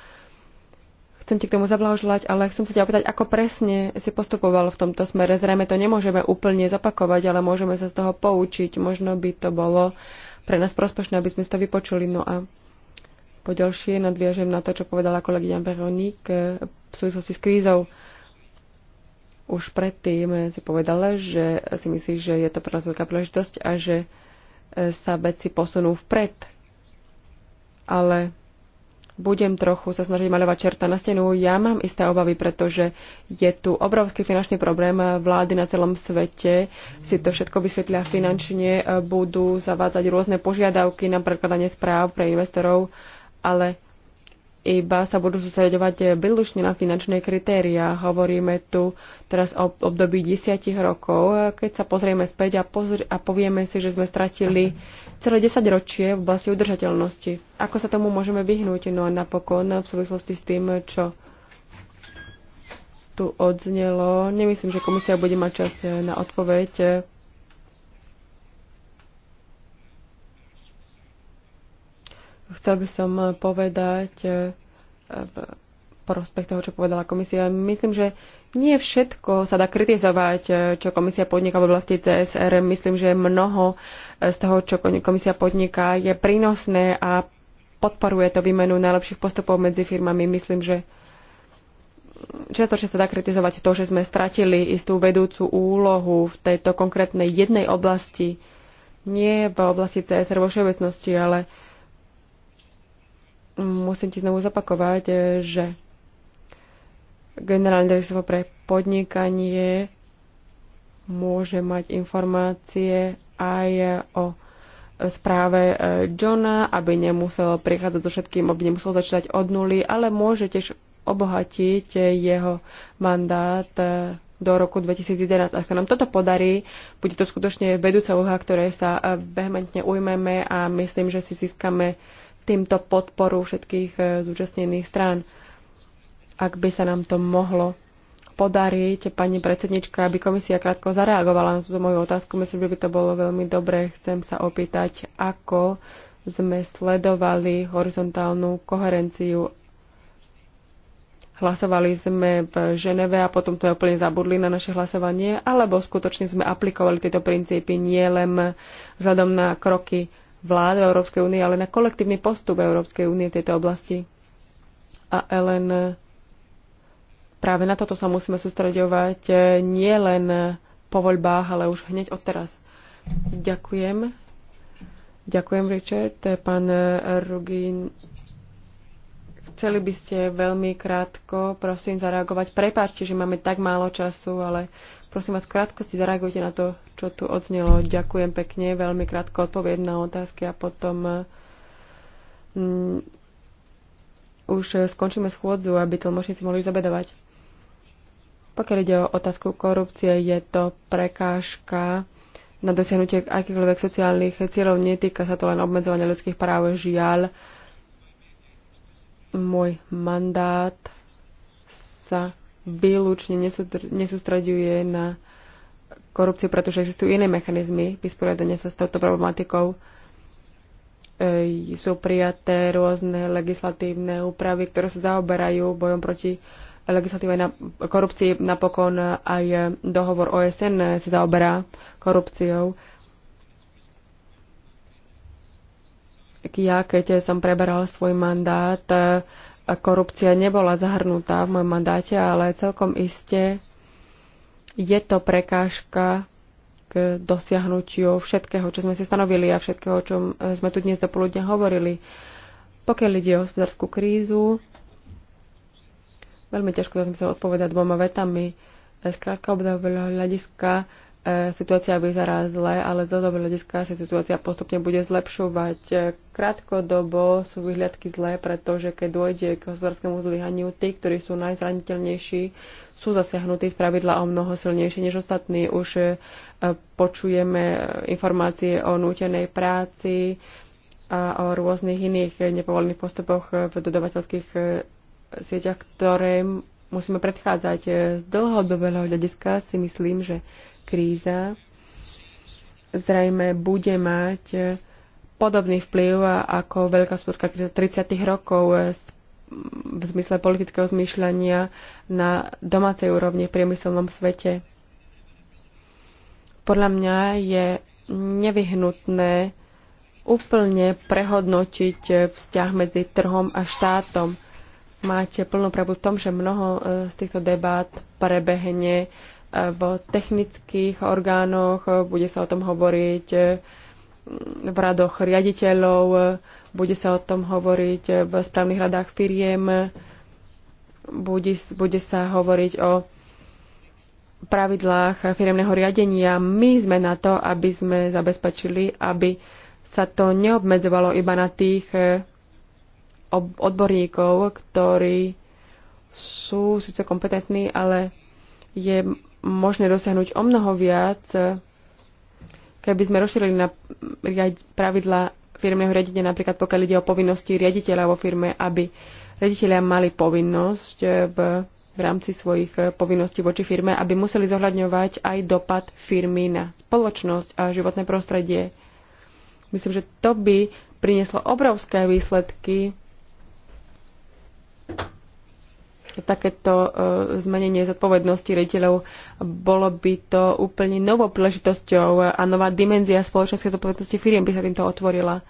Chcem ti k tomu zablahoželať, ale chcem sa ťa opýtať, ako presne si postupoval v tomto smere. Zrejme to nemôžeme úplne zopakovať, ale môžeme sa z toho poučiť. Možno by to bolo pre nás prospešné, aby sme si to vypočuli. No a po ďalšie nadviažem na to, čo povedala kolegyňa Veronik eh, v súvislosti s krízou. Už predtým si povedala, že si myslíš, že je to pre nás veľká príležitosť a že eh, sa veci posunú vpred. Ale budem trochu sa snažiť maľovať čerta na stenu. Ja mám isté obavy, pretože je tu obrovský finančný problém. Vlády na celom svete si to všetko vysvetlia finančne, budú zavádzať rôzne požiadavky na prekladanie správ pre investorov, ale iba sa budú sústredovať výlučne na finančné kritériá. Hovoríme tu teraz o období desiatich rokov. Keď sa pozrieme späť a, pozri- a povieme si, že sme stratili celé 10 ročie v oblasti udržateľnosti. Ako sa tomu môžeme vyhnúť? No a napokon v súvislosti s tým, čo tu odznelo, nemyslím, že komisia bude mať čas na odpoveď Chcel by som eh, povedať eh, v prospech toho, čo povedala komisia. Myslím, že nie všetko sa dá kritizovať, eh, čo komisia podniká v oblasti CSR. Myslím, že mnoho z toho, čo komisia podniká, je prínosné a podporuje to výmenu najlepších postupov medzi firmami. Myslím, že častočne sa dá kritizovať to, že sme stratili istú vedúcu úlohu v tejto konkrétnej jednej oblasti. Nie v oblasti CSR vo všeobecnosti, ale musím ti znovu zapakovať, e, že generálne riaditeľstvo pre podnikanie môže mať informácie aj o správe e, Johna, aby nemusel prichádzať so všetkým, aby nemusel začať od nuly, ale môže tiež obohatiť jeho mandát e, do roku 2011. Ak sa nám toto podarí, bude to skutočne vedúca úha, ktoré sa vehementne ujmeme a myslím, že si získame týmto podporu všetkých e, zúčastnených strán. Ak by sa nám to mohlo podariť, pani predsednička, aby komisia krátko zareagovala na túto moju otázku, myslím, že by to bolo veľmi dobré. Chcem sa opýtať, ako sme sledovali horizontálnu koherenciu hlasovali sme v Ženeve a potom je úplne zabudli na naše hlasovanie, alebo skutočne sme aplikovali tieto princípy nie len vzhľadom na kroky vlád v Európskej únie, ale na kolektívny postup Európskej únie v tejto oblasti. A Ellen, práve na toto sa musíme sústredovať e, nie len po voľbách, ale už hneď odteraz. Ďakujem. Ďakujem, Richard. E, pán e, Rugin, chceli by ste veľmi krátko, prosím, zareagovať. Prepáčte, že máme tak málo času, ale Prosím vás, krátkosti zareagujte na to, čo tu odznelo. Ďakujem pekne, veľmi krátko odpoviem na otázky a potom mm, už skončíme schôdzu, aby tlmočníci mohli zabedovať. Pokiaľ ide o otázku korupcie, je to prekážka na dosiahnutie akýchkoľvek sociálnych cieľov. Netýka sa to len obmedzovania ľudských práv. Žiaľ, môj mandát sa výlučne nesústraďuje na korupciu, pretože existujú iné mechanizmy vysporiadania sa s touto problematikou. E, sú prijaté rôzne legislatívne úpravy, ktoré sa zaoberajú bojom proti legislatíve na korupcii. Napokon aj dohovor OSN sa zaoberá korupciou. Ja, keď som preberal svoj mandát, korupcia nebola zahrnutá v mojom mandáte, ale celkom iste je to prekážka k dosiahnutiu všetkého, čo sme si stanovili a všetkého, o čom eh, sme tu dnes do hovorili. Pokiaľ ide o hospodárskú krízu, veľmi ťažko sa odpovedať dvoma vetami. Z eh, krátkodobého hľadiska E, situácia vyzerá zle, ale z dlhodobého hľadiska sa situácia postupne bude zlepšovať. E, krátkodobo sú vyhliadky zlé, pretože keď dôjde k hospodárskému zlyhaniu, tí, ktorí sú najzraniteľnejší, sú zasiahnutí z pravidla o mnoho silnejšie než ostatní. Už e, počujeme informácie o nútenej práci a o rôznych iných nepovolených postupoch v dodavateľských sieťach, ktoré musíme predchádzať. Z dlhodobého hľadiska si myslím, že kríza zrejme bude mať podobný vplyv ako veľká spôrka kríza 30. rokov eh, v zmysle politického zmýšľania na domácej úrovni v priemyselnom svete. Podľa mňa je nevyhnutné úplne prehodnotiť eh, vzťah medzi trhom a štátom. Máte plnú pravdu v tom, že mnoho eh, z týchto debát prebehne v technických orgánoch, bude sa o tom hovoriť eh, v radoch riaditeľov, bude sa o tom hovoriť v správnych radách firiem, bude, bude sa hovoriť o pravidlách firemného riadenia. My sme na to, aby sme zabezpečili, aby sa to neobmedzovalo iba na tých eh, odborníkov, ktorí sú síce kompetentní, ale je možné dosiahnuť o mnoho viac, e, keby sme rozšírili na pravidla firmného riadenia, napríklad pokiaľ ide o povinnosti riaditeľa vo firme, aby riaditeľia mali povinnosť e, v, v rámci svojich e, povinností voči firme, aby museli zohľadňovať aj dopad firmy na spoločnosť a životné prostredie. Myslím, že to by prinieslo obrovské výsledky takéto e, zmenenie zodpovednosti riaditeľov. Bolo by to úplne novou príležitosťou a nová dimenzia spoločenskej zodpovednosti firiem by sa týmto otvorila.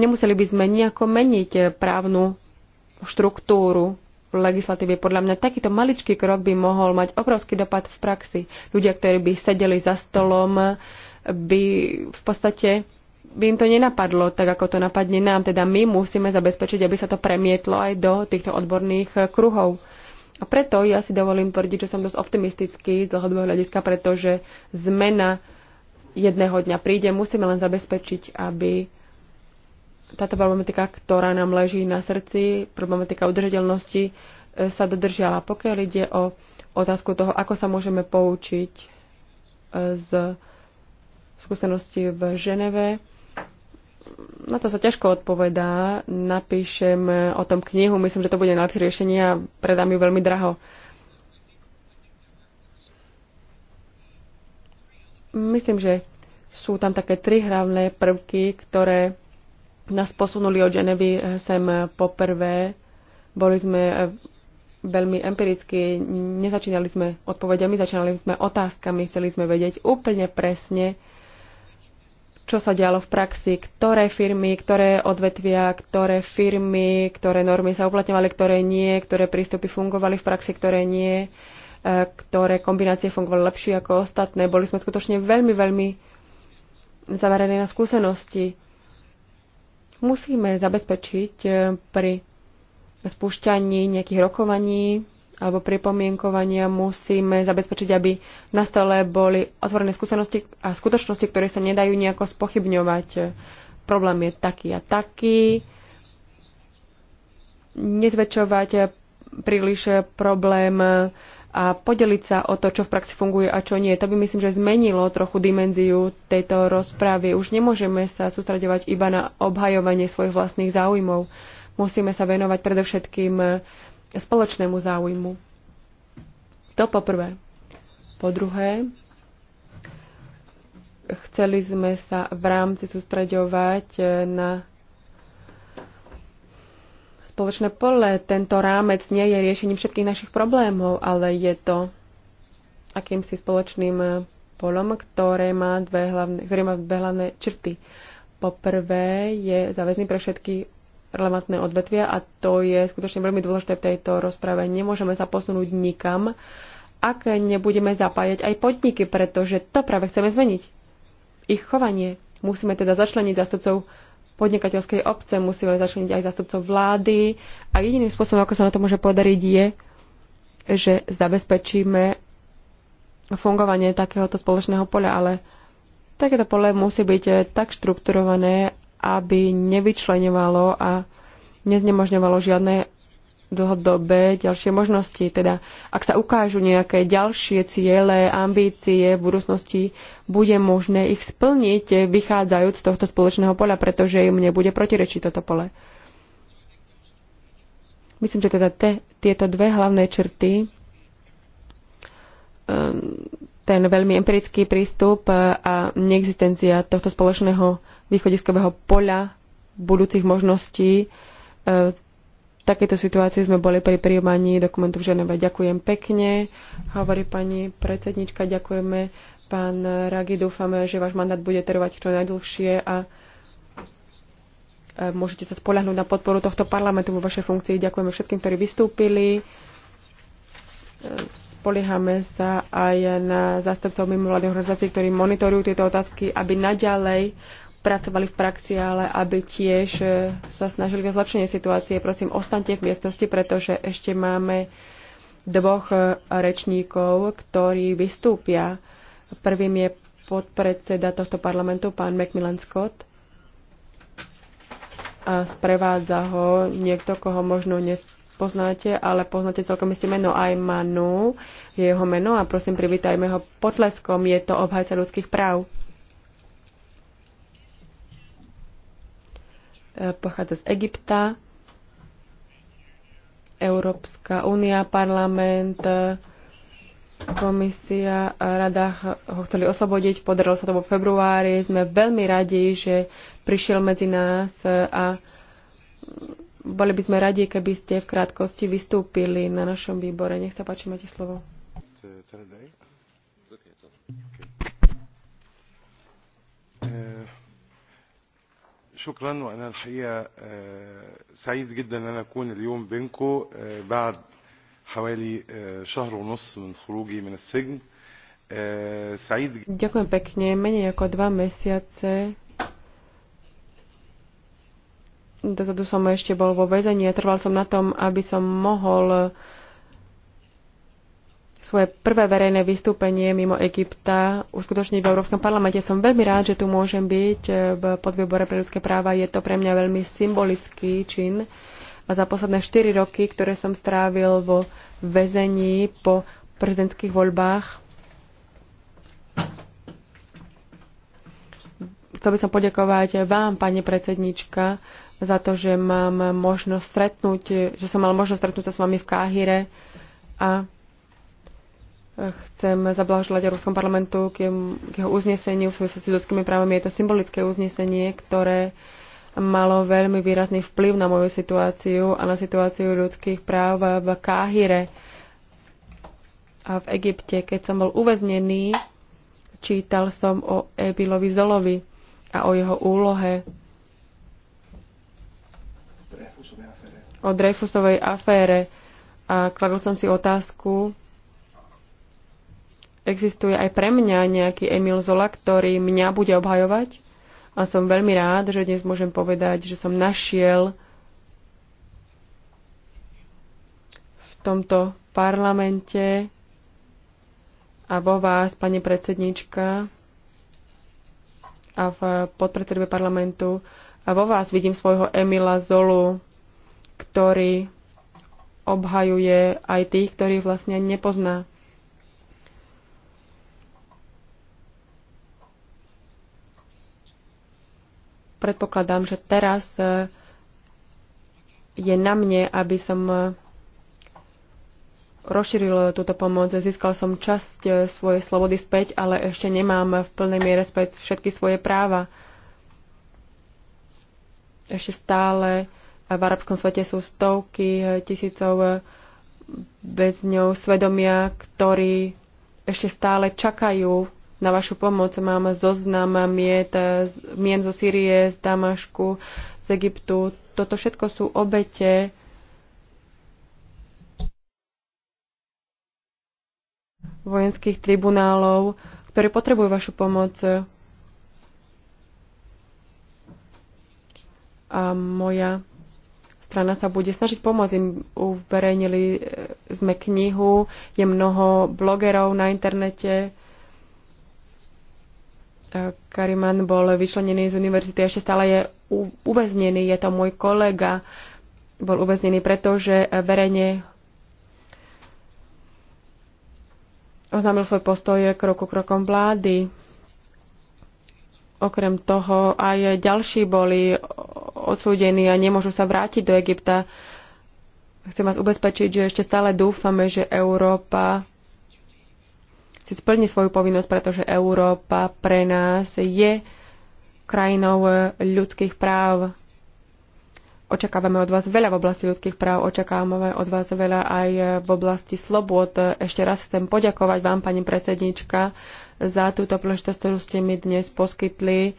Nemuseli by sme nejako meniť právnu štruktúru legislatívy, Podľa mňa takýto maličký krok by mohol mať obrovský dopad v praxi. Ľudia, ktorí by sedeli za stolom, by v podstate by im to nenapadlo, tak ako to napadne nám. Teda my musíme zabezpečiť, aby sa to premietlo aj do týchto odborných kruhov. A preto ja si dovolím tvrdiť, že som dosť optimistický z dlhodobého hľadiska, pretože zmena jedného dňa príde. Musíme len zabezpečiť, aby táto problematika, ktorá nám leží na srdci, problematika udržateľnosti, e, sa dodržiala. Pokiaľ ide o otázku toho, ako sa môžeme poučiť e, z skúsenosti v Ženeve, na to sa ťažko odpovedá. Napíšem o tom knihu, myslím, že to bude najlepšie riešenie a predám ju veľmi draho. Myslím, že sú tam také tri hlavné prvky, ktoré nás posunuli od Genevy sem poprvé. Boli sme eh, veľmi empiricky, nezačínali sme odpovediami, začínali sme otázkami, chceli sme vedieť úplne presne, čo sa dialo v praxi, ktoré firmy, ktoré odvetvia, ktoré firmy, ktoré normy sa uplatňovali, ktoré nie, ktoré prístupy fungovali v praxi, ktoré nie, e, ktoré kombinácie fungovali lepšie ako ostatné. Boli sme skutočne veľmi, veľmi zameraní na skúsenosti. Musíme zabezpečiť e, pri spúšťaní nejakých rokovaní alebo pripomienkovania musíme zabezpečiť, aby na stole boli otvorené skúsenosti a skutočnosti, ktoré sa nedajú nejako spochybňovať. Problém je taký a taký. Nezväčšovať príliš problém a podeliť sa o to, čo v praxi funguje a čo nie. To by myslím, že zmenilo trochu dimenziu tejto rozpravy. Už nemôžeme sa sústredovať iba na obhajovanie svojich vlastných záujmov. Musíme sa venovať predovšetkým spoločnému záujmu. To poprvé. Po druhé, chceli sme sa v rámci sústreďovať e, na spoločné pole. Tento rámec nie je riešením všetkých našich problémov, ale je to akýmsi spoločným e, polom, ktoré má dve hlavné, ktoré má dve hlavné črty. Po prvé je záväzný pre všetky relevantné odvetvia a to je skutočne veľmi dôležité v tejto rozprave. Nemôžeme sa posunúť nikam, ak nebudeme zapájať aj podniky, pretože to práve chceme zmeniť. Ich chovanie. Musíme teda začleniť zastupcov podnikateľskej obce, musíme začleniť aj zastupcov vlády a jediným spôsobom, ako sa na to môže podariť, je, že zabezpečíme fungovanie takéhoto spoločného poľa, ale takéto pole musí byť tak štrukturované, aby nevyčlenovalo a neznemožňovalo žiadne dlhodobé ďalšie možnosti. Teda ak sa ukážu nejaké ďalšie ciele, ambície v budúcnosti, bude možné ich splniť, eh, vychádzajúc z tohto spoločného pola, pretože im nebude protirečiť toto pole. Myslím, že teda te, tieto dve hlavné črty, ehm, ten veľmi empirický prístup eh, a neexistencia tohto spoločného východiskového poľa budúcich možností. V e, takéto situácii sme boli pri príjmaní dokumentu v Ženeve. Ďakujem pekne, hovorí pani predsednička, ďakujeme pán Ragi, dúfame, že váš mandát bude trvať čo najdlhšie a e, môžete sa spolahnúť na podporu tohto parlamentu vo vašej funkcii. Ďakujeme všetkým, ktorí vystúpili. E, spoliehame sa aj na zástupcov mimovládnych organizácií, ktorí monitorujú tieto otázky, aby naďalej pracovali v praxi, ale aby tiež e, sa snažili o zlepšenie situácie. Prosím, ostaňte v miestnosti, pretože ešte máme dvoch e, rečníkov, ktorí vystúpia. Prvým je podpredseda tohto parlamentu, pán Macmillan Scott. A sprevádza ho niekto, koho možno nepoznáte, ale poznáte celkom isté meno aj Manu, je jeho meno a prosím, privítajme ho potleskom, je to obhajca ľudských práv. E, pochádza z Egypta. Európska únia, parlament, e, komisia, rada ho chceli oslobodiť. Podarilo sa to vo februári. Sme veľmi radi, že prišiel medzi nás e, a boli by sme radi, keby ste v krátkosti vystúpili na našom výbore. Nech sa páči, máte slovo. Uh, شكرا وانا الحقيقه سعيد جدا ان انا اكون اليوم بينكم بعد حوالي شهر ونص من خروجي من السجن سعيد Ďakujem pekne. Menej ako dva mesiace dozadu som ešte bol vo väzení a trval som na tom, aby som mohol uh, svoje prvé verejné vystúpenie mimo Egypta uskutočniť v Európskom parlamente. Som veľmi rád, že tu môžem byť e, v podvýbore pre ľudské práva. Je to pre mňa veľmi symbolický čin. A za posledné 4 roky, ktoré som strávil vo väzení po prezidentských voľbách, chcel by som poďakovať vám, pani predsednička, za to, že mám možnosť stretnúť, že som mal možnosť stretnúť sa s vami v Káhire a Chcem zablahoželať Európskom parlamentu k jeho uzneseniu v súvislosti s ľudskými právami. Je to symbolické uznesenie, ktoré malo veľmi výrazný vplyv na moju situáciu a na situáciu ľudských práv v Káhire a v Egypte. Keď som bol uväznený, čítal som o Ebilovi Zolovi a o jeho úlohe o Dreyfusovej afére a kladol som si otázku, existuje aj pre mňa nejaký Emil Zola, ktorý mňa bude obhajovať. A som veľmi rád, že dnes môžem povedať, že som našiel v tomto parlamente a vo vás, pani predsednička, a v podpredsedbe parlamentu, a vo vás vidím svojho Emila Zolu, ktorý obhajuje aj tých, ktorých vlastne nepozná. predpokladám, že teraz e, je na mne, aby som e, rozšíril túto pomoc. Získal som časť e, svojej slobody späť, ale ešte nemám v plnej miere späť všetky svoje práva. Ešte stále v arabskom svete sú stovky tisícov ňou svedomia, ktorí ešte stále čakajú na vašu pomoc. Mám zoznam miet, mien zo Sýrie, z Damašku, z Egyptu. Toto všetko sú obete vojenských tribunálov, ktorí potrebujú vašu pomoc. A moja strana sa bude snažiť pomôcť im. Uverejnili sme knihu, je mnoho blogerov na internete, Kariman bol vyčlenený z univerzity, ešte stále je uväznený, je to môj kolega, bol uväznený, pretože verejne oznámil svoj postoj kroku krokom vlády. Okrem toho aj ďalší boli odsúdení a nemôžu sa vrátiť do Egypta. Chcem vás ubezpečiť, že ešte stále dúfame, že Európa si splní svoju povinnosť, pretože Európa pre nás je krajinou ľudských práv. Očakávame od vás veľa v oblasti ľudských práv, očakávame od vás veľa aj v oblasti slobod. Ešte raz chcem poďakovať vám, pani predsednička, za túto príležitosť, ktorú ste mi dnes poskytli,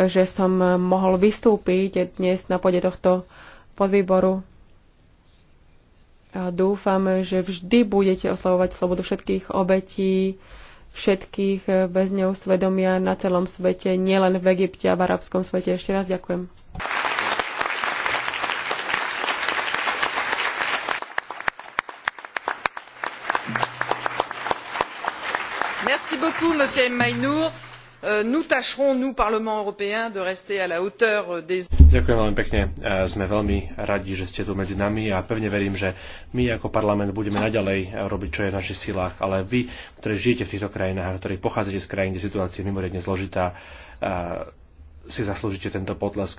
že som mohol vystúpiť dnes na pôde tohto podvýboru. A dúfam, že vždy budete oslavovať slobodu všetkých obetí, všetkých väzňov svedomia na celom svete, nielen v Egypte a v arabskom svete. Ešte raz ďakujem. Merci beaucoup, monsieur Maynour. Euh, nous tâcherons nous parlement européen de rester à la hauteur euh, des Ďakujem veľmi pekne. E, sme veľmi radi, že ste tu medzi nami a pevne verím, že my ako parlament budeme naďalej e, robiť, čo je v našich silách. Ale vy, ktorí žijete v týchto krajinách a ktorí pochádzate z krajín, kde situácia je mimoriadne zložitá, e, si zaslúžite tento potlesk.